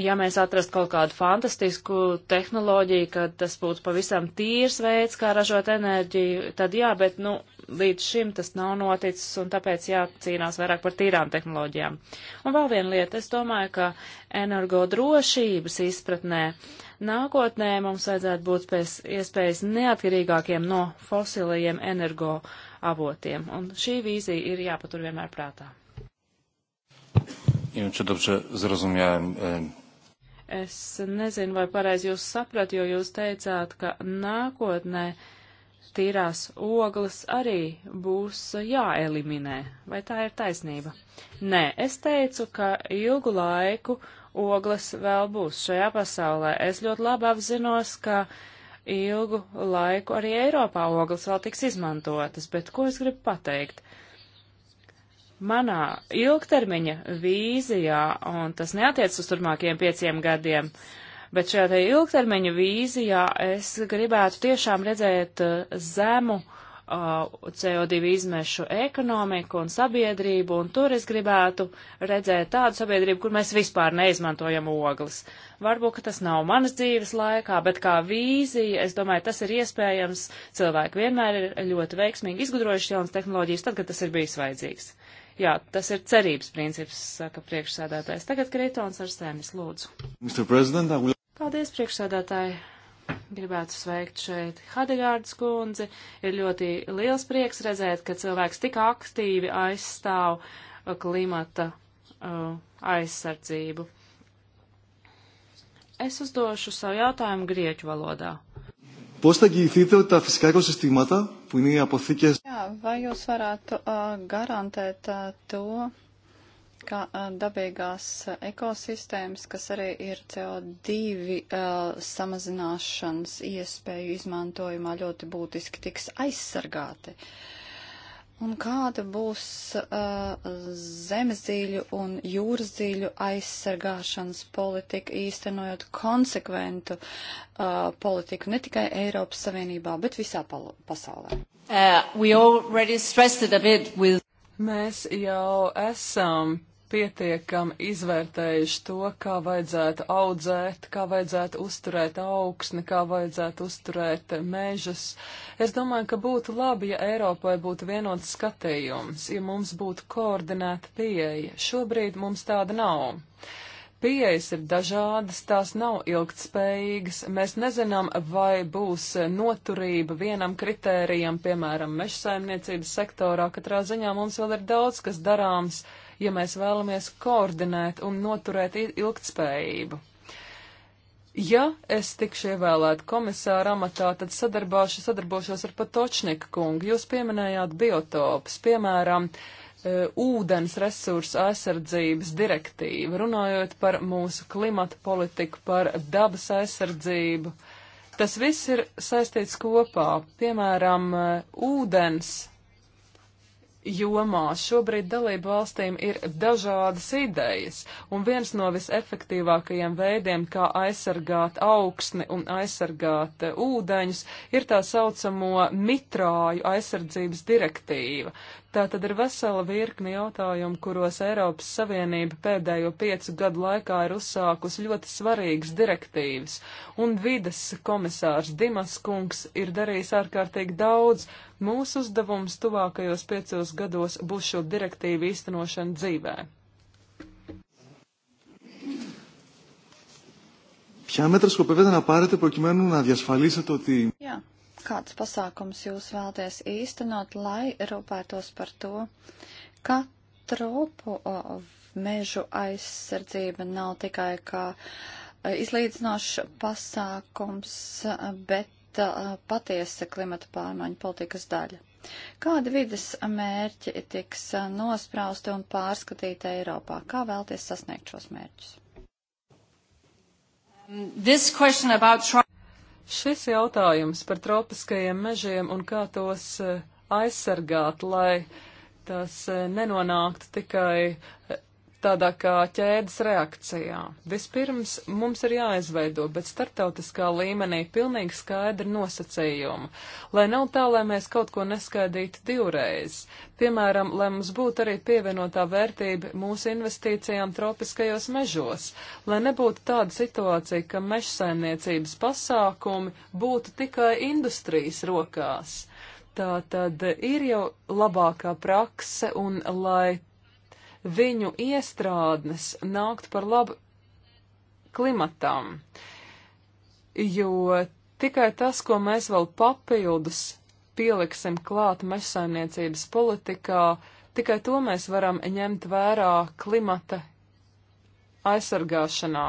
[SPEAKER 3] Ja mēs atrastu kaut kādu fantastisku tehnoloģiju, kad tas būtu pavisam tīrs veids, kā ražot enerģiju, tad jā, bet nu, līdz šim tas nav noticis, un tāpēc jācīnās vairāk par tīrām tehnoloģijām. Un vēl viena lieta, es domāju, ka energodrošības izpratnē uh, Nākotnē mums vajadzētu būt pēc iespējas neatkarīgākiem no fosilajiem energo avotiem, un šī vīzija ir jāpatur vienmēr prātā. Es nezinu, vai pareizi jūs saprat, jo jūs teicāt, ka nākotnē tīrās ogles arī būs jāeliminē. Vai tā ir taisnība? Nē, es teicu, ka ilgu laiku uh, ogles vēl būs šajā pasaulē. Es ļoti labi apzinos, ka ilgu laiku arī Eiropā ogles vēl tiks izmantotas, bet ko es gribu pateikt? Manā ilgtermiņa vīzijā, un tas neatiec uz turmākajiem pieciem gadiem, bet šajā te ilgtermiņa vīzijā es gribētu tiešām redzēt eh, zemu uh, Uh, CO2 izmešu ekonomiku un sabiedrību, un tur es gribētu redzēt tādu sabiedrību, kur mēs vispār neizmantojam ogles. Varbūt, ka tas nav manas dzīves laikā, bet kā vīzija, es domāju, tas ir iespējams. Cilvēki vienmēr ir ļoti veiksmīgi izgudrojuši jaunas tehnoloģijas tad, kad tas ir bijis vajadzīgs. Jā, tas ir cerības princips, saka priekšsēdētājs. Tagad Kritons ar sēnis lūdzu. Will... Paldies, priekšsēdētāji. Gribētu sveikt šeit Hadegārdas kundzi. Ir ļoti liels prieks redzēt, ka cilvēks tik aktīvi aizstāv uh, klimata uh, aizsardzību. Es uzdošu savu jautājumu grieķu valodā. Πώς θα εγγυηθείτε τα φυσικά οικοσυστήματα που είναι οι αποθήκες.
[SPEAKER 2] Jā, vai jūs varētu uh, garantēt uh, to, ka dabīgās ekosistēmas, kas arī ir CO2 uh, samazināšanas iespēju izmantojumā ļoti būtiski tiks aizsargāti. Un kāda būs uh, zemesdīļu un jūras dzīļu aizsargāšanas politika īstenojot konsekventu uh, politiku ne tikai Eiropas Savienībā, bet visā pasaulē?
[SPEAKER 1] Uh, with... Mēs jau esam pietiekami izvērtējuši to, kā vajadzētu audzēt, kā vajadzētu uzturēt augsni, kā vajadzētu uzturēt mežas. Es domāju, ka būtu labi, ja Eiropai būtu vienots skatījums, ja mums būtu koordinēta pieeja. Šobrīd mums tāda nav. Pieejas ir dažādas, tās nav ilgtspējīgas. Mēs nezinām, vai būs noturība vienam kritērijam, piemēram, mežsaimniecības sektorā. Katrā ziņā mums vēl ir daudz, kas darāms ja mēs vēlamies koordinēt un noturēt ilgtspējību. Ja es tikšu ievēlēta komisāra amatā, tad sadarbāšu, sadarbošos ar Patočnika kungu. Jūs pieminējāt biotopus, piemēram, e, ūdens resursu aizsardzības direktīvu, runājot par mūsu klimata politiku, par dabas aizsardzību. Tas viss ir saistīts kopā. Piemēram, e, ūdens jomās šobrīd dalību valstīm ir dažādas idejas, un viens no visefektīvākajiem veidiem, kā aizsargāt augsni un aizsargāt eh, ūdeņus, ir tā saucamo mitrāju aizsardzības direktīva. Tā tad ir vesela virkni jautājumu, kuros Eiropas Savienība pēdējo piecu gadu laikā ir uzsākusi ļoti svarīgas direktīvas, un vides komisārs Dimas Kungs ir darījis ārkārtīgi daudz. Mūsu uzdevums tuvākajos piecos gados būs šo direktīvu īstenošana dzīvē.
[SPEAKER 3] Ποια μέτρα σκοπεύετε να πάρετε προκειμένου να διασφαλίσετε ότι...
[SPEAKER 2] Yeah kādus pasākumus jūs vēlaties īstenot, lai rūpētos par to, ka tropu mežu aizsardzība nav tikai kā e, izlīdzinošs pasākums, bet e, patiesa klimata pārmaiņu politikas daļa. Kādi vidas mērķi tiks e, nosprausti un pārskatīti Eiropā? Kā vēlties sasniegt šos mērķus?
[SPEAKER 1] About... Šis jautājums par tropiskajiem mežiem un kā tos eh, aizsargāt, lai tas eh, nenonāktu tikai eh, tādā kā ķēdes reakcijā. Vispirms mums ir jāizveido, bet startautiskā līmenī pilnīgi skaidri nosacījumi, lai nav tā, lai mēs kaut ko neskaidītu divreiz. Piemēram, lai mums būtu arī pievienotā vērtība mūsu investīcijām tropiskajos mežos, lai nebūtu tāda situācija, ka mežsaimniecības pasākumi būtu tikai industrijas rokās. Tā tad ir jau labākā prakse, un lai viņu iestrādnes nākt par labu klimatam. Jo tikai tas, ko mēs vēl papildus pieliksim klāt mežsaimniecības politikā, tikai to mēs varam ņemt vērā klimata aizsargāšanā.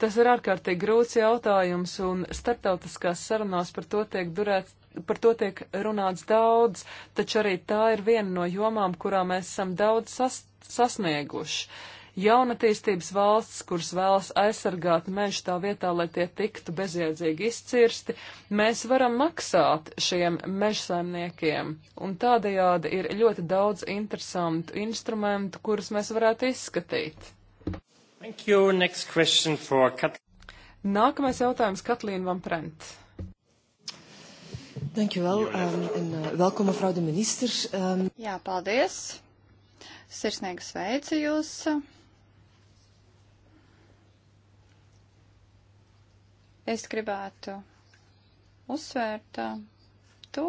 [SPEAKER 1] Tas ir ārkārtīgi grūts jautājums, un starptautiskās sarunās par to tiek durēts, par to tiek runāts daudz, taču arī tā ir viena no jomām, kurā mēs esam daudz sas, sasnieguši. Jaunatīstības valsts, kuras vēlas aizsargāt mežu tā vietā, lai tie tiktu bezjēdzīgi izcirsti, mēs varam maksāt šiem mežsaimniekiem, un tādējādi ir ļoti daudz interesantu instrumentu, kurus mēs varētu izskatīt. Thank you. Next question for Kat Nākamais jautājums Katlīna Vamprent. Dank u wel
[SPEAKER 2] um, en uh, welkom mevrouw de minister. Um...
[SPEAKER 1] Jā, paldies. Sirsnīgi
[SPEAKER 2] sveicu jūs. Es gribētu uzsvērt uh, to,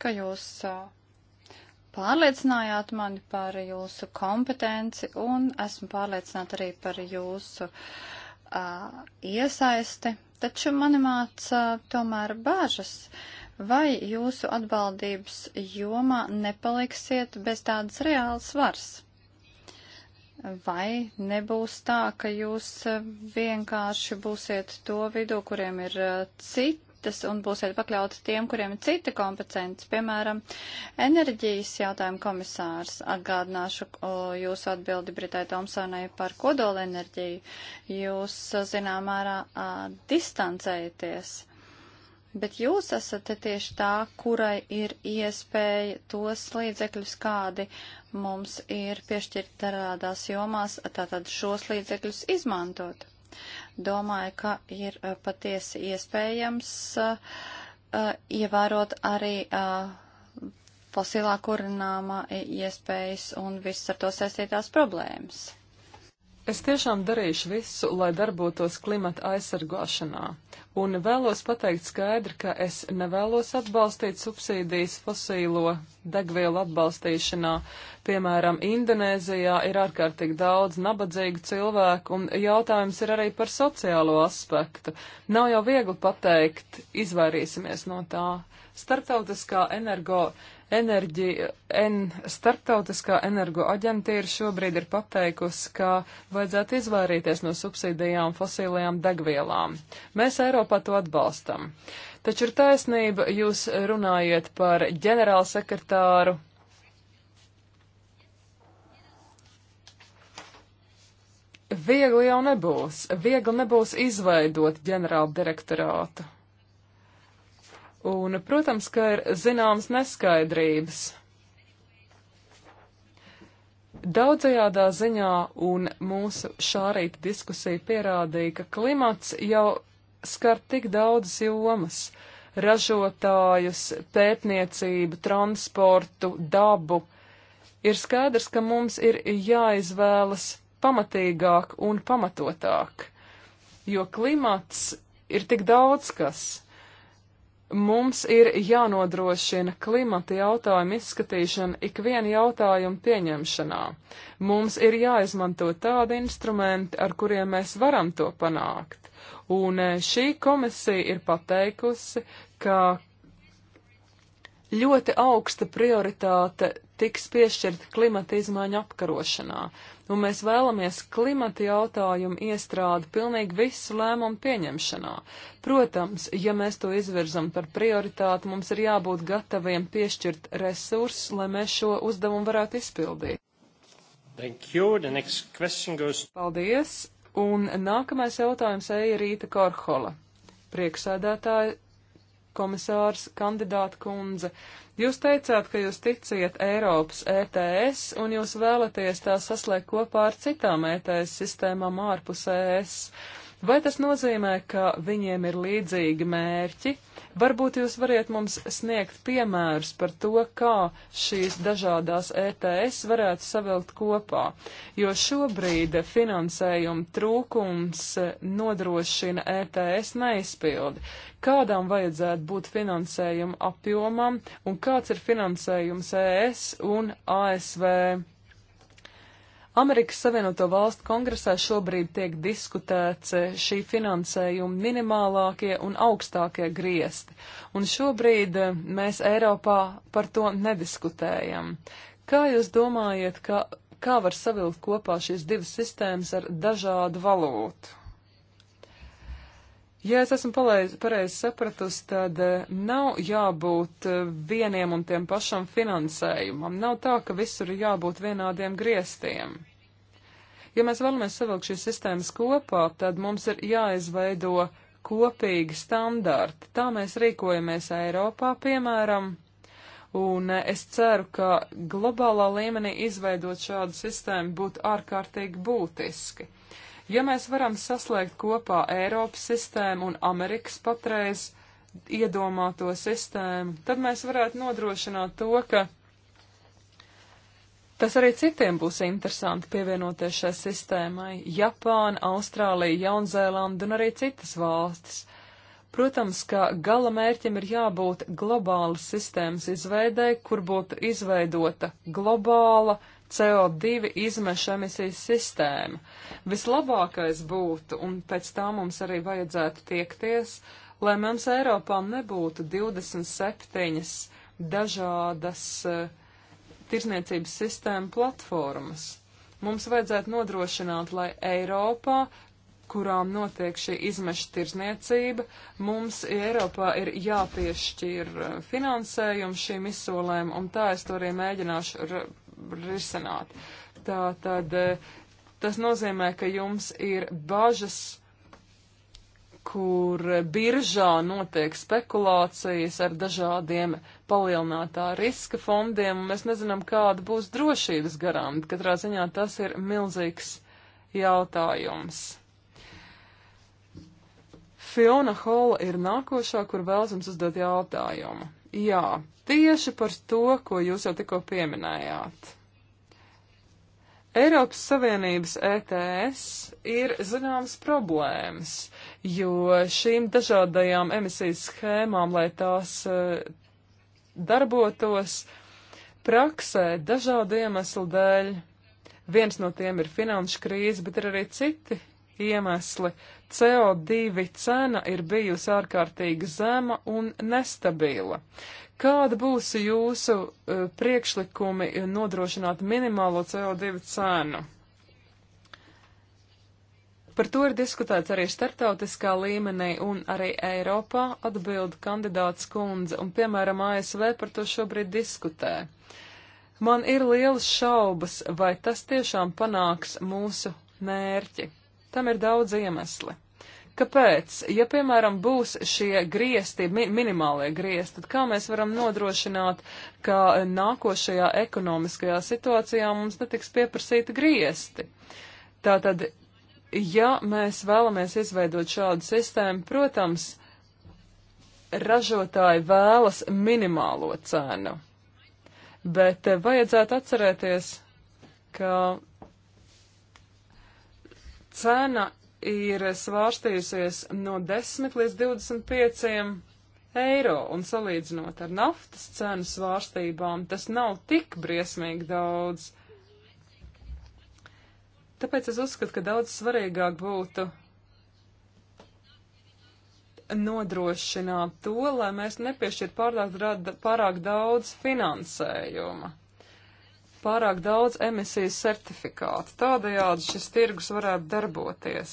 [SPEAKER 2] ka jūs uh, pārliecinājāt mani par jūsu kompetenci un esmu pārliecināta arī par jūsu uh, iesaisti Taču mani māca tomēr bāžas, vai jūsu atbaldības jomā nepaliksiet bez tādas reālas varas. Vai nebūs tā, ka jūs vienkārši būsiet to vidū, kuriem ir eh, citi citas un būsiet pakļauti tiem, kuriem ir cita kompetence. Piemēram, enerģijas jautājuma komisārs atgādināšu o, jūsu atbildi Britai Tomsonai par kodolenerģiju. Jūs, zinām, mērā distancējaties. Bet jūs esat tieši tā, kurai ir iespēja tos līdzekļus, kādi mums ir piešķirt darādās jomās, tātad šos līdzekļus izmantot domāju, ka ir uh, patiesi iespējams uh, uh, ievērot arī fosilā kurināma iespējas un viss ar
[SPEAKER 1] to saistītās problēmas. Es tiešām darīšu visu, lai darbotos klimata aizsargāšanā, un vēlos pateikt skaidri, ka es nevēlos atbalstīt subsīdijas fosīlo degvielu atbalstīšanā. Piemēram, Indonēzijā ir ārkārtīgi daudz nabadzīgu cilvēku, un jautājums ir arī par sociālo aspektu. Nav jau viegli pateikt, izvairīsimies no tā. Startautiskā energo Enerģija, en, starptautiskā energo aģentīra šobrīd ir pateikusi, ka vajadzētu izvairīties no subsīdijām fosīlajām degvielām. Mēs Eiropā to atbalstam. Taču ir taisnība, jūs runājat par ģenerālsekretāru Viegli jau nebūs. Viegli nebūs izveidot ģenerālu direktorātu. Un, protams, ka ir zināmas neskaidrības. Daudzajādā ziņā un mūsu šā rīta diskusija pierādīja, ka klimats jau skar tik daudzas jomas - ražotājus, pētniecību, transportu, dabu. Ir skaidrs, ka mums ir jāizvēlas pamatīgāk un pamatotāk, jo klimats ir tik daudz kas. Mums ir jānodrošina klimata jautājumu izskatīšana ikvienu jautājumu pieņemšanā. Mums ir jāizmanto tādi instrumenti, ar kuriem mēs varam to panākt. Un e, šī komisija ir pateikusi, ka ļoti augsta prioritāte tiks piešķirta klimata izmaiņu apkarošanā, un mēs vēlamies klimata jautājumu iestrādi pilnīgi visu lēmumu pieņemšanā. Protams, ja mēs to izvirzam par prioritāti, mums ir jābūt gataviem piešķirt resursus, lai mēs šo uzdevumu varētu izpildīt. Thank you. The next question goes. Paldies. Un nākamais jautājums eja Rīta Korhola. Prieksēdētāji komisārs kandidāta kundze. Jūs teicāt, ka jūs ticiet Eiropas ETS un jūs vēlaties tā saslēgt kopā ar citām ETS sistēmām ārpus ES. ES. Vai tas nozīmē, ka viņiem ir līdzīgi mērķi? Varbūt jūs variet mums sniegt piemērus par to, kā šīs dažādās ETS varētu savilkt kopā, jo šobrīd finansējuma trūkums nodrošina ETS neizpildi. Kādām vajadzētu būt finansējuma apjomam un kāds ir finansējums ES un ASV? Amerikas Savienoto Valstu kongresā šobrīd tiek diskutēts šī finansējuma minimālākie un augstākie griesti, un šobrīd eh, mēs Eiropā par to nediskutējam. Kā jūs domājat, ka, kā var savilkt kopā šīs divas sistēmas ar dažādu valūtu? Ja es esmu pareizi sapratusi, tad eh, nav jābūt eh, vieniem un tiem pašam finansējumam. Nav tā, ka visur ir jābūt vienādiem griestiem. Ja mēs vēlamies savilkt šīs sistēmas kopā, tad mums ir jāizveido kopīgi standarti. Tā mēs rīkojamies Eiropā, piemēram, un eh, es ceru, ka globālā līmenī izveidot šādu sistēmu būtu ārkārtīgi būtiski. Ja mēs varam saslēgt kopā Eiropas sistēmu un Amerikas patreiz iedomāto sistēmu, tad mēs varētu nodrošināt to, ka Tas arī citiem būs interesanti pievienoties šai sistēmai - Japāna, Austrālija, Jaunzēlanda un arī citas valstis. Protams, ka gala mērķim ir jābūt globālas sistēmas izveidai, kur būtu izveidota globāla, uh, CO2 izmešu emisijas sistēma. Vislabākais būtu, un pēc tā mums arī vajadzētu tiekties, lai mums Eiropā nebūtu 27 dažādas uh, tirzniecības sistēma platformas. Mums vajadzētu nodrošināt, lai Eiropā kurām notiek šī izmeša tirzniecība, mums Eiropā ir jāpiešķir eh, finansējums šīm izsolēm, un tā es to arī mēģināšu risināt. Tā tad eh, tas nozīmē, ka jums ir bažas, kur biržā notiek spekulācijas ar dažādiem palielinātā riska fondiem, un mēs nezinām, kāda būs drošības garanta. Katrā ziņā tas ir milzīgs jautājums. Fiona Hola ir nākošā, kur vēlas jums uzdot jautājumu. Jā, tieši par to, ko jūs jau tikko pieminējāt. Eiropas Savienības ETS ir zināmas problēmas, jo šīm dažādajām emisijas schēmām, lai tās eh, darbotos, praksē dažādu iemeslu dēļ. Viens no tiem ir finanšu krīze, bet ir arī citi iemesli. CO2 cena ir bijusi ārkārtīgi zema un nestabila. Kāda būs jūsu uh, priekšlikumi nodrošināt minimālo CO2 cenu? Par to ir diskutēts arī startautiskā līmenī un arī Eiropā atbild kandidāts kundze, un piemēram ASV par to šobrīd diskutē. Man ir lielas šaubas, vai tas tiešām panāks mūsu mērķi. Tam ir daudz iemesli. Kāpēc? Ja, piemēram, būs šie griesti, mi minimālie griesti, tad kā mēs varam nodrošināt, ka nākošajā ekonomiskajā situācijā mums netiks pieprasīti griesti? Tātad, ja mēs vēlamies izveidot šādu sistēmu, protams, ražotāji vēlas minimālo cenu. Bet eh, vajadzētu atcerēties, ka cena ir svārstījusies no 10 līdz 25 eiro, un salīdzinot ar naftas cenu svārstībām, tas nav tik briesmīgi daudz. Tāpēc es uzskatu, ka daudz svarīgāk būtu nodrošināt to, lai mēs nepiešķirtu pārāk, pārāk daudz finansējuma pārāk daudz emisiju certifikātu. Tādējādi šis tirgus varētu darboties.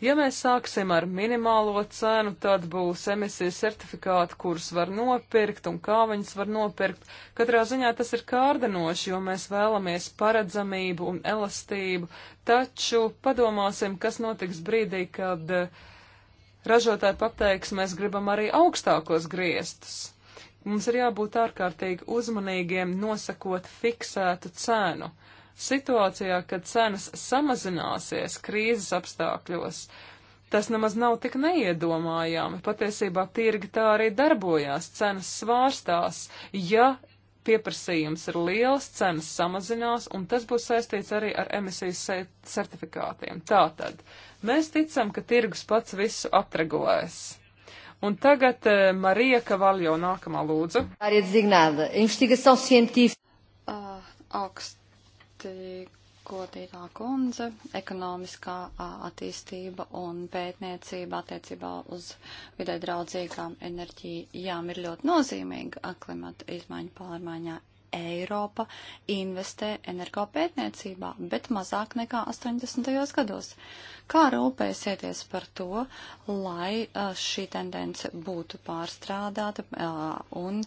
[SPEAKER 1] Ja mēs sāksim ar minimālo cenu, tad būs emisijas certifikāti, kurus var nopirkt un kā viņus var nopirkt. Katrā ziņā tas ir kārdinoši, jo mēs vēlamies paredzamību un elastību, taču padomāsim, kas notiks brīdī, kad ražotāji pateiks, mēs gribam arī augstākos griestus. Mums ir jābūt ārkārtīgi uzmanīgiem nosakot fiksētu cenu. Situācijā, kad cenas samazināsies krīzes apstākļos, Tas nemaz nav tik neiedomājami. Patiesībā tirgi tā arī darbojās, cenas svārstās. Ja pieprasījums ir liels, cenas samazinās, un tas būs saistīts arī ar emisijas certifikātiem. Tātad, mēs ticam, ka tirgus pats visu atregulēs. Un tagad uh, Marija Kavaljo nākamā lūdzu.
[SPEAKER 2] Arī dzignāda. Investigação científica. Uh, ah, augsti godīgā kundze, ekonomiskā uh, attīstība un pētniecība attiecībā uz vidē draudzīgām enerģijām ir ļoti nozīmīga klimata izmaiņu pārmaiņā Eiropa investē energopētniecībā, bet mazāk nekā 80. gados. Kā rūpēsieties par to, lai šī tendence būtu pārstrādāta un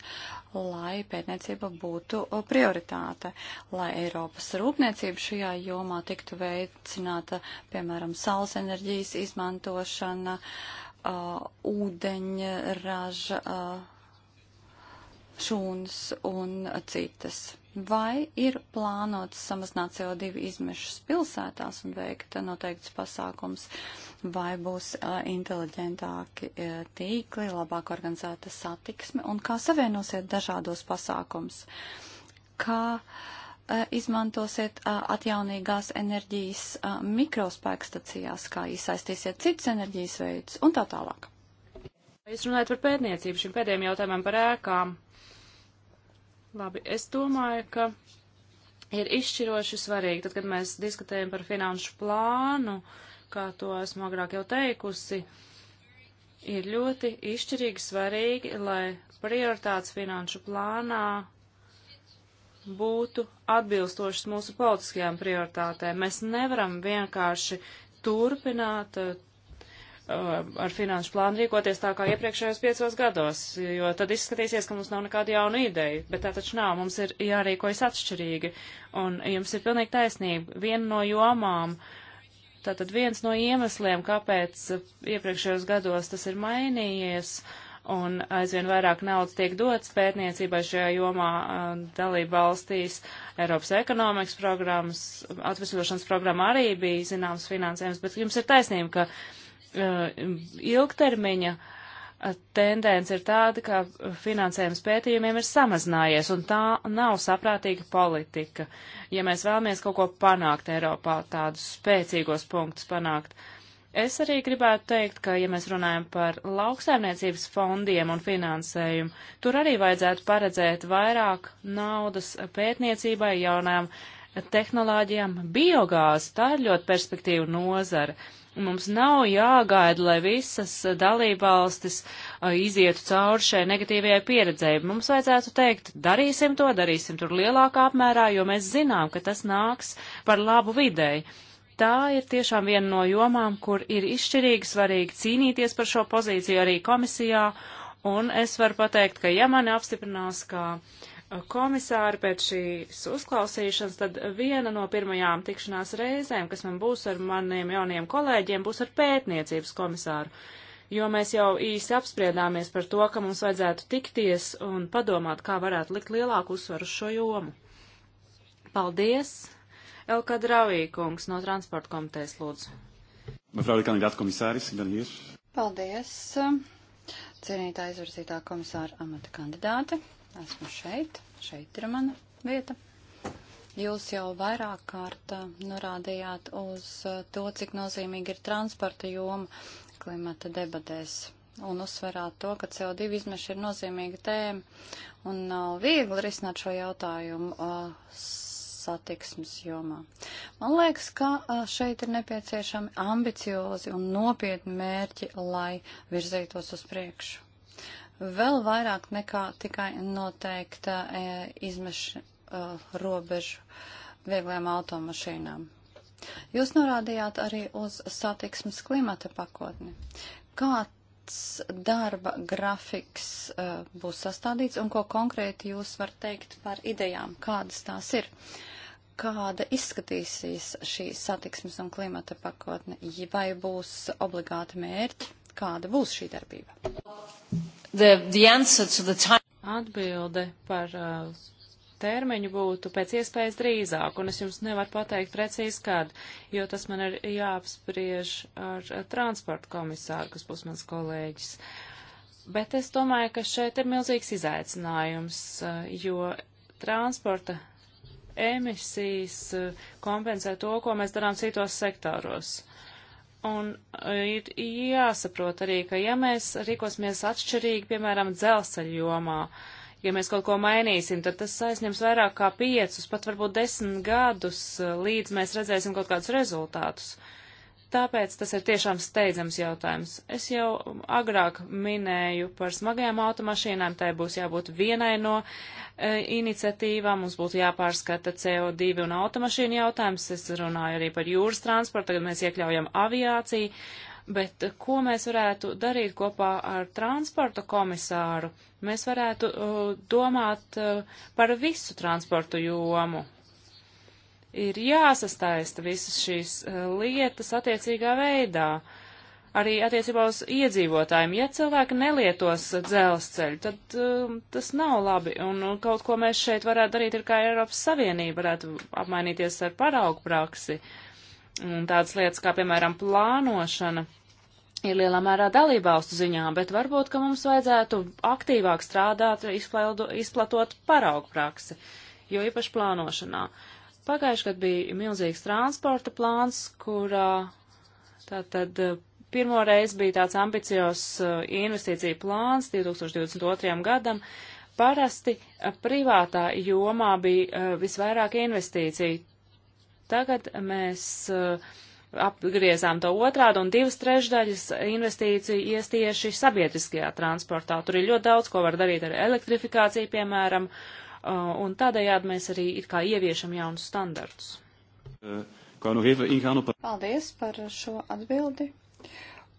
[SPEAKER 2] lai pētniecība būtu prioritāte, lai Eiropas rūpniecība šajā jomā tiktu veicināta, piemēram, saules enerģijas izmantošana, ūdeņraža čūns un citas. Vai ir plānots samazināt CO2 izmešus pilsētās un veikt noteikts pasākums, vai būs uh, inteliģentāki uh, tīkli, labāk organizēta satiksme un kā savienosiet dažādos pasākums? Kā uh, izmantosiet uh, atjaunīgās enerģijas uh, mikrospēkstacijās, kā iesaistīsiet citas enerģijas veidus un tā tālāk?
[SPEAKER 3] Jūs runājat par pētniecību, šim pēdējiem jautājumam par ēkām. Uh, Labi, es domāju, ka ir izšķiroši svarīgi, tad, kad mēs diskutējam par finanšu plānu, kā to esmu agrāk jau teikusi, ir ļoti izšķirīgi svarīgi, lai prioritātes finanšu plānā būtu atbilstošas mūsu politiskajām prioritātēm. Mēs nevaram vienkārši turpināt ar finanšu plānu rīkoties tā kā iepriekšējos piecos gados, jo tad izskatīsies, ka mums nav nekāda jauna ideja, bet tā taču nav, mums ir jārīkojas atšķirīgi, un jums ir pilnīgi taisnība, viena no jomām, tātad viens no iemesliem, kāpēc iepriekšējos gados tas ir mainījies, un aizvien vairāk naudas tiek dots pētniecībai šajā jomā uh, dalība valstīs. Eiropas ekonomikas programmas, atvesļošanas programma arī bija zināms finansējums, bet jums ir taisnība, ka Uh, ilgtermiņa uh, tendence ir tāda, ka finansējums pētījumiem ir samazinājies, un tā nav saprātīga politika. Ja mēs vēlamies kaut ko panākt Eiropā, tādus spēcīgos punktus panākt, es arī gribētu teikt, ka, ja mēs runājam par lauksaimniecības fondiem un finansējumu, tur arī vajadzētu paredzēt vairāk naudas pētniecībai jaunām tehnoloģijām. Biogāze tā ir ļoti perspektīva nozara. Uh, Un mums nav jāgaida, lai visas dalībvalstis izietu cauri šai negatīvajai pieredzēji. Mums vajadzētu teikt, darīsim to, darīsim tur lielākā apmērā, jo mēs zinām, ka tas nāks par labu videi. Tā ir tiešām viena no jomām, kur ir izšķirīgi svarīgi cīnīties par šo pozīciju arī komisijā, un es varu pateikt, ka ja mani apstiprinās kā uh, komisāru pēc šīs uzklausīšanas, tad viena no pirmajām tikšanās reizēm, kas man būs ar maniem jauniem kolēģiem, būs ar pētniecības komisāru. Jo mēs jau īsi apspriedāmies par to, ka mums vajadzētu tikties un padomāt, kā varētu likt lielāku uzsvaru uz šo jomu. Paldies! Elka Dravīkungs no Transporta komitejas lūdzu.
[SPEAKER 2] Mevrouw de kandidaat commissaris, ik ben hier.
[SPEAKER 3] Paldies, cienītā izvirzītā
[SPEAKER 2] komisāra amata kandidāte. Esmu šeit, šeit ir mana vieta. Jūs jau vairāk kārt uh, norādījāt uz uh, to, cik nozīmīgi ir transporta joma klimata debatēs un uzsverāt to, ka CO2 izmeša ir nozīmīga tēma un nav uh, viegli risināt šo jautājumu uh, satiksmes jomā. Man liekas, ka uh, šeit ir nepieciešami ambiciozi un nopietni mērķi, lai virzītos uz priekšu vēl vairāk nekā tikai noteikta e, eh, izmeša e, eh, robežu viegliem automašīnām. Jūs norādījāt arī uz satiksmes klimata pakotni. Kāds darba grafiks e, būs sastādīts un ko konkrēti jūs var teikt par idejām, kādas tās ir? kāda izskatīsies šī satiksmes un klimata pakotne, vai būs obligāti mērķi, kāda būs šī darbība?
[SPEAKER 3] The, the time... Atbilde par uh, termiņu būtu pēc iespējas drīzāk, un es jums nevaru pateikt precīzi, kad, jo tas man ir jāapspriež ar, ar uh, transporta komisāru, kas būs mans kolēģis. Bet es domāju, ka šeit ir milzīgs izaicinājums, uh, jo transporta emisijas uh, kompensē to, ko mēs darām citos sektoros. Un e, ir jāsaprot arī, ka ja mēs rīkosimies atšķirīgi, piemēram, dzelzceļa jomā, ja mēs kaut ko mainīsim, tad tas aizņems vairāk kā piecus, pat varbūt desmit gadus, e, līdz mēs redzēsim kaut kādus rezultātus. Uh, Tāpēc tas ir tiešām steidzams jautājums. Es jau agrāk minēju par smagajām automašīnām, tai būs jābūt vienai no e, iniciatīvām, mums būtu jāpārskata CO2 un automašīnu jautājums, es runāju arī par jūras transportu, tagad mēs iekļaujam aviāciju, bet ko mēs varētu darīt kopā ar transporta komisāru? Mēs varētu uh, domāt uh, par visu transportu jomu, ir jāsastaista visas šīs eh, lietas attiecīgā veidā. Arī attiecībā uz iedzīvotājiem, ja cilvēki nelietos dzelzceļu, tad uh, tas nav labi. Un kaut ko mēs šeit varētu darīt, ir kā Eiropas Savienība varētu apmainīties ar paraugu praksi. Un tādas lietas kā, piemēram, plānošana ir lielā mērā dalībvalstu ziņā, bet varbūt, ka mums vajadzētu aktīvāk strādāt, izplaudu, izplatot paraugu praksi, jo īpaši plānošanā. Uh, Pagājuši gadu bija milzīgs transporta plāns, kurā tātad eh, pirmo reizi bija tāds ambiciozs eh, investīcija plāns 2022. gadam. Parasti eh, privātā jomā bija visvairāk investīciju. Tagad mēs apgriezām to otrādi un divas trešdaļas investīciju iestieši sabiedriskajā transportā. Tur ir ļoti daudz, ko var darīt ar elektrifikāciju, piemēram, uh, Uh, un tādējādi mēs arī it kā ieviešam jaunus standartus.
[SPEAKER 1] Nu nu
[SPEAKER 2] Paldies par šo atbildi.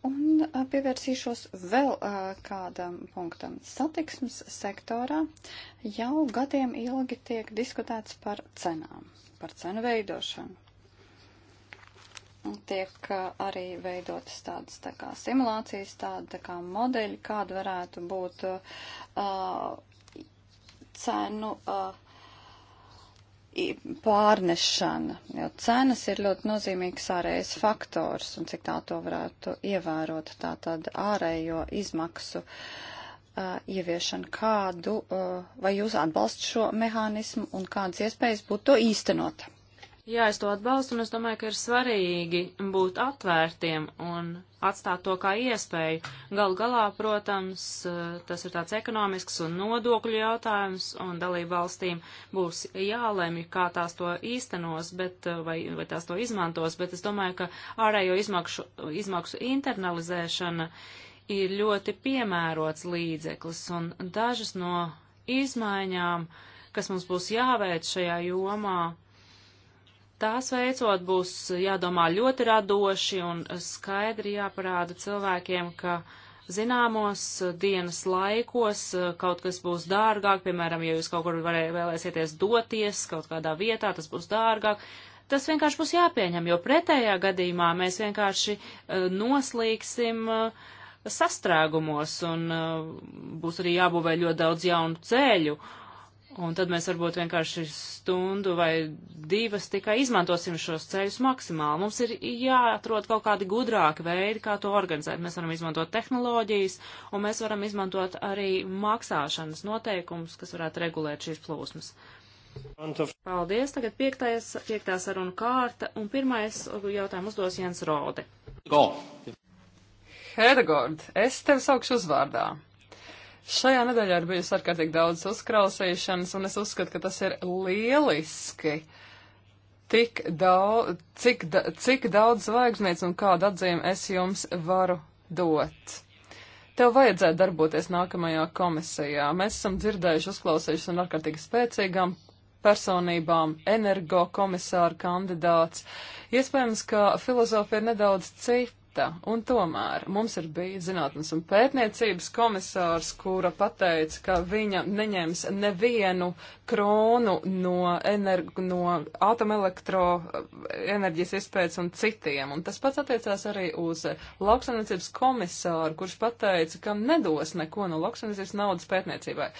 [SPEAKER 2] Un uh, pievērsīšos vēl uh, kādam punktam. Satiksmes sektorā jau gadiem ilgi tiek diskutēts par cenām, par cenu veidošanu. Tiek arī veidotas tādas tā kā simulācijas, tāda tā kā modeļi, kāda varētu būt uh, cenu uh, pārnešana, jo cenas ir ļoti nozīmīgs ārējais faktors un cik tā to varētu ievērot, tā tad ārējo izmaksu uh, ieviešana kādu, uh, vai jūs atbalst šo mehānismu un kādas iespējas būtu to īstenot?
[SPEAKER 3] Jā, es to atbalstu un es domāju, ka ir svarīgi būt atvērtiem un atstāt to kā iespēju. Galu galā, protams, eh, tas ir tāds ekonomisks un nodokļu jautājums, un dalību valstīm būs jālemj, kā tās to īstenos, bet, eh, vai, vai tās to izmantos, bet es domāju, ka ārējo izmakšu, izmaksu internalizēšana ir ļoti piemērots līdzeklis, un dažas no izmaiņām, kas mums būs jāveic šajā jomā, tās veicot būs jādomā ļoti radoši un skaidri jāparāda cilvēkiem, ka zināmos dienas laikos kaut kas būs dārgāk, piemēram, ja jūs kaut kur varē, vēlēsieties doties kaut kādā vietā, tas būs dārgāk. Tas vienkārši būs jāpieņem, jo pretējā gadījumā mēs vienkārši uh, eh, noslīksim uh, eh, sastrēgumos un uh, būs arī jābūvē ļoti daudz jaunu ceļu. Uh, Un tad mēs varbūt vienkārši stundu vai divas tikai izmantosim šos ceļus maksimāli. Mums ir jāatrod kaut kādi gudrāki veidi, kā to organizēt. Mēs varam izmantot tehnoloģijas, un mēs varam izmantot arī maksāšanas noteikumus, kas varētu regulēt šīs plūsmas. Paldies. Tagad piektais, piektā saruna kārta, un pirmais jautājumu uzdos Jens Rode. Go.
[SPEAKER 1] Hedegord, es tevi saukšu uzvārdā. Šajā nedēļā ir bijusi ārkārtīgi daudz uzkrausīšanas, un es uzskatu, ka tas ir lieliski. Tik daudz, cik, da, cik daudz zvaigznītes un kādu atzīmi es jums varu dot. Tev vajadzētu darboties nākamajā komisijā. Mēs esam dzirdējuši uzklausījušas un ārkārtīgi spēcīgām personībām, energo komisāra kandidāts. Iespējams, ka filozofija ir nedaudz cita lieta. Un tomēr mums ir bija zinātnes un pētniecības komisārs, kura pateica, ka viņa neņems nevienu kronu no, energ no atomelektro enerģijas izpētes un citiem. Un tas pats attiecās arī uz lauksaimniecības komisāru, kurš pateica, ka nedos neko no lauksaimniecības naudas pētniecībai.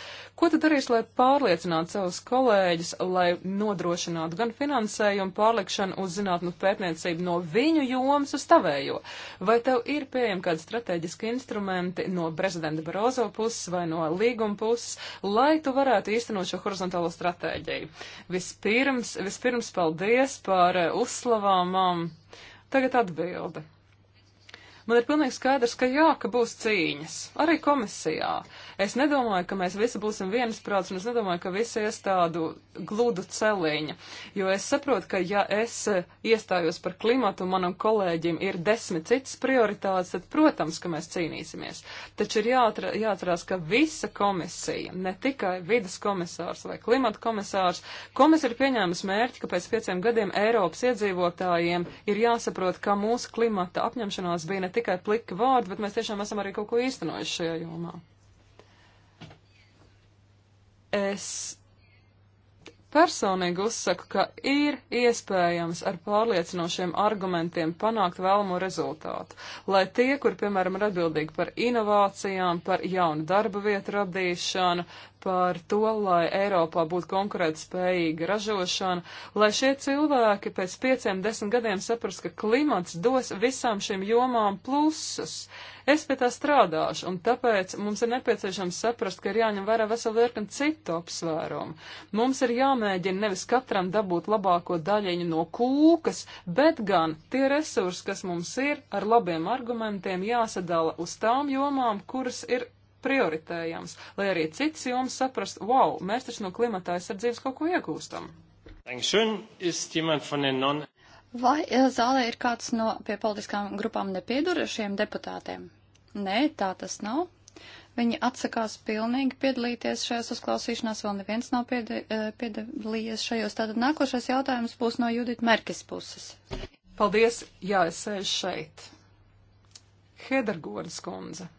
[SPEAKER 1] Ko tad darīs, lai pārliecinātu savus kolēģus, lai nodrošinātu gan finansējumu pārlikšanu uz zinātnu pētniecību no viņu jomas uz tavējo? Vai tev ir pieejami kādi strateģiski instrumenti no prezidenta Barozo puses vai no līguma puses, lai tu varētu īstenot šo horizontālo stratēģiju? Vispirms, vispirms paldies par eh, uzslavāmām. Um, tagad atbildi. Man ir pilnīgi skaidrs, ka jā, ka būs cīņas, arī komisijā. Es nedomāju, ka mēs visi būsim viensprāts, un es nedomāju, ka visi ies tādu gludu celiņu, jo es saprotu, ka ja es eh, iestājos par klimatu un manam kolēģim ir desmit citas prioritātes, tad, protams, ka mēs cīnīsimies. Taču ir jāatra, jāatcerās, ka visa komisija, ne tikai vidas komisārs vai klimata komisārs, komisija ir pieņēmusi mērķi, ka pēc pieciem gadiem Eiropas iedzīvotājiem ir jāsaprot, ka mūsu klimata apņemšanās bija ne tikai plika vārdi, bet mēs tiešām esam arī kaut ko īstenojuši šajā jomā. Es personīgi uzsaku, ka ir iespējams ar pārliecinošiem argumentiem panākt vēlamo rezultātu, lai tie, kur, piemēram, ir atbildīgi par inovācijām, par jaunu darba vietu radīšanu, par to, lai Eiropā būtu konkurētspējīga ražošana, lai šie cilvēki pēc pieciem, desmit gadiem saprast, ka klimats dos visām šīm jomām plusus. Es pie tā strādāšu, un tāpēc mums ir nepieciešams saprast, ka ir jāņem vērā vesela virkni citu apsvērumu. Mums ir jāmēģina nevis katram dabūt labāko daļiņu no kūkas, bet gan tie resursi, kas mums ir, ar labiem argumentiem jāsadala uz tām jomām, kuras ir prioritējams, lai arī cits joms saprast, wow, mēs taču no klimata aizsardzības kaut ko iegūstam.
[SPEAKER 2] Vai e, zālē ir kāds no pie politiskām grupām nepiedurušiem deputātiem? Nē, tā tas nav. Viņi atsakās pilnīgi piedalīties šajās uzklausīšanās, vēl neviens nav pieda, e, piedalījies šajos. Tātad nākošais jautājums būs no Judita Merkis puses.
[SPEAKER 1] Paldies, jā, es sēžu šeit. Hedergordas kundze.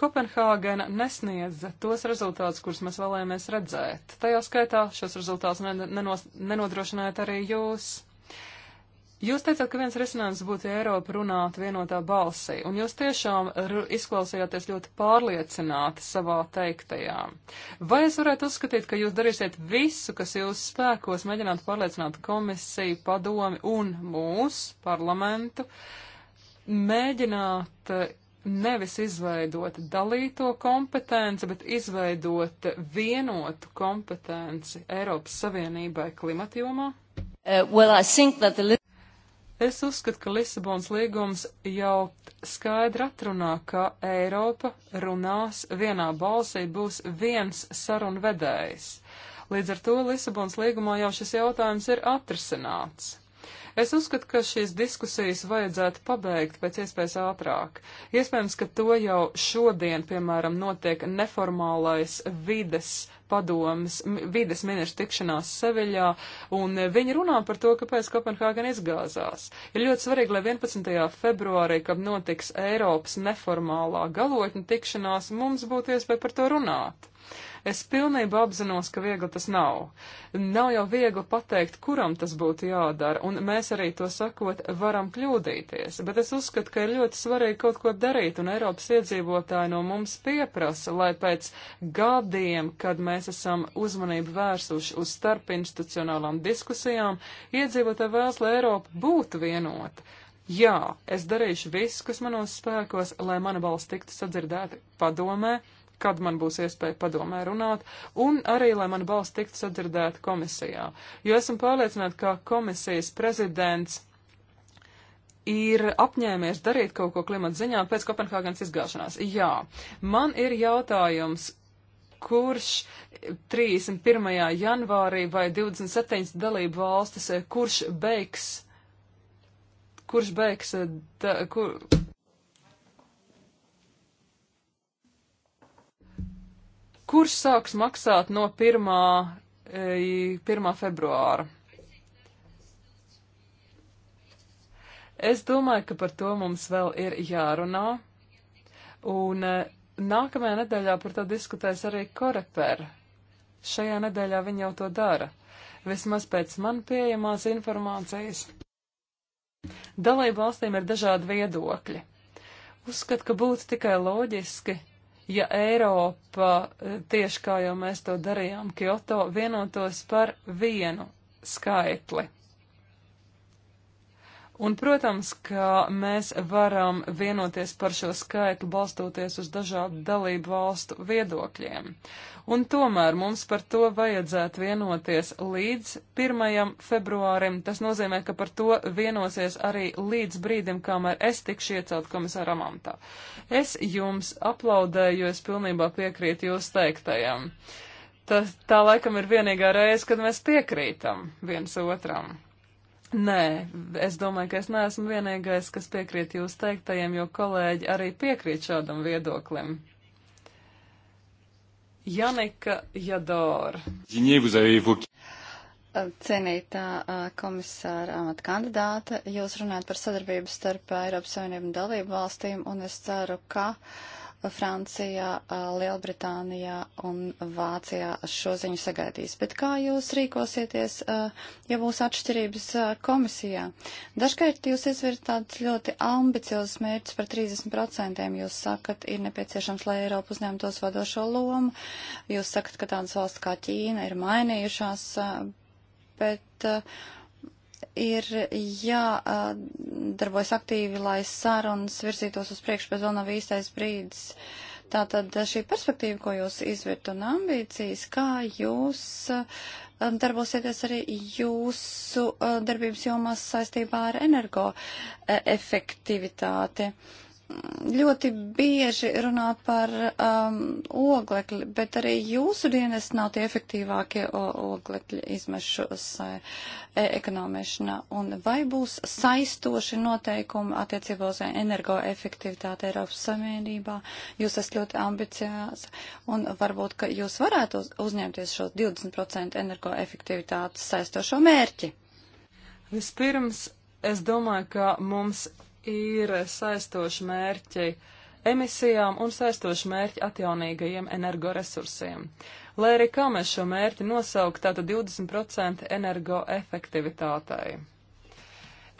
[SPEAKER 1] Kopenhāgena nesniedza tos rezultātus, kurus mēs vēlējāmies redzēt. Tajā skaitā šos rezultātus nenos, nenodrošinājāt arī jūs. Jūs teicāt, ka viens risinājums būtu Eiropa runāt vienotā balsī, un jūs tiešām izklausījāties ļoti pārliecināti savā teiktajā. Vai es varētu uzskatīt, ka jūs darīsiet visu, kas jūs spēkos, mēģināt pārliecināt komisiju, padomi un mūs, parlamentu, mēģināt eh, nevis izveidot dalīto kompetenci, bet izveidot vienotu kompetenci Eiropas Savienībai klimata jomā? Uh, well, the... Es uzskatu, ka Lisabons līgums jau skaidri atrunā, ka Eiropa runās vienā balsī, būs viens sarunvedējs. Līdz ar to Lisabons līgumā jau šis jautājums ir atrisināts. Es uzskatu, ka šīs diskusijas vajadzētu pabeigt pēc iespējas ātrāk. Iespējams, ka to jau šodien, piemēram, notiek neformālais vides padomas, vides ministra tikšanās Seviļā, un viņi runā par to, kāpēc Kopenhāgena izgāzās. Ir ļoti svarīgi, lai 11. februārī, kad notiks Eiropas neformālā galotņa tikšanās, mums būtu iespēja par to runāt. Es pilnībā apzinos, ka viegli tas nav. Nav jau viegli pateikt, kuram tas būtu jādara, un mēs arī to sakot varam kļūdīties. Bet es uzskatu, ka ir ļoti svarīgi kaut ko darīt, un Eiropas iedzīvotāji no mums pieprasa, lai pēc gadiem, kad mēs esam uzmanību vērsuši uz starpinstitucionālām diskusijām, iedzīvotāji vēlas, lai Eiropa būtu vienota. Jā, es darīšu visu, kas manos spēkos, lai mana balss tiktu sadzirdēta padomē, kad man būs iespēja padomē runāt, un arī, lai man balss tiktu sadzirdēta komisijā. Jo esmu pārliecināta, ka komisijas prezidents ir apņēmies darīt kaut ko klimata ziņā pēc Kopenhāgenes izgāšanās. Jā, man ir jautājums, kurš 31. janvārī vai 27 dalību valstis, kurš beigs, kurš beigs, da, kur, kurš sāks maksāt no 1. 1. februāra? Es domāju, ka par to mums vēl ir jārunā. Un eh, nākamajā nedēļā par to diskutēs arī Korepera. Šajā nedēļā viņi jau to dara. Vismaz pēc man pieejamās informācijas. Dalību valstīm ir dažādi viedokļi. Uzskat, ka būtu tikai loģiski ja Eiropa, e, tieši kā jau mēs to darījām Kyoto, vienotos par vienu skaitli. Un, protams, ka mēs varam vienoties par šo skaitu balstoties uz dažādu dalību valstu viedokļiem. Un tomēr mums par to vajadzētu vienoties līdz 1. februārim. Tas nozīmē, ka par to vienosies arī līdz brīdim, kamēr es tikšu iecelt komisāra amatā. Es jums aplaudēju, jo es pilnībā piekrītu jūs teiktajam. Tas tā laikam ir vienīgā reize, kad mēs piekrītam viens otram. Nē, es domāju, ka es neesmu vienīgais, kas piekrīt jūs teiktajiem, jo kolēģi arī piekrīt šādam viedoklim. Janika Jadora.
[SPEAKER 2] Cienītā komisāra amata kandidāte, jūs runājat par sadarbību starp Eiropas Savienību un dalību valstīm, un es ceru, ka. Uh, Francijā, Lielbritānijā un Vācijā šo ziņu sagaidīs. Bet kā jūs rīkosieties, ja būs atšķirības komisijā? Dažkārt jūs izvirt tādus ļoti ambiciozus mērķus par 30%. Jūs sakat, ir nepieciešams, lai Eiropa uzņemtos vadošo lomu. Jūs sakat, ka tādas valsts kā Ķīna ir mainījušās, bet. Uh, ir jādarbojas aktīvi, lai sarunas virzītos uz priekšu, bet vēl nav īstais brīdis. Tātad šī perspektīva, ko jūs izvirt un ambīcijas, kā jūs um, darbosieties arī jūsu uh, darbības jomās saistībā ar energoefektivitāti. E ļoti bieži runā par um, oglekli, bet arī jūsu dienas nav tie efektīvākie oglekļa izmešus e, ekonomēšanā. Un vai būs saistoši noteikumi attiecībā uz energoefektivitāti Eiropas Savienībā? Jūs esat ļoti ambiciāls un varbūt, ka jūs varētu uz, uzņemties šo 20% energoefektivitātes saistošo mērķi.
[SPEAKER 1] Vispirms, es domāju, ka mums ir saistoši mērķi emisijām un saistoši mērķi atjaunīgajiem energoresursiem. Lai arī kā mēs šo mērķi nosaukt, tātad 20% energoefektivitātei.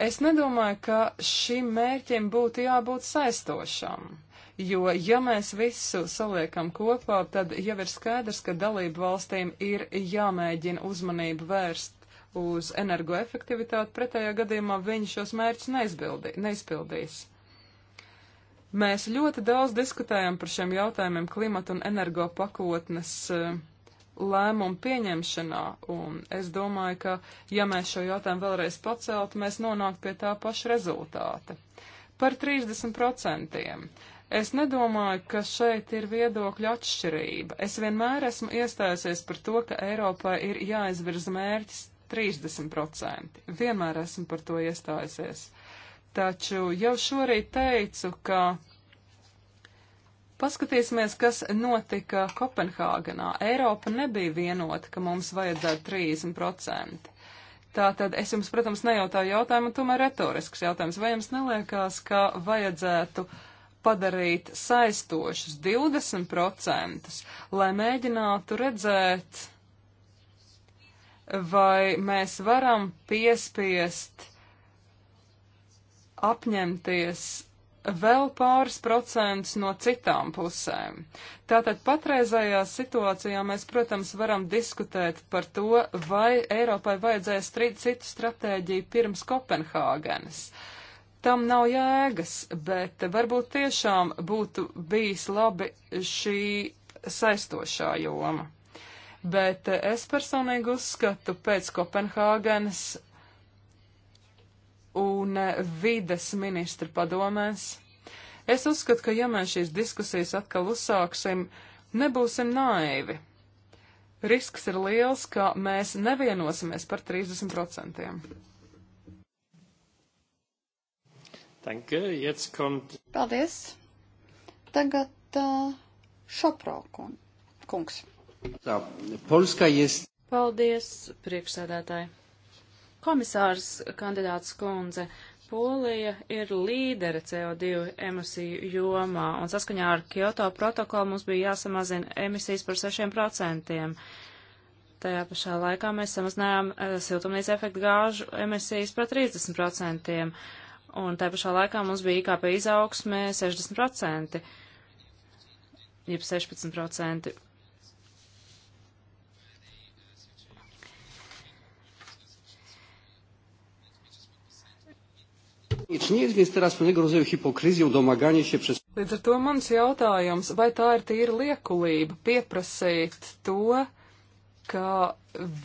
[SPEAKER 1] Es nedomāju, ka šim mērķim būtu jābūt saistošam, jo, ja mēs visu saliekam kopā, tad jau ir skaidrs, ka dalību valstīm ir jāmēģina uzmanību vērst uz energoefektivitāti, pretējā gadījumā viņi šos mērķus neizpildīs. Mēs ļoti daudz diskutējam par šiem jautājumiem klimata un energo pakotnes eh, lēmumu pieņemšanā, un es domāju, ka ja mēs šo jautājumu vēlreiz paceltu, mēs nonāktu pie tā paša rezultāta. Par 30%. Es nedomāju, ka šeit ir viedokļa atšķirība. Es vienmēr esmu iestājusies par to, ka Eiropai ir jāizvirza mērķis 30%. Vienmēr esmu par to iestājusies. Taču jau šorīt teicu, ka paskatīsimies, kas notika Kopenhāgenā. Eiropa nebija vienota, ka mums vajadzētu 30%. Tātad es jums, protams, nejautāju jautājumu, tomēr retorisks jautājums. Vai jums neliekās, ka vajadzētu padarīt saistošus 20%, lai mēģinātu redzēt vai mēs varam piespiest apņemties vēl pāris procents no citām pusēm. Tātad patreizējā situācijā mēs, protams, varam diskutēt par to, vai Eiropai vajadzēs citu stratēģiju pirms Kopenhāgenes. Tam nav jēgas, bet varbūt tiešām būtu bijis labi šī saistošā joma bet eh, es personīgi uzskatu pēc Kopenhāgenes un eh, vides ministra padomēs. Es uzskatu, ka ja mēs šīs diskusijas atkal uzsāksim, nebūsim naivi. Risks ir liels, ka mēs nevienosimies par 30%. Danke, jetzt kommt. Paldies. Tagad uh, eh, Šopro
[SPEAKER 3] kungs.
[SPEAKER 1] Tā, Polska jest.
[SPEAKER 3] Paldies, priekšsēdētāji. Komisārs kandidāts kundze, Polija ir līdere CO2 emisiju jomā, un saskaņā ar Kyoto protokolu mums bija jāsamazina emisijas par 6%. Tajā pašā laikā mēs samazinājām uh, siltumnīca efektu gāžu emisijas par 30%, un tajā pašā laikā mums bija IKP izaugsme 60%, jeb
[SPEAKER 1] 16%. Līdz ar to mans jautājums, vai tā ir tīra liekulība pieprasīt to, ka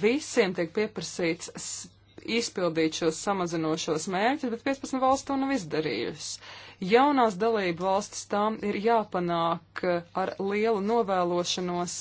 [SPEAKER 1] visiem tiek pieprasīts izpildīt šos samazinošos mērķus, bet 15 valsts to nav izdarījusi. Jaunās dalību valstis tām ir jāpanāk ar lielu novēlošanos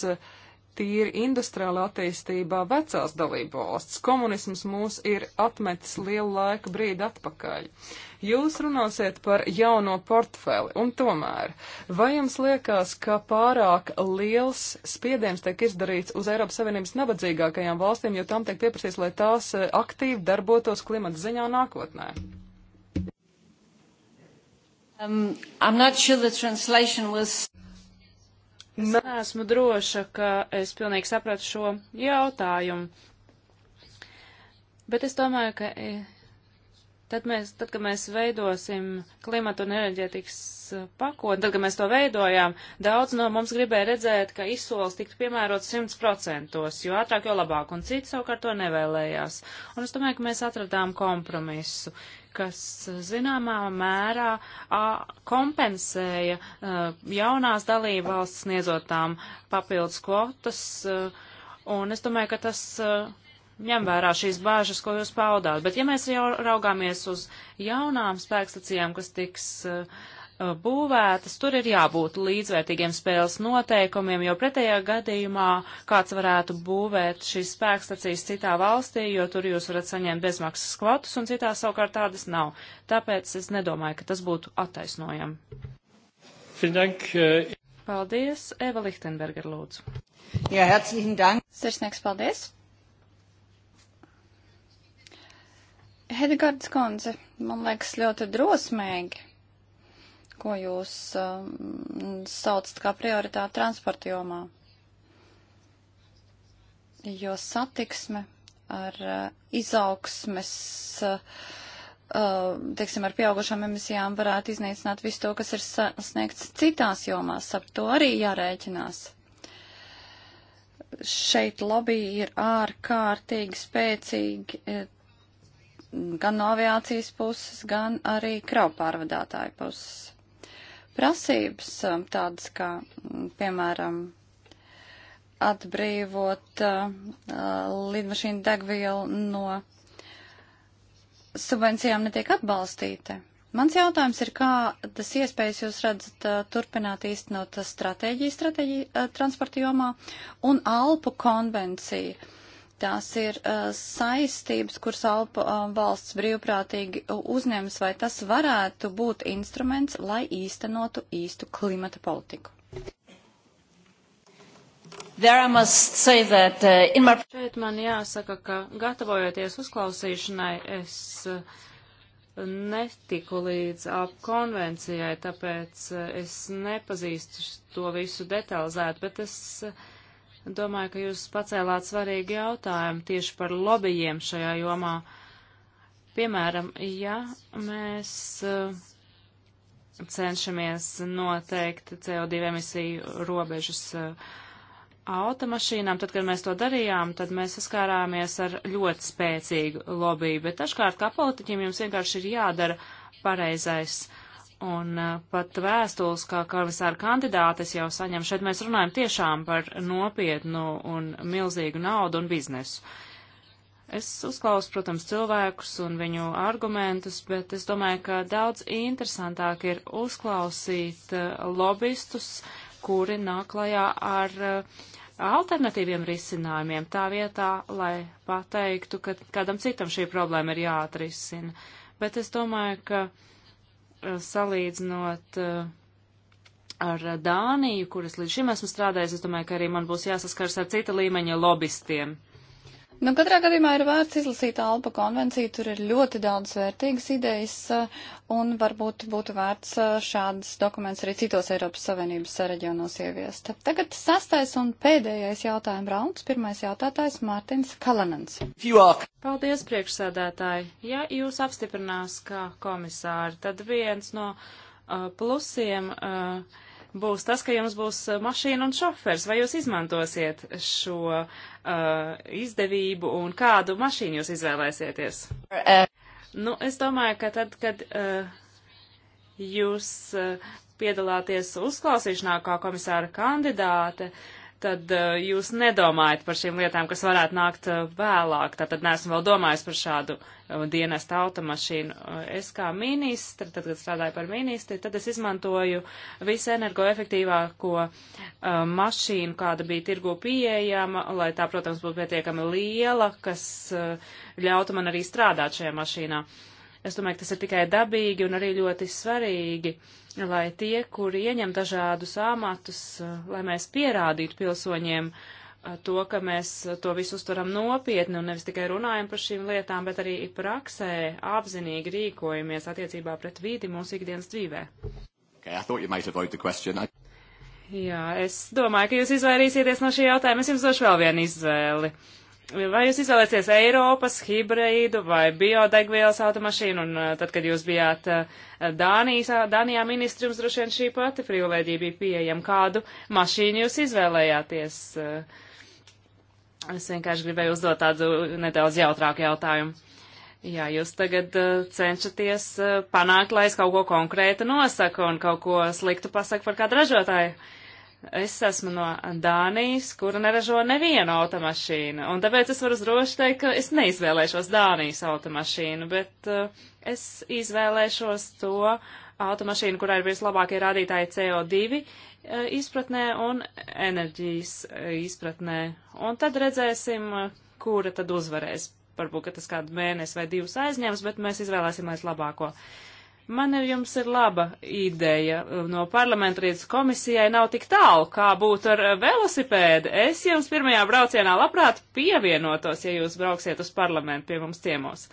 [SPEAKER 1] tīri industriāla attīstībā vecās dalību valsts. Komunisms mūs ir atmetis lielu laiku brīdi atpakaļ. Uh, Jūs runāsiet par jauno portfeli, un tomēr, vai jums liekas, ka pārāk liels spiediens tiek izdarīts uz Eiropas Savienības nabadzīgākajām valstīm, jo tam tiek pieprasīts, lai tās eh, aktīvi darbotos klimata ziņā nākotnē?
[SPEAKER 3] Um, I'm not sure the translation was. Es neesmu droša, ka es pilnīgi sapratu šo jautājumu. Bet es domāju, ka eh, Tad, mēs, tad, kad mēs veidosim klimatu un enerģētikas uh, pakotni, tad, kad mēs to veidojām, daudz no mums gribēja redzēt, ka izsoles tiktu piemērots 100%, jo ātrāk, jo labāk, un citi savukārt to nevēlējās. Un es domāju, ka mēs atradām kompromisu, kas uh, zināmā mērā a, kompensēja a, uh, jaunās dalībvalsts sniedzotām papildus kvotas, a, un es domāju, ka tas. A, ņem vērā šīs bāžas, ko jūs paudāt. Bet ja mēs jau raugāmies uz jaunām spēkstacijām, kas tiks uh, uh, būvētas, tur ir jābūt līdzvērtīgiem spēles noteikumiem, jo pretējā gadījumā kāds varētu būvēt šīs spēkstacijas citā valstī, jo tur jūs varat saņemt bezmaksas kvotus un citās savukārt tādas nav. Tāpēc es nedomāju, ka tas būtu attaisnojami.
[SPEAKER 2] Dank, uh...
[SPEAKER 3] Paldies, Eva Lichtenberger lūdzu. Jā, ja, herzlichen dank. Sirsnieks, paldies.
[SPEAKER 2] Hedegards Konze, man liekas ļoti drosmīgi, ko jūs uh, saucat kā prioritāti transporta jomā. Jo satiksme ar uh, izaugsmes, uh, uh, teiksim, ar pieaugušām emisijām varētu iznīcināt visu to, kas ir sasniegts citās jomās. Ap to arī jārēķinās šeit lobby ir ārkārtīgi spēcīgi eh, gan no aviācijas puses, gan arī kravu pārvadātāju puses. Prasības um, tādas kā, mm, piemēram, atbrīvot uh, uh, lidmašīnu degvielu no subvencijām netiek atbalstīta. Mans jautājums ir, kādas iespējas jūs redzat uh, turpināt īstenot uh, stratēģiju, stratēģiju uh, transporta jomā un Alpu konvenciju? Uh, Tās ir uh, saistības, kuras Alpu uh, valsts brīvprātīgi uzņems, vai tas varētu būt instruments, lai īstenotu īstu klimata politiku.
[SPEAKER 3] That, uh, my... Šeit man jāsaka, ka gatavojoties uzklausīšanai, es uh, netiku līdz ap konvencijai, tāpēc uh, es nepazīstu to visu detalizēt, bet es uh, Domāju, ka jūs pacēlāt svarīgi jautājumu tieši par lobbyiem šajā jomā. Piemēram, ja mēs eh, cenšamies noteikt CO2 emisiju robežas eh, automašīnām, tad, kad mēs to darījām, tad mēs saskārāmies ar ļoti spēcīgu lobby, bet dažkārt kā politiķiem jums vienkārši ir jādara pareizais Un uh, pat vēstules, kā karvisāra kandidātes jau saņem, šeit mēs runājam tiešām par nopietnu un milzīgu naudu un biznesu. Es uzklausu, protams, cilvēkus un viņu argumentus, bet es domāju, ka daudz interesantāk ir uzklausīt uh, lobbystus, kuri nāk klajā ar uh, alternatīviem risinājumiem, tā vietā, lai pateiktu, ka kādam citam šī problēma ir jāatrisina. Bet es domāju, ka Eh, salīdzinot eh, ar Dāniju, kuras līdz šim esmu strādājis, es domāju, ka arī man būs jāsaskars ar cita līmeņa lobbystiem.
[SPEAKER 2] Nu, katrā gadījumā ir vērts izlasīt Alpa konvenciju, tur ir ļoti daudz vērtīgas idejas, eh, un varbūt būtu vērts eh, šādas dokumentus arī citos Eiropas Savienības eh, reģionos ieviest. Tagad sastais un pēdējais jautājuma rauns. Pirmais jautātājs Mārtiņš Kalanans.
[SPEAKER 3] Paldies, priekšsēdētāji. Ja jūs apstiprinās kā komisāri, tad viens no uh, plusiem. Uh, būs tas, ka jums būs eh, mašīna un šofers. Vai jūs izmantosiet šo uh, izdevību un kādu mašīnu jūs izvēlēsieties? Nu, es domāju, ka tad, kad uh, jūs uh, piedalāties uzklausīšanā kā komisāra kandidāte, uh, tad uh, eh, jūs nedomājat par šīm lietām, kas varētu nākt uh, vēlāk. Tātad neesmu vēl domājis par šādu uh, dienesta automašīnu. Es kā ministra, tad, kad strādāju par ministri, tad es izmantoju visu energoefektīvāko mašīnu, kāda bija tirgu pieejama, lai tā, protams, būtu pietiekami liela, kas ļautu man arī strādāt šajā mašīnā. Uh, Es domāju, ka tas ir tikai dabīgi un arī ļoti svarīgi, lai tie, kuri ieņem dažādus amatus, eh, lai mēs pierādītu pilsoņiem eh, to, ka mēs eh, to visu uztveram nopietni un nevis tikai runājam par šīm lietām, bet arī praksē apzinīgi rīkojamies attiecībā pret vīdi mūsu ikdienas dzīvē.
[SPEAKER 2] Okay,
[SPEAKER 3] Jā, es domāju, ka jūs izvairīsieties no šī jautājuma. Es jums došu vēl vienu izvēli. Uh, Vai jūs izvēlēties Eiropas hibrīdu vai biodegvielas automašīnu, un tad, kad jūs bijāt Dānijas, Dānijā ministri, jums droši vien šī pati privilēģija bija pieejama. Kādu mašīnu jūs izvēlējāties? Es vienkārši gribēju uzdot tādu nedaudz jautrāku jautājumu. Jā, jūs tagad uh, cenšaties uh, panākt, lai es kaut ko konkrētu nosaku un kaut ko sliktu pasaku par kādu ražotāju. Uh, Es esmu no Dānijas, kura neražo nevienu automašīnu, un tāpēc es varu droši teikt, ka es neizvēlēšos Dānijas automašīnu, bet uh, es izvēlēšos to automašīnu, kurā ir vislabākie rādītāji CO2 uh, eh, izpratnē un enerģijas uh, izpratnē. Un tad redzēsim, uh, kura tad uzvarēs. Varbūt, ka tas kādu mēnesi vai divus aizņems, bet mēs izvēlēsimies labāko. Uh, Man ir jums ir laba ideja. No parlamentrietas komisijai nav tik tālu, kā būtu ar velosipēdu. Es jums pirmajā braucienā labprāt pievienotos, ja jūs brauksiet uz parlamentu pie mums ciemos.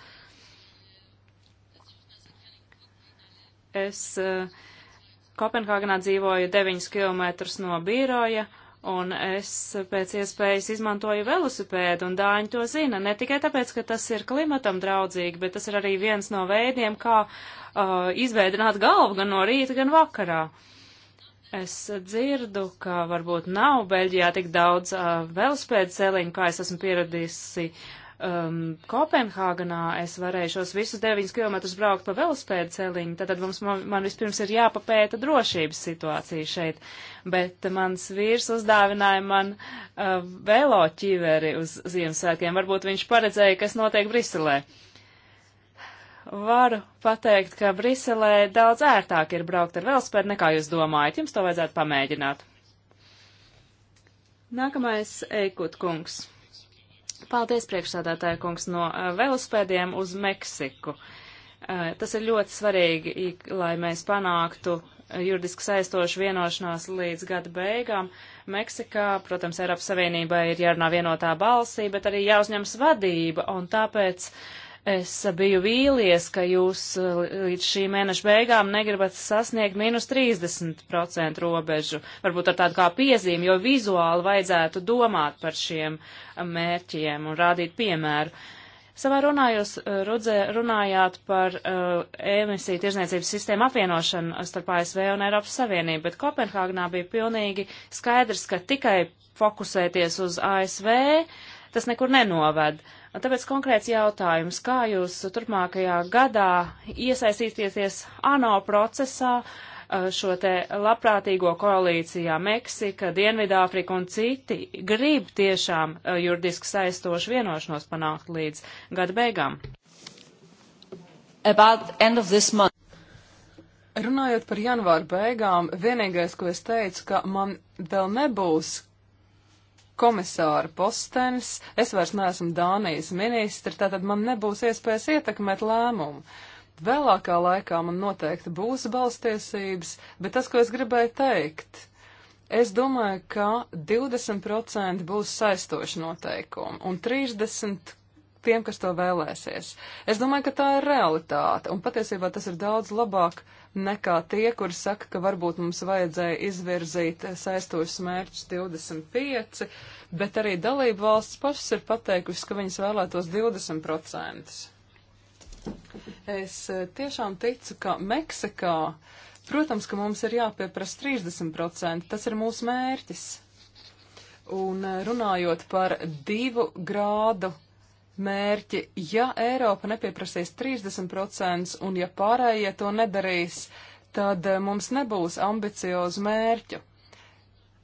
[SPEAKER 3] Es eh, Kopenhāgenā dzīvoju 9 km no biroja. Un es pēc iespējas izmantoju velosipēdu, un dāņi to zina, ne tikai tāpēc, ka tas ir klimatam draudzīgi, bet tas ir arī viens no veidiem, kā uh, uh, izveidināt galvu gan no rīta, gan vakarā. Es dzirdu, ka varbūt nav Beļģijā tik daudz uh, velospēdu celiņu, kā es esmu pieradījusi um, Kopenhāganā. Es varēju šos visus 9 km braukt pa velospēdu celiņu, tad mums, man, man vispirms ir jāpapēta drošības situācija šeit. Bet mans vīrs uzdāvināja man uh, veloķiveri uz Ziemassvētkiem. Varbūt viņš paredzēja, kas notiek Briselē. Uh, varu pateikt, ka Briselē daudz ērtāk ir braukt ar velospēdu nekā jūs domājat. Jums to vajadzētu pamēģināt. Nākamais Eikut kungs. Paldies priekšsādātāja kungs no eh, velospēdiem uz Meksiku. Eh, tas ir ļoti svarīgi, lai mēs panāktu juridiski saistošu vienošanās līdz gada beigām. Meksikā, protams, Eiropas Savienībai ir jārunā vienotā balsī, bet arī jāuzņems vadība, un tāpēc uh, Es biju vīlies, ka jūs uh, līdz šī mēneša beigām negribat sasniegt mīnus 30% robežu, varbūt ar tādu kā piezīmi, jo vizuāli vajadzētu domāt par šiem uh, mērķiem un rādīt piemēru. Savā runā jūs uh, rudzē, runājāt par uh, emisiju tirzniecības sistēmu apvienošanu starp ASV un Eiropas Savienību, bet Kopenhāgnā bija pilnīgi skaidrs, ka tikai fokusēties uz ASV tas nekur nenoved. Uh, Tāpēc konkrēts jautājums, kā jūs turpmākajā gadā iesaistīsieties ANO procesā uh, šo te labprātīgo koalīcijā Meksika, Dienvidāfrika un citi grib tiešām uh, juridiski saistošu vienošanos panākt līdz
[SPEAKER 1] gada beigām? Runājot par janvāru beigām, vienīgais, ko es teicu, ka man vēl nebūs komisāra postenis, es vairs neesmu Dānijas ministri, tātad man nebūs iespējas ietekmēt lēmumu. Vēlākā laikā man noteikti būs balstiesības, bet tas, ko es gribēju teikt, es domāju, ka 20% būs saistoši noteikumi un 30% tiem, kas to vēlēsies. Es domāju, ka tā ir realitāte un patiesībā tas ir daudz labāk nekā tie, kuri saka, ka varbūt mums vajadzēja izvirzīt saistošus mērķus 25, bet arī dalību valsts pašas ir pateikusi, ka viņas vēlētos 20%. Es eh, tiešām ticu, ka Meksikā, protams, ka mums ir jāpieprasa 30%, tas ir mūsu mērķis. Un eh, runājot par divu grādu mērķi, ja Eiropa nepieprasīs 30% un ja pārējie to nedarīs, tad eh, mums nebūs ambiciozu mērķu.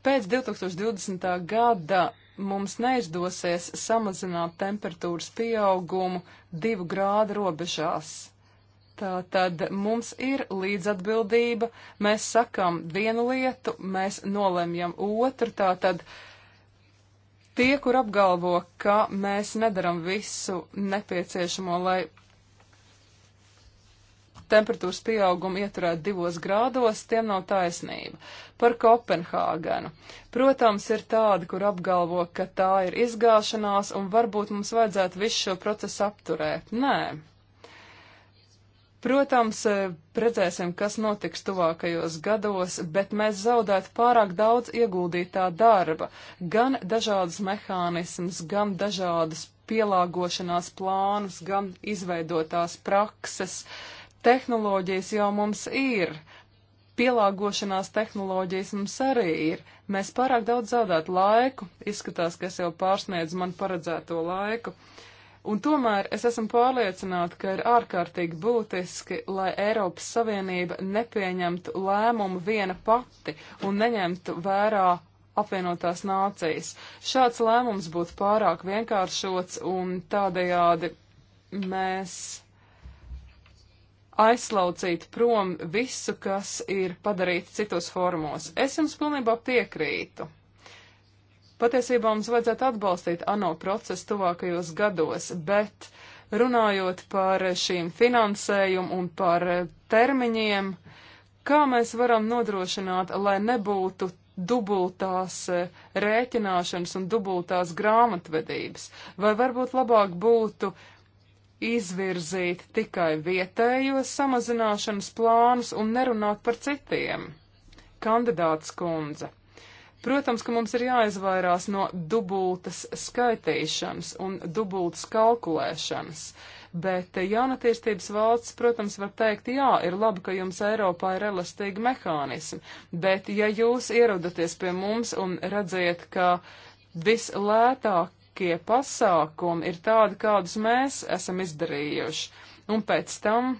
[SPEAKER 1] Pēc 2020. gada mums neizdosies samazināt temperatūras pieaugumu divu grādu robežās. Tātad mums ir līdzatbildība, mēs sakam vienu lietu, mēs nolemjam otru, tātad uh, Tie, kur apgalvo, ka mēs nedaram visu nepieciešamo, lai temperatūras pieaugumu ieturēt divos grādos, tiem nav taisnība. Par Kopenhāgenu. Protams, ir tādi, kur apgalvo, ka tā ir izgāšanās un varbūt mums vajadzētu visu šo procesu apturēt. Nē. Protams, e, redzēsim, kas notiks tuvākajos gados, bet mēs zaudētu pārāk daudz ieguldītā darba, gan dažādas mehānismas, gan dažādas pielāgošanās plānus, gan izveidotās prakses. Tehnoloģijas jau mums ir, pielāgošanās tehnoloģijas mums arī ir. Mēs pārāk daudz zaudētu laiku, izskatās, ka es jau pārsniedzu man paredzēto laiku. Uh, Un tomēr es esmu pārliecināta, ka ir ārkārtīgi būtiski, lai Eiropas Savienība nepieņemtu lēmumu viena pati un neņemtu vērā apvienotās nācijas. Šāds lēmums būtu pārāk vienkāršots un tādējādi mēs aizslaucīt prom visu, kas ir padarīts citos formos. Es jums pilnībā piekrītu. Patiesībā mums vajadzētu atbalstīt ANO procesu tuvākajos gados, bet runājot par šīm finansējumu un par termiņiem, kā mēs varam nodrošināt, lai nebūtu dubultās rēķināšanas un dubultās grāmatvedības, vai varbūt labāk būtu izvirzīt tikai vietējos samazināšanas plānus un nerunāt par citiem. Kandidāts kundze. Protams, ka mums ir jāizvairās no dubultas skaitīšanas un dubultas kalkulēšanas. Bet jaunatīstības valsts, protams, var teikt, jā, ir labi, ka jums Eiropā ir elastīgi mehānismi, bet ja jūs ierodaties pie mums un redziet, ka vislētākie pasākumi ir tādi, kādus mēs esam izdarījuši, un pēc tam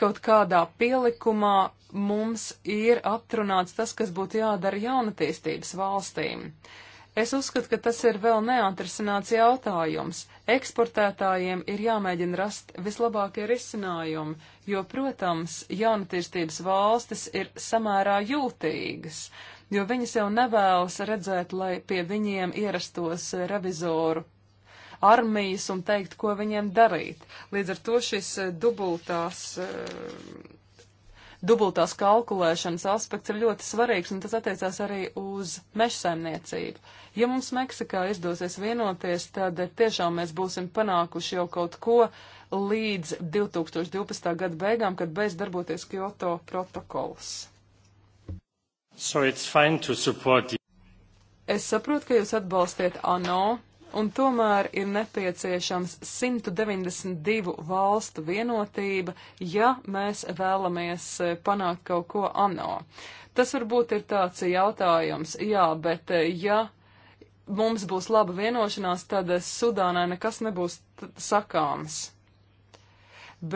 [SPEAKER 1] kaut kādā pielikumā mums ir aptrunāts tas, kas būtu jādara jaunatīstības valstīm. Es uzskatu, ka tas ir vēl neatrisināts jautājums. Eksportētājiem ir jāmēģina rast vislabākie risinājumi, jo, protams, jaunatīstības valstis ir samērā jūtīgas, jo viņas jau nevēlas redzēt, lai pie viņiem ierastos revizoru armijas un teikt, ko viņiem darīt. Līdz ar to šis dubultās. Uh, dubultās kalkulēšanas aspekts ir ļoti svarīgs, un tas attiecās arī uz meža saimniecību. Ja mums Meksikā izdosies vienoties, tad tiešām mēs būsim panākuši jau kaut ko līdz 2012. gada beigām, kad beidz darboties Kyoto protokols.
[SPEAKER 2] So it's fine to support you.
[SPEAKER 1] Es saprotu, ka jūs atbalstiet ANO, un tomēr ir nepieciešams 192 valstu vienotība, ja mēs vēlamies e, panākt kaut ko ANO. Tas varbūt ir tāds jautājums, jā, bet e, ja mums būs laba vienošanās, tad e, Sudānai nekas nebūs sakāms.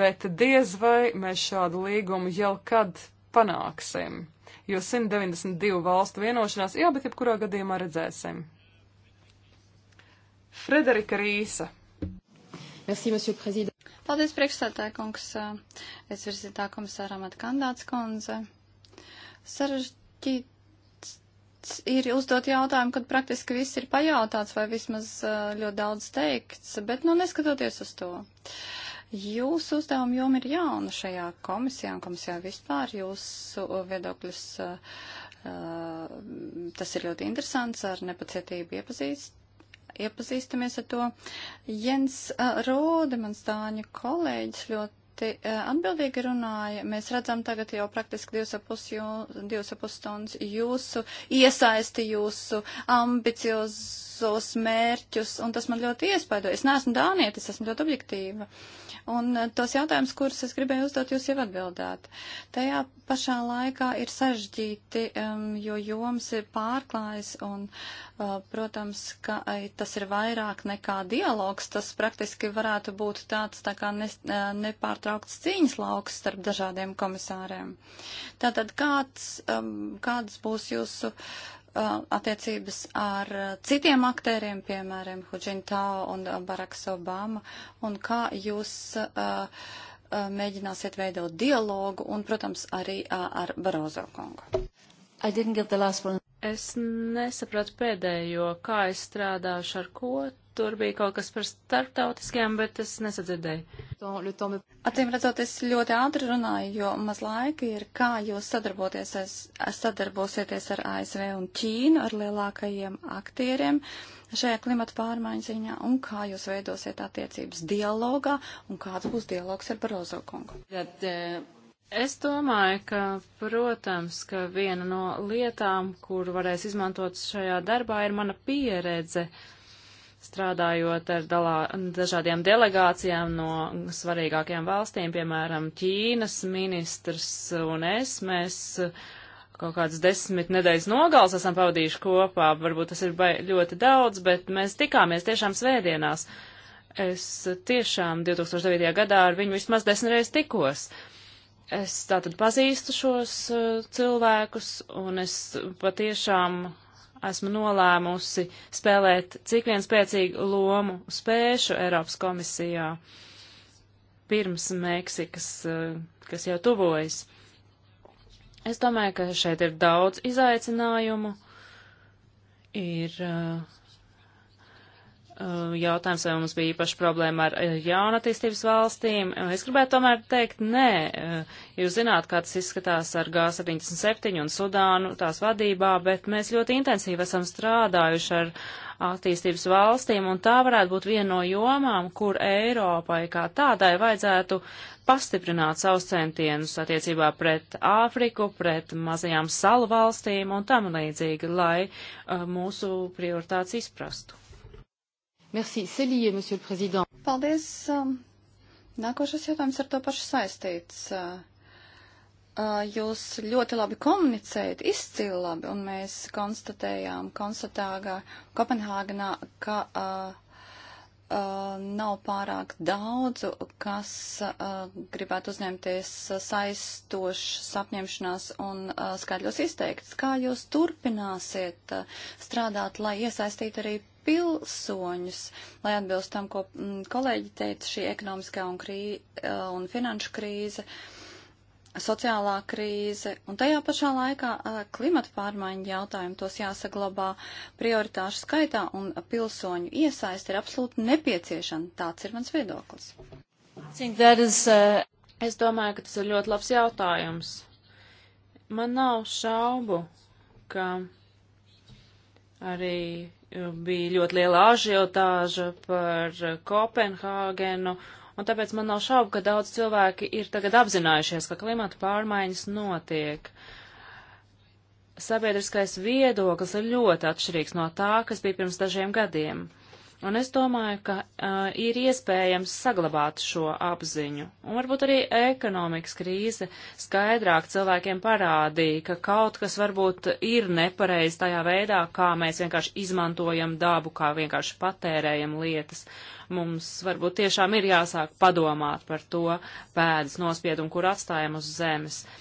[SPEAKER 1] Bet diez vai mēs šādu līgumu jau kad panāksim, jo 192 valstu vienošanās, jā, bet jebkurā gadījumā redzēsim. Frederika Rīsa. Merci, monsieur prezident.
[SPEAKER 2] Paldies, priekšsētāja kungs. Es virzītā komisāra amata kandāts kundze. Sarežģīts ir uzdot jautājumu, kad praktiski viss ir pajautāts vai vismaz ļoti daudz teikts, bet nu neskatoties uz to. Jūsu uzdevuma joma ir jauna šajā komisijā un komisijā vispār. Jūsu viedokļus, tas ir ļoti interesants, ar nepacietību iepazīst iepazīstamies ar to. Jens Rode, mans dāņu kolēģis, ļoti ļoti eh, atbildīgi runāja. Mēs redzam tagad jau praktiski divas apus, jū, divas apus stundas jūsu iesaisti, jūsu ambiciozos mērķus, un tas man ļoti iespaido. Es neesmu dānieti, es esmu ļoti objektīva. Un eh, tos jautājumus, kurus es gribēju uzdot, jūs jau atbildāt. Tajā pašā laikā ir sažģīti, um, jo joms ir pārklājs, un, uh, protams, ka ai, tas ir vairāk nekā dialogs, tas praktiski varētu būt tāds tā kā ne, nepār nepārtraukts cīņas lauks starp dažādiem komisāriem. Tātad kāds, um, kādas būs jūsu uh, attiecības ar uh, citiem aktēriem, piemēram, Huģintao un uh, Baraks Obama, un kā jūs uh, uh, mēģināsiet veidot dialogu un, protams, arī uh, ar Barozo kungu?
[SPEAKER 3] Es nesapratu pēdējo, kā es strādāšu ar ko, Tur bija kaut kas par starptautiskajām, bet es nesadzirdēju. Nu,
[SPEAKER 2] Atcīm redzot, es ļoti ātri runāju, jo maz laika ir, kā jūs sadarbosieties ar ASV un Ķīnu, ar lielākajiem aktieriem šajā klimata pārmaiņu ziņā, un kā jūs veidosiet attiecības dialogā, un kāds būs dialogs ar Barozo kungu.
[SPEAKER 3] Tad, e, Es domāju, ka, protams, ka viena no lietām, kur varēs izmantot šajā darbā, ir mana pieredze uh, strādājot ar dalā, dažādiem delegācijām no svarīgākajām valstīm, piemēram, Ķīnas ministrs un es, mēs uh, kaut kādas desmit nedēļas nogals esam pavadījuši kopā, varbūt tas ir ļoti daudz, bet mēs tikāmies tiešām svētdienās. Es tiešām 2009. gadā ar viņu vismaz desmit reizes tikos. Es tātad pazīstu šos uh, cilvēkus, un es patiešām esmu nolēmusi spēlēt cik vien spēcīgu lomu spēšu Eiropas komisijā pirms Meksikas, eh, kas jau tuvojas. Es domāju, ka šeit ir daudz izaicinājumu, ir uh, Eh, jautājums, vai mums bija īpaši problēma ar eh, jaunatīstības valstīm. Eh, es gribētu tomēr teikt, nē, jūs zināt, kā tas izskatās ar G77 un Sudānu tās vadībā, bet mēs ļoti intensīvi esam strādājuši ar attīstības valstīm, un tā varētu būt viena no jomām, kur Eiropai kā tādai vajadzētu pastiprināt savus centienus attiecībā pret Āfriku, pret mazajām salu valstīm un tam līdzīgi, lai uh, mūsu prioritātes izprastu. Merci. Selijie, monsieur prezident.
[SPEAKER 2] Paldies. Um, nākošais jautājums ar to pašu saistīts. Uh, uh, jūs ļoti labi komunicējat, izcili labi, un mēs konstatējām Konstatāgā, Kopenhāgenā, ka uh, uh, nav pārāk daudzu, kas uh, gribētu uzņemties saistošas apņemšanās un uh, skaidros izteikts. Kā jūs turpināsiet uh, strādāt, lai iesaistītu arī pilsoņus, lai atbilst tam, ko mm, kolēģi teica, šī ekonomiskā un, krī, uh, un finanšu krīze uh, sociālā krīze un tajā pašā laikā klimata pārmaiņu jautājumu tos jāsaglabā prioritāšu skaitā un pilsoņu iesaist ir absolūti nepieciešama. Tāds ir mans
[SPEAKER 3] viedoklis. Is, uh... Es domāju, ka tas ir ļoti labs jautājums. Man nav šaubu, ka arī uh, bija ļoti liela ažiotāža par Kopenhāgenu Un tāpēc man nav šaubu, ka daudz cilvēki ir tagad apzinājušies, ka klimata pārmaiņas notiek. Sabiedriskais viedoklis ir ļoti atšķirīgs no tā, kas bija pirms dažiem gadiem. Un es domāju, ka uh, ir iespējams saglabāt šo apziņu. Un varbūt arī ekonomikas krīze skaidrāk cilvēkiem parādīja, ka kaut kas varbūt ir nepareizi tajā veidā, kā mēs vienkārši izmantojam dabu, kā vienkārši patērējam lietas. Mums varbūt tiešām ir jāsāk padomāt par to pēdas nospiedumu, kur atstājam uz zemes. Uh,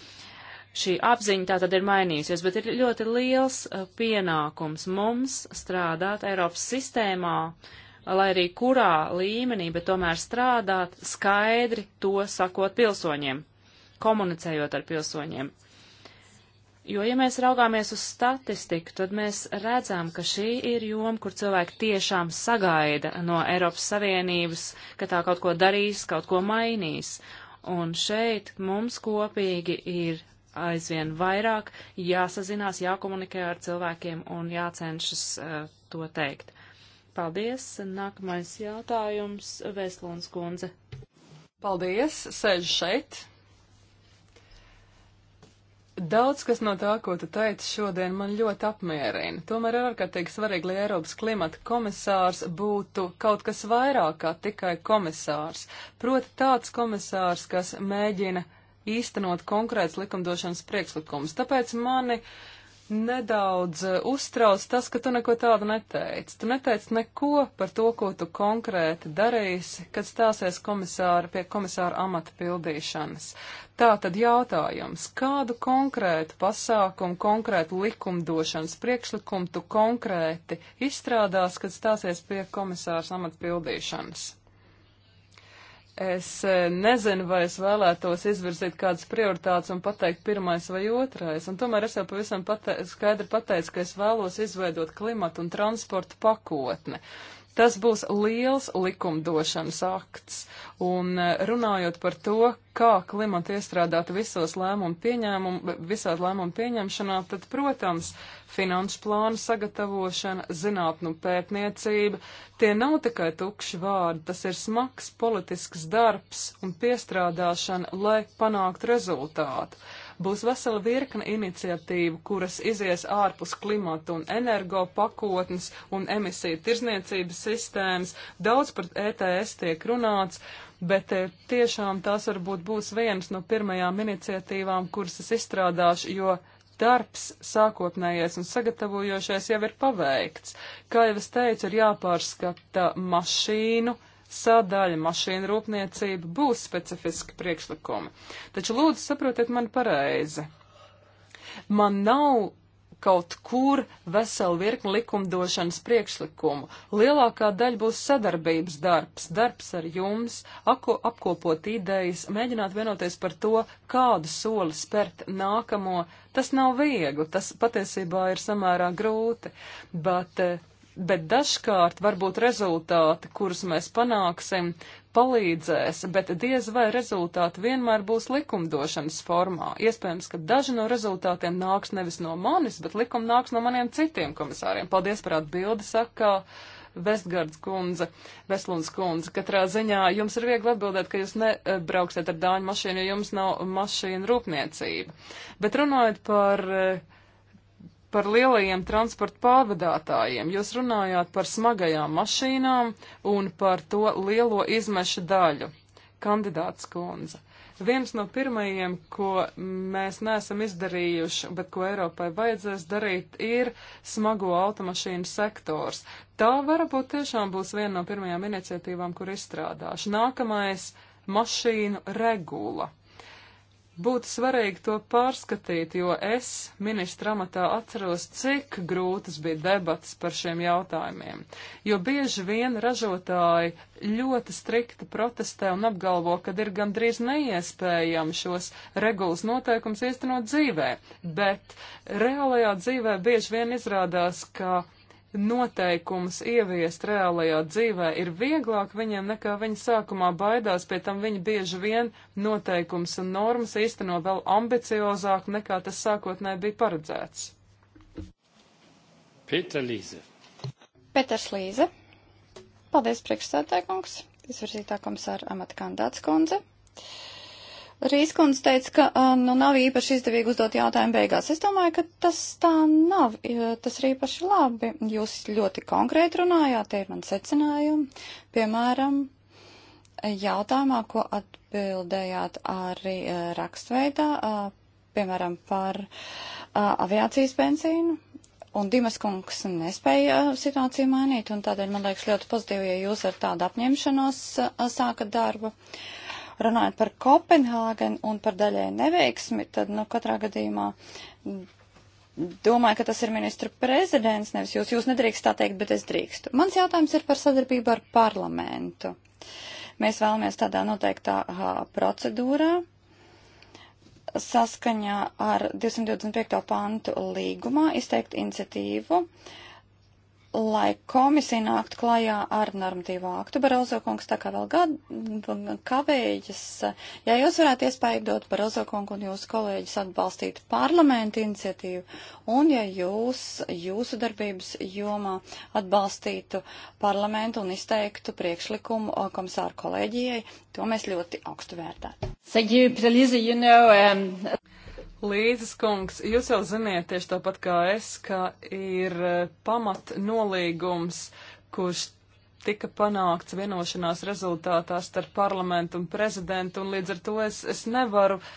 [SPEAKER 3] šī apziņa tā tad ir mainījusies, bet ir ļoti liels uh, pienākums mums strādāt Eiropas sistēmā, lai arī kurā līmenī, bet tomēr strādāt skaidri to sakot pilsoņiem, komunicējot ar pilsoņiem. Jo, ja mēs raugāmies uz statistiku, tad mēs redzam, ka šī ir joma, kur cilvēki tiešām sagaida no Eiropas Savienības, ka tā kaut ko darīs, kaut ko mainīs. Un šeit mums kopīgi ir aizvien vairāk jāsazinās, jākomunikē ar cilvēkiem un jācenšas uh, to teikt. Paldies. Nākamais jautājums - Vēslons
[SPEAKER 1] kundze. Paldies. Sēž šeit. Daudz, kas no tā, ko tu teici šodien, man ļoti apmierina. Tomēr ir ārkārtīgi svarīgi, lai Eiropas klimata komisārs būtu kaut kas vairāk kā tikai komisārs. Proti tāds komisārs, kas mēģina īstenot konkrēts likumdošanas priekšlikums. Tāpēc mani nedaudz eh, uztrauc tas, ka tu neko tādu neteici. Tu neteici neko par to, ko tu konkrēti darīsi, kad stāsies komisāra pie komisāra amata pildīšanas. Tā tad jautājums, kādu konkrētu pasākumu, konkrētu likumdošanas priekšlikumu tu konkrēti izstrādās, kad stāsies pie komisāras amata pildīšanas? Es eh, nezinu, vai es vēlētos izvirzīt kādas prioritātes un pateikt pirmais vai otrais, un tomēr es jau pavisam pate skaidri pateicu, ka es vēlos izveidot klimatu un transportu pakotni. Tas būs liels likumdošanas akts. Un e, runājot par to, kā klimata iestrādāt visos lēmumu pieņēmumu, visās lēmumu pieņemšanā, tad, protams, finanšu plānu sagatavošana, zinātnu pētniecība, tie nav tikai tukši vārdi, tas ir smags politisks darbs un piestrādāšana, lai panāktu rezultātu. Būs vesela virkne iniciatīvu, kuras izies ārpus klimata un energo pakotnes un emisiju tirzniecības sistēmas. Daudz par ETS tiek runāts, bet eh, tiešām tās varbūt būs vienas no pirmajām iniciatīvām, kuras es izstrādāšu, jo darbs sākotnējais un sagatavojošais jau ir paveikts. Kā jau es teicu, ir jāpārskata mašīnu sadaļa, mašīna rūpniecība, būs specifiski priekšlikumi. Taču lūdzu saprotiet mani pareizi. Man nav kaut kur veselu virkni likumdošanas priekšlikumu. Lielākā daļa būs sadarbības darbs, darbs ar jums, ako, apkopot idejas, mēģināt vienoties par to, kādu soli spērt nākamo. Tas nav viegli, tas patiesībā ir samērā grūti, bet eh, bet dažkārt varbūt rezultāti, kurus mēs panāksim, palīdzēs, bet diez vai rezultāti vienmēr būs likumdošanas formā. Iespējams, ka daži no rezultātiem nāks nevis no manis, bet likumi nāks no maniem citiem komisāriem. Paldies par atbildi, saka Vestgards kundze, Veslunds kundze. Katrā ziņā jums ir viegli atbildēt, ka jūs nebrauksiet ar dāņu mašīnu, jo jums nav mašīna rūpniecība. Bet runājot par uh, par lielajiem transporta pārvadātājiem. Jūs runājāt par smagajām mašīnām un par to lielo izmešu daļu. Kandidāts kundze. Viens no pirmajiem, ko mēs neesam izdarījuši, bet ko Eiropai vajadzēs darīt, ir smago automašīnu sektors. Tā varbūt tiešām būs viena no pirmajām iniciatīvām, kur izstrādāšu. Nākamais - mašīnu regula Būtu svarīgi to pārskatīt, jo es ministra amatā atceros, cik grūtas bija debatas par šiem jautājumiem, jo bieži vien ražotāji ļoti strikti protestē un apgalvo, ka ir gandrīz neiespējami šos regulas noteikums īstenot dzīvē, bet reālajā dzīvē bieži vien izrādās, ka noteikumus ieviest reālajā dzīvē ir vieglāk viņiem nekā viņi sākumā baidās, pie tam viņi bieži vien noteikums un normas īsteno vēl ambiciozāk nekā tas sākotnēji bija paredzēts.
[SPEAKER 3] Pēter Līze.
[SPEAKER 2] Pēters Līze. Paldies priekšsētājkungs, izvirzītā komisāra amata kandidāts kundze. Uh, Rīskundze teica, ka nu, nav īpaši izdevīgi uzdot jautājumu beigās. Es domāju, ka tas tā nav. Tas ir īpaši labi. Jūs ļoti konkrēti runājāt, tie ir man secinājumi. Piemēram, jautājumā, ko atbildējāt arī rakstveidā, piemēram, par aviācijas benzīnu. Un Dimas kungs nespēja situāciju mainīt, un tādēļ man liekas ļoti pozitīvi, ja jūs ar tādu apņemšanos sākat darbu. Uh, Runājot par Kopenhāgenu un par daļēju neveiksmi, tad, nu, katrā gadījumā domāju, ka tas ir ministru prezidents, nevis jūs. Jūs nedrīkst tā teikt, bet es drīkstu. Mans jautājums ir par sadarbību ar parlamentu. Mēs vēlamies tādā noteiktā procedūrā saskaņā ar 225. pantu līgumā izteikt iniciatīvu uh, lai komisija nāktu klajā ar normatīvo aktu. Barozo kungs tā kā vēl gadu kavējas. Ja jūs varētu iespēju dot Barozo kungu un jūsu kolēģis atbalstīt parlamentu iniciatīvu, un ja jūs jūsu darbības jomā atbalstītu parlamentu un izteiktu priekšlikumu komisāru kolēģijai, to mēs ļoti augstu vērtētu. So you, Preliza, you know,
[SPEAKER 1] um... Līdzes kungs, jūs jau ziniet tieši tāpat kā es, ka ir e, pamat nolīgums, kurš tika panākts vienošanās rezultātā starp parlamentu un prezidentu, un līdz ar to es, es nevaru uh,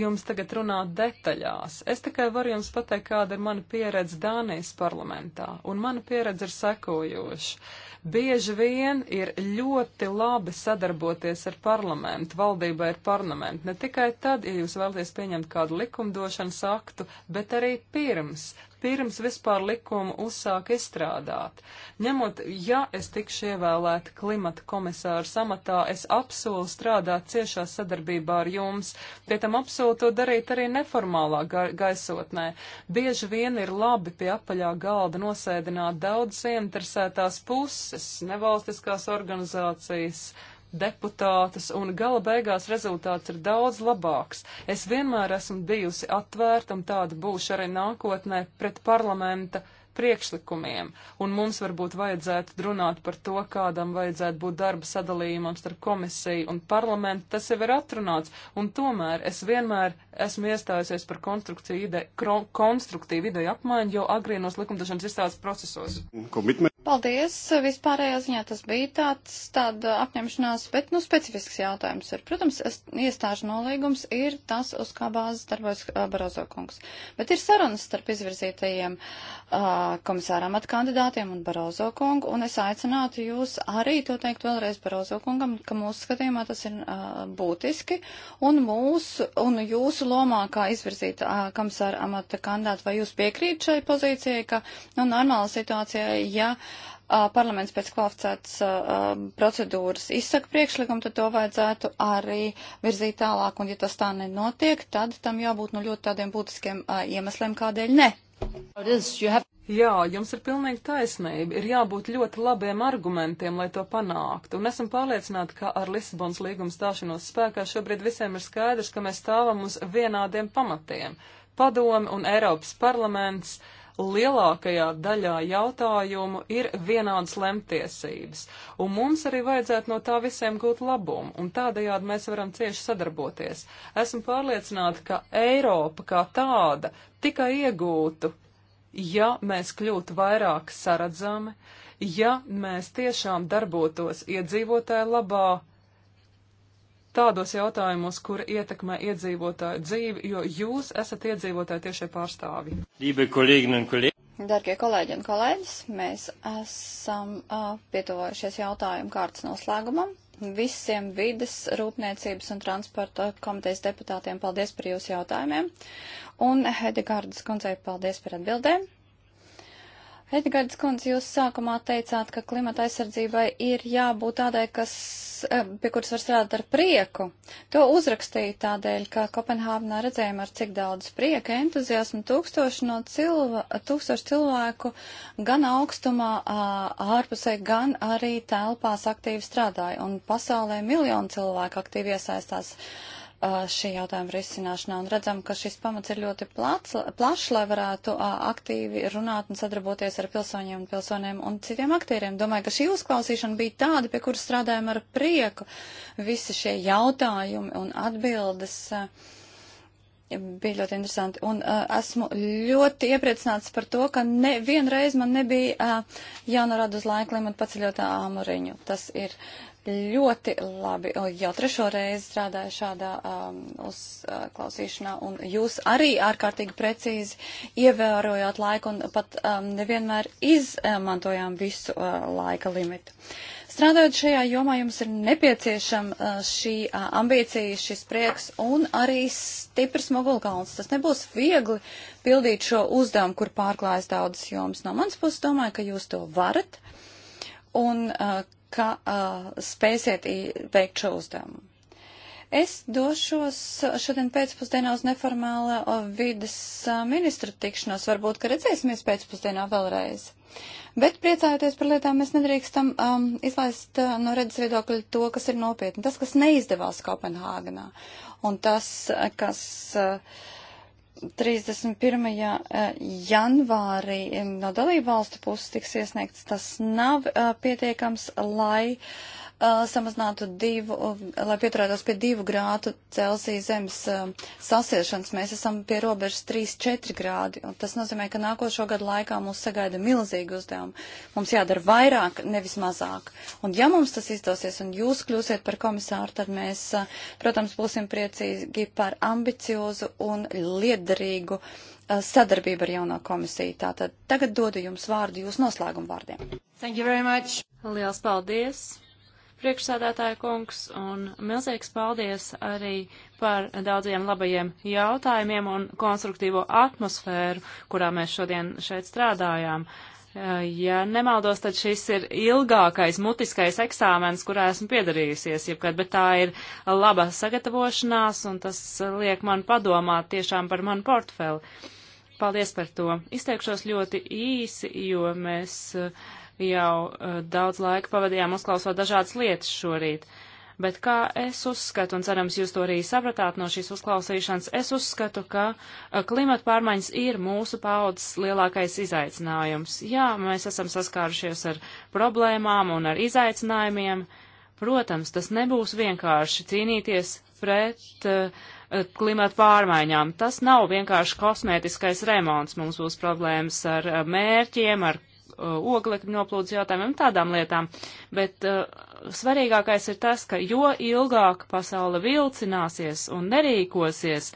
[SPEAKER 1] jums tagad runāt detaļās. Es tikai varu jums pateikt, kāda ir mana pieredze Dānijas parlamentā, un mana pieredze ir sekojoša. Bieži vien ir ļoti labi sadarboties ar parlamentu, valdībai ar parlamentu, ne tikai tad, ja jūs vēlaties pieņemt kādu likumdošanas aktu, bet arī pirms, pirms vispār likumu uzsāk izstrādāt. Ņemot, ja es tikšu ievēlēta klimata komisāra samatā, es apsolu strādāt ciešā sadarbībā ar jums, pie tam apsolu to darīt arī neformālā ga gaisotnē. Bieži vien ir labi pie apaļā galda nosēdināt daudzas ieinteresētās puses, nevalstiskās organizācijas, deputātus, un gala beigās rezultāts ir daudz labāks. Es vienmēr esmu bijusi atvērta, un tāda būšu arī nākotnē pret parlamenta priekšlikumiem, un mums varbūt vajadzētu runāt par to, kādam vajadzētu būt darba sadalījumam starp komisiju un parlamentu, tas jau ir atrunāts, un tomēr es vienmēr esmu iestājusies par ide, kron, konstruktīvu ideju apmaiņu jau agrīnos likumdošanas izstādes procesos.
[SPEAKER 2] Komitme. Paldies, vispārējā ziņā tas bija tāds, tāda apņemšanās, bet, nu, specifisks jautājums ir. Protams, es, iestāžu nolīgums ir tas, uz kā bāzes darbojas eh, Barozo kungs, bet ir sarunas starp izvirzītajiem. Uh, komisāra amata kandidātiem un Barozo kungu, un es aicinātu jūs arī to teikt vēlreiz Barozo kungam, ka mūsu skatījumā tas ir uh, būtiski, un mūsu, un jūsu lomā, kā izvirzīt uh, komisāra amata kandidātu, vai jūs piekrīt šai pozīcijai, ka, nu, normāla situācija, ja uh, parlaments pēc kvalificētas uh, procedūras izsaka priekšlikumu, tad to vajadzētu arī virzīt tālāk, un ja tas tā nenotiek, tad tam jābūt, nu, ļoti tādiem būtiskiem uh, iemesliem, kādēļ ne.
[SPEAKER 1] Jā, jums ir pilnīgi taisnība. Ir jābūt ļoti labiem argumentiem, lai to panāktu. Un esam pārliecināti, ka ar Lisabonas līgumu stāšanos spēkā šobrīd visiem ir skaidrs, ka mēs stāvam uz vienādiem pamatiem. Padomi un Eiropas parlaments uh, lielākajā daļā jautājumu ir vienādas lemtiesības, un mums arī vajadzētu no tā visiem gūt labumu, un tādējādi mēs varam cieši sadarboties. Esmu pārliecināta, ka Eiropa kā tāda tikai iegūtu, ja mēs kļūtu vairāk saredzami, ja mēs tiešām darbotos iedzīvotāju labā, tādos jautājumos, kur ietekmē iedzīvotāju dzīvi, jo jūs esat iedzīvotāji tiešie pārstāvi.
[SPEAKER 2] Darbie kolēģi un kolēģis, mēs esam uh, pietuvojušies jautājumu kārtas noslēgumam. Visiem vides, rūpniecības un transporta komitejas deputātiem paldies par jūsu jautājumiem. Un Hedegārdas kundzei paldies par atbildēm. Edgars Kundze, jūs sākumā teicāt, ka klimata aizsardzībai ir jābūt tādai, kas, eh, pie kuras var strādāt ar prieku. To uzrakstīju tādēļ, ka Kopenhāvenā redzējām ar cik daudz prieka, entuziasmu tūkstoši no cilvē, tūkstoši cilvēku gan augstumā, ārpusē, gan arī telpās aktīvi strādāja. Un pasaulē miljonu cilvēku aktīvi iesaistās. Uh, šī jautājuma risināšanā un redzam, ka šis pamats ir ļoti plats, plašs, lai varētu aktīvi runāt un sadarboties ar pilsoņiem un pilsoniem un citiem aktīriem. Domāju, ka šī uzklausīšana bija tāda, pie kuras strādājam ar prieku. Visi šie jautājumi un atbildes bija ļoti interesanti. Un uh, esmu ļoti iepriecināts par to, ka nevienreiz man nebija uh, jānorāda uz laika limatu paceļotā āmuriņu. Tas ir uh, ļoti labi jau trešo reizi strādāju šādā um, uzklausīšanā, uh, un jūs arī ārkārtīgi precīzi ievērojāt laiku un pat um, nevienmēr izmantojām visu uh, laika limitu. Strādājot šajā jomā, jums ir nepieciešama uh, šī uh, ambīcija, šis prieks un arī stiprs mogulkalns. Tas nebūs viegli pildīt šo uzdevumu, kur pārklājas daudzas jomas. No manas puses domāju, ka jūs to varat. Un, uh, ka uh, spēsiet veikt šo uzdevumu. Es došos šodien pēcpusdienā uz neformālā vidas ministra tikšanos, varbūt, ka redzēsimies pēcpusdienā vēlreiz. Bet priecājoties par lietām, mēs nedrīkstam um, izlaist uh, no redzes viedokļa to, kas ir nopietni. Tas, kas neizdevās Kopenhāgenā un tas, kas. Uh, 31. Eh, janvārī eh, no dalībvalstu puses tiks iesniegts, tas nav eh, pietiekams, lai uh, uh, samazinātu divu, uh, lai pieturētos pie divu grādu Celsija zemes uh, sasiešanas. Mēs esam pie robežas 3-4 grādi, un tas nozīmē, ka nākošo gadu laikā mūs sagaida milzīgi uzdevumi. Mums jādara vairāk, nevis mazāk. Un ja mums tas izdosies un jūs kļūsiet par komisāru, tad mēs, uh, protams, būsim priecīgi par ambiciozu un liederīgu sadarbība ar jauno komisiju. Tātad tagad dodu jums vārdu jūsu noslēgumu vārdiem.
[SPEAKER 3] Thank you very much. Liels paldies priekšsādātāja kungs, un milzīgs paldies arī par daudziem labajiem jautājumiem un konstruktīvo atmosfēru, kurā mēs šodien šeit strādājām. Eh, ja nemaldos, tad šis ir ilgākais mutiskais eksāmens, kurā esmu piedarījusies jebkad, bet tā ir laba sagatavošanās, un tas liek man padomāt tiešām par manu portfeli. Paldies par to. Izteikšos ļoti īsi, jo mēs uh, jau uh, daudz laika pavadījām uzklausot dažādas lietas šorīt. Bet kā es uzskatu, un cerams, jūs to arī sapratāt no šīs uzklausīšanas, es uzskatu, ka uh, klimata pārmaiņas ir mūsu paudzes lielākais izaicinājums. Jā, mēs esam saskārušies ar problēmām un ar izaicinājumiem. Protams, tas nebūs vienkārši cīnīties pret uh, klimata pārmaiņām. Tas nav vienkārši kosmētiskais remonts. Mums būs problēmas ar mērķiem, ar Uh, oglekļu noplūdes jautājumiem, tādām lietām. Bet uh, svarīgākais ir tas, ka jo ilgāk pasaule vilcināsies un nerīkosies,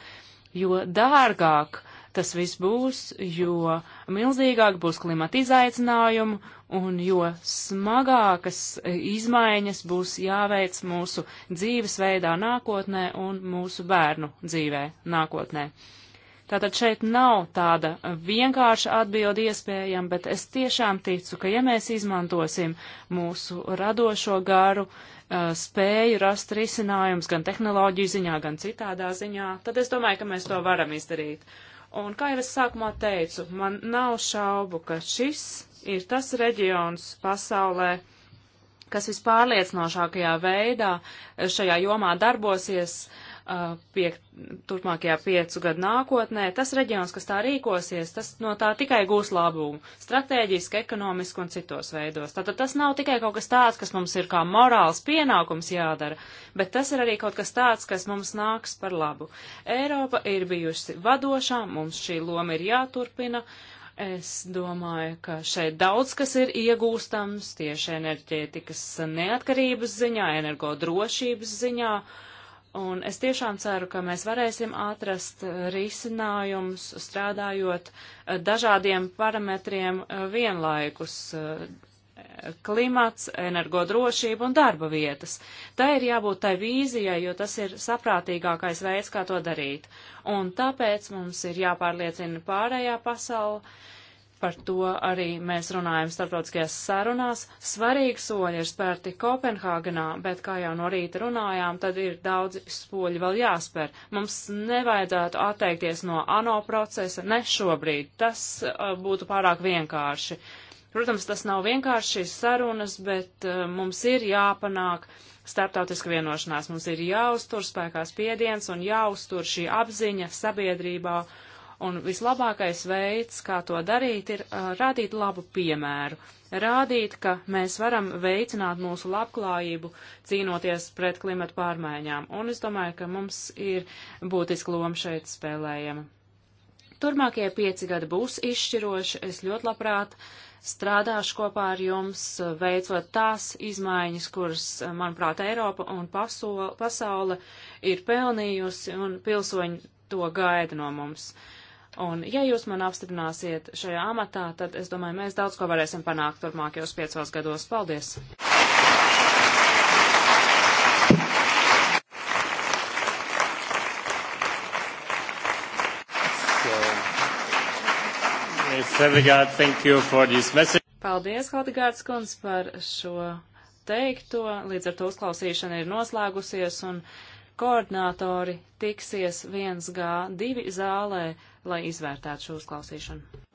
[SPEAKER 3] jo dārgāk tas viss būs, jo milzīgāk būs klimata izaicinājumi un jo smagākas izmaiņas būs jāveic mūsu dzīvesveidā nākotnē un mūsu bērnu dzīvē nākotnē. Uh, Tātad šeit nav tāda vienkārša atbildi iespējama, bet es tiešām ticu, ka ja mēs izmantosim mūsu radošo garu, uh, spēju rast risinājums gan tehnoloģiju ziņā, gan citādā ziņā, tad es domāju, ka mēs to varam izdarīt. Un kā jau es sākumā teicu, man nav šaubu, ka šis ir tas reģions pasaulē, kas vispārliecinošākajā veidā šajā jomā darbosies uh, piek, turpmākajā piecu gadu nākotnē, tas reģions, kas tā rīkosies, tas no tā tikai gūs labumu - strateģiski, ekonomiski un citos veidos. Tātad tas nav tikai kaut kas tāds, kas mums ir kā morāls pienākums jādara, bet tas ir arī kaut kas tāds, kas mums nāks par labu. Eiropa ir bijusi vadošā, mums šī loma ir jāturpina. Es domāju, ka šeit daudz kas ir iegūstams tieši enerģētikas neatkarības ziņā, energodrošības ziņā. Uh, Un es tiešām ceru, ka mēs varēsim atrast uh, risinājumus strādājot uh, dažādiem parametriem uh, vienlaikus klimats, energodrošība un darba vietas. Tā ir jābūt tai vīzijai, jo tas ir saprātīgākais veids, kā to darīt. Un tāpēc mums ir jāpārliecina pārējā pasaule, par to arī mēs runājam starptautiskajās sarunās. Svarīgi soļi ir spērti Kopenhāgenā, bet, kā jau no rīta runājām, tad ir daudz spoļi vēl jāspēr. Mums nevajadzētu atteikties no ANO procesa ne šobrīd. Tas uh, būtu pārāk vienkārši. Protams, tas nav vienkārši šīs sarunas, bet uh, mums ir jāpanāk starptautiska vienošanās. Mums ir jāuztur spēkā spiediens un jāuztur šī apziņa sabiedrībā. Uh, Un vislabākais veids, kā to darīt, ir uh, rādīt labu piemēru. Rādīt, ka mēs varam veicināt mūsu labklājību, cīnoties pret klimatu pārmaiņām. Un es domāju, ka mums ir būtiska loma šeit spēlējama. Turmākie pieci gadi būs izšķiroši. Es ļoti labprāt strādāšu kopā ar jums, veicot tās izmaiņas, kuras, manuprāt, Eiropa un pasaule ir pelnījusi un pilsoņi to gaida no mums. Uh, Un, ja jūs man apstiprināsiet šajā amatā, tad es domāju, mēs daudz ko varēsim panākt turpmākajos piecos gados. Paldies! So, Paldies, Haldegārds Kunds, par šo teikto. Līdz ar to uzklausīšana ir noslēgusies un koordinātori tiksies 1G2 zālē lai izvērtētu šo uzklausīšanu.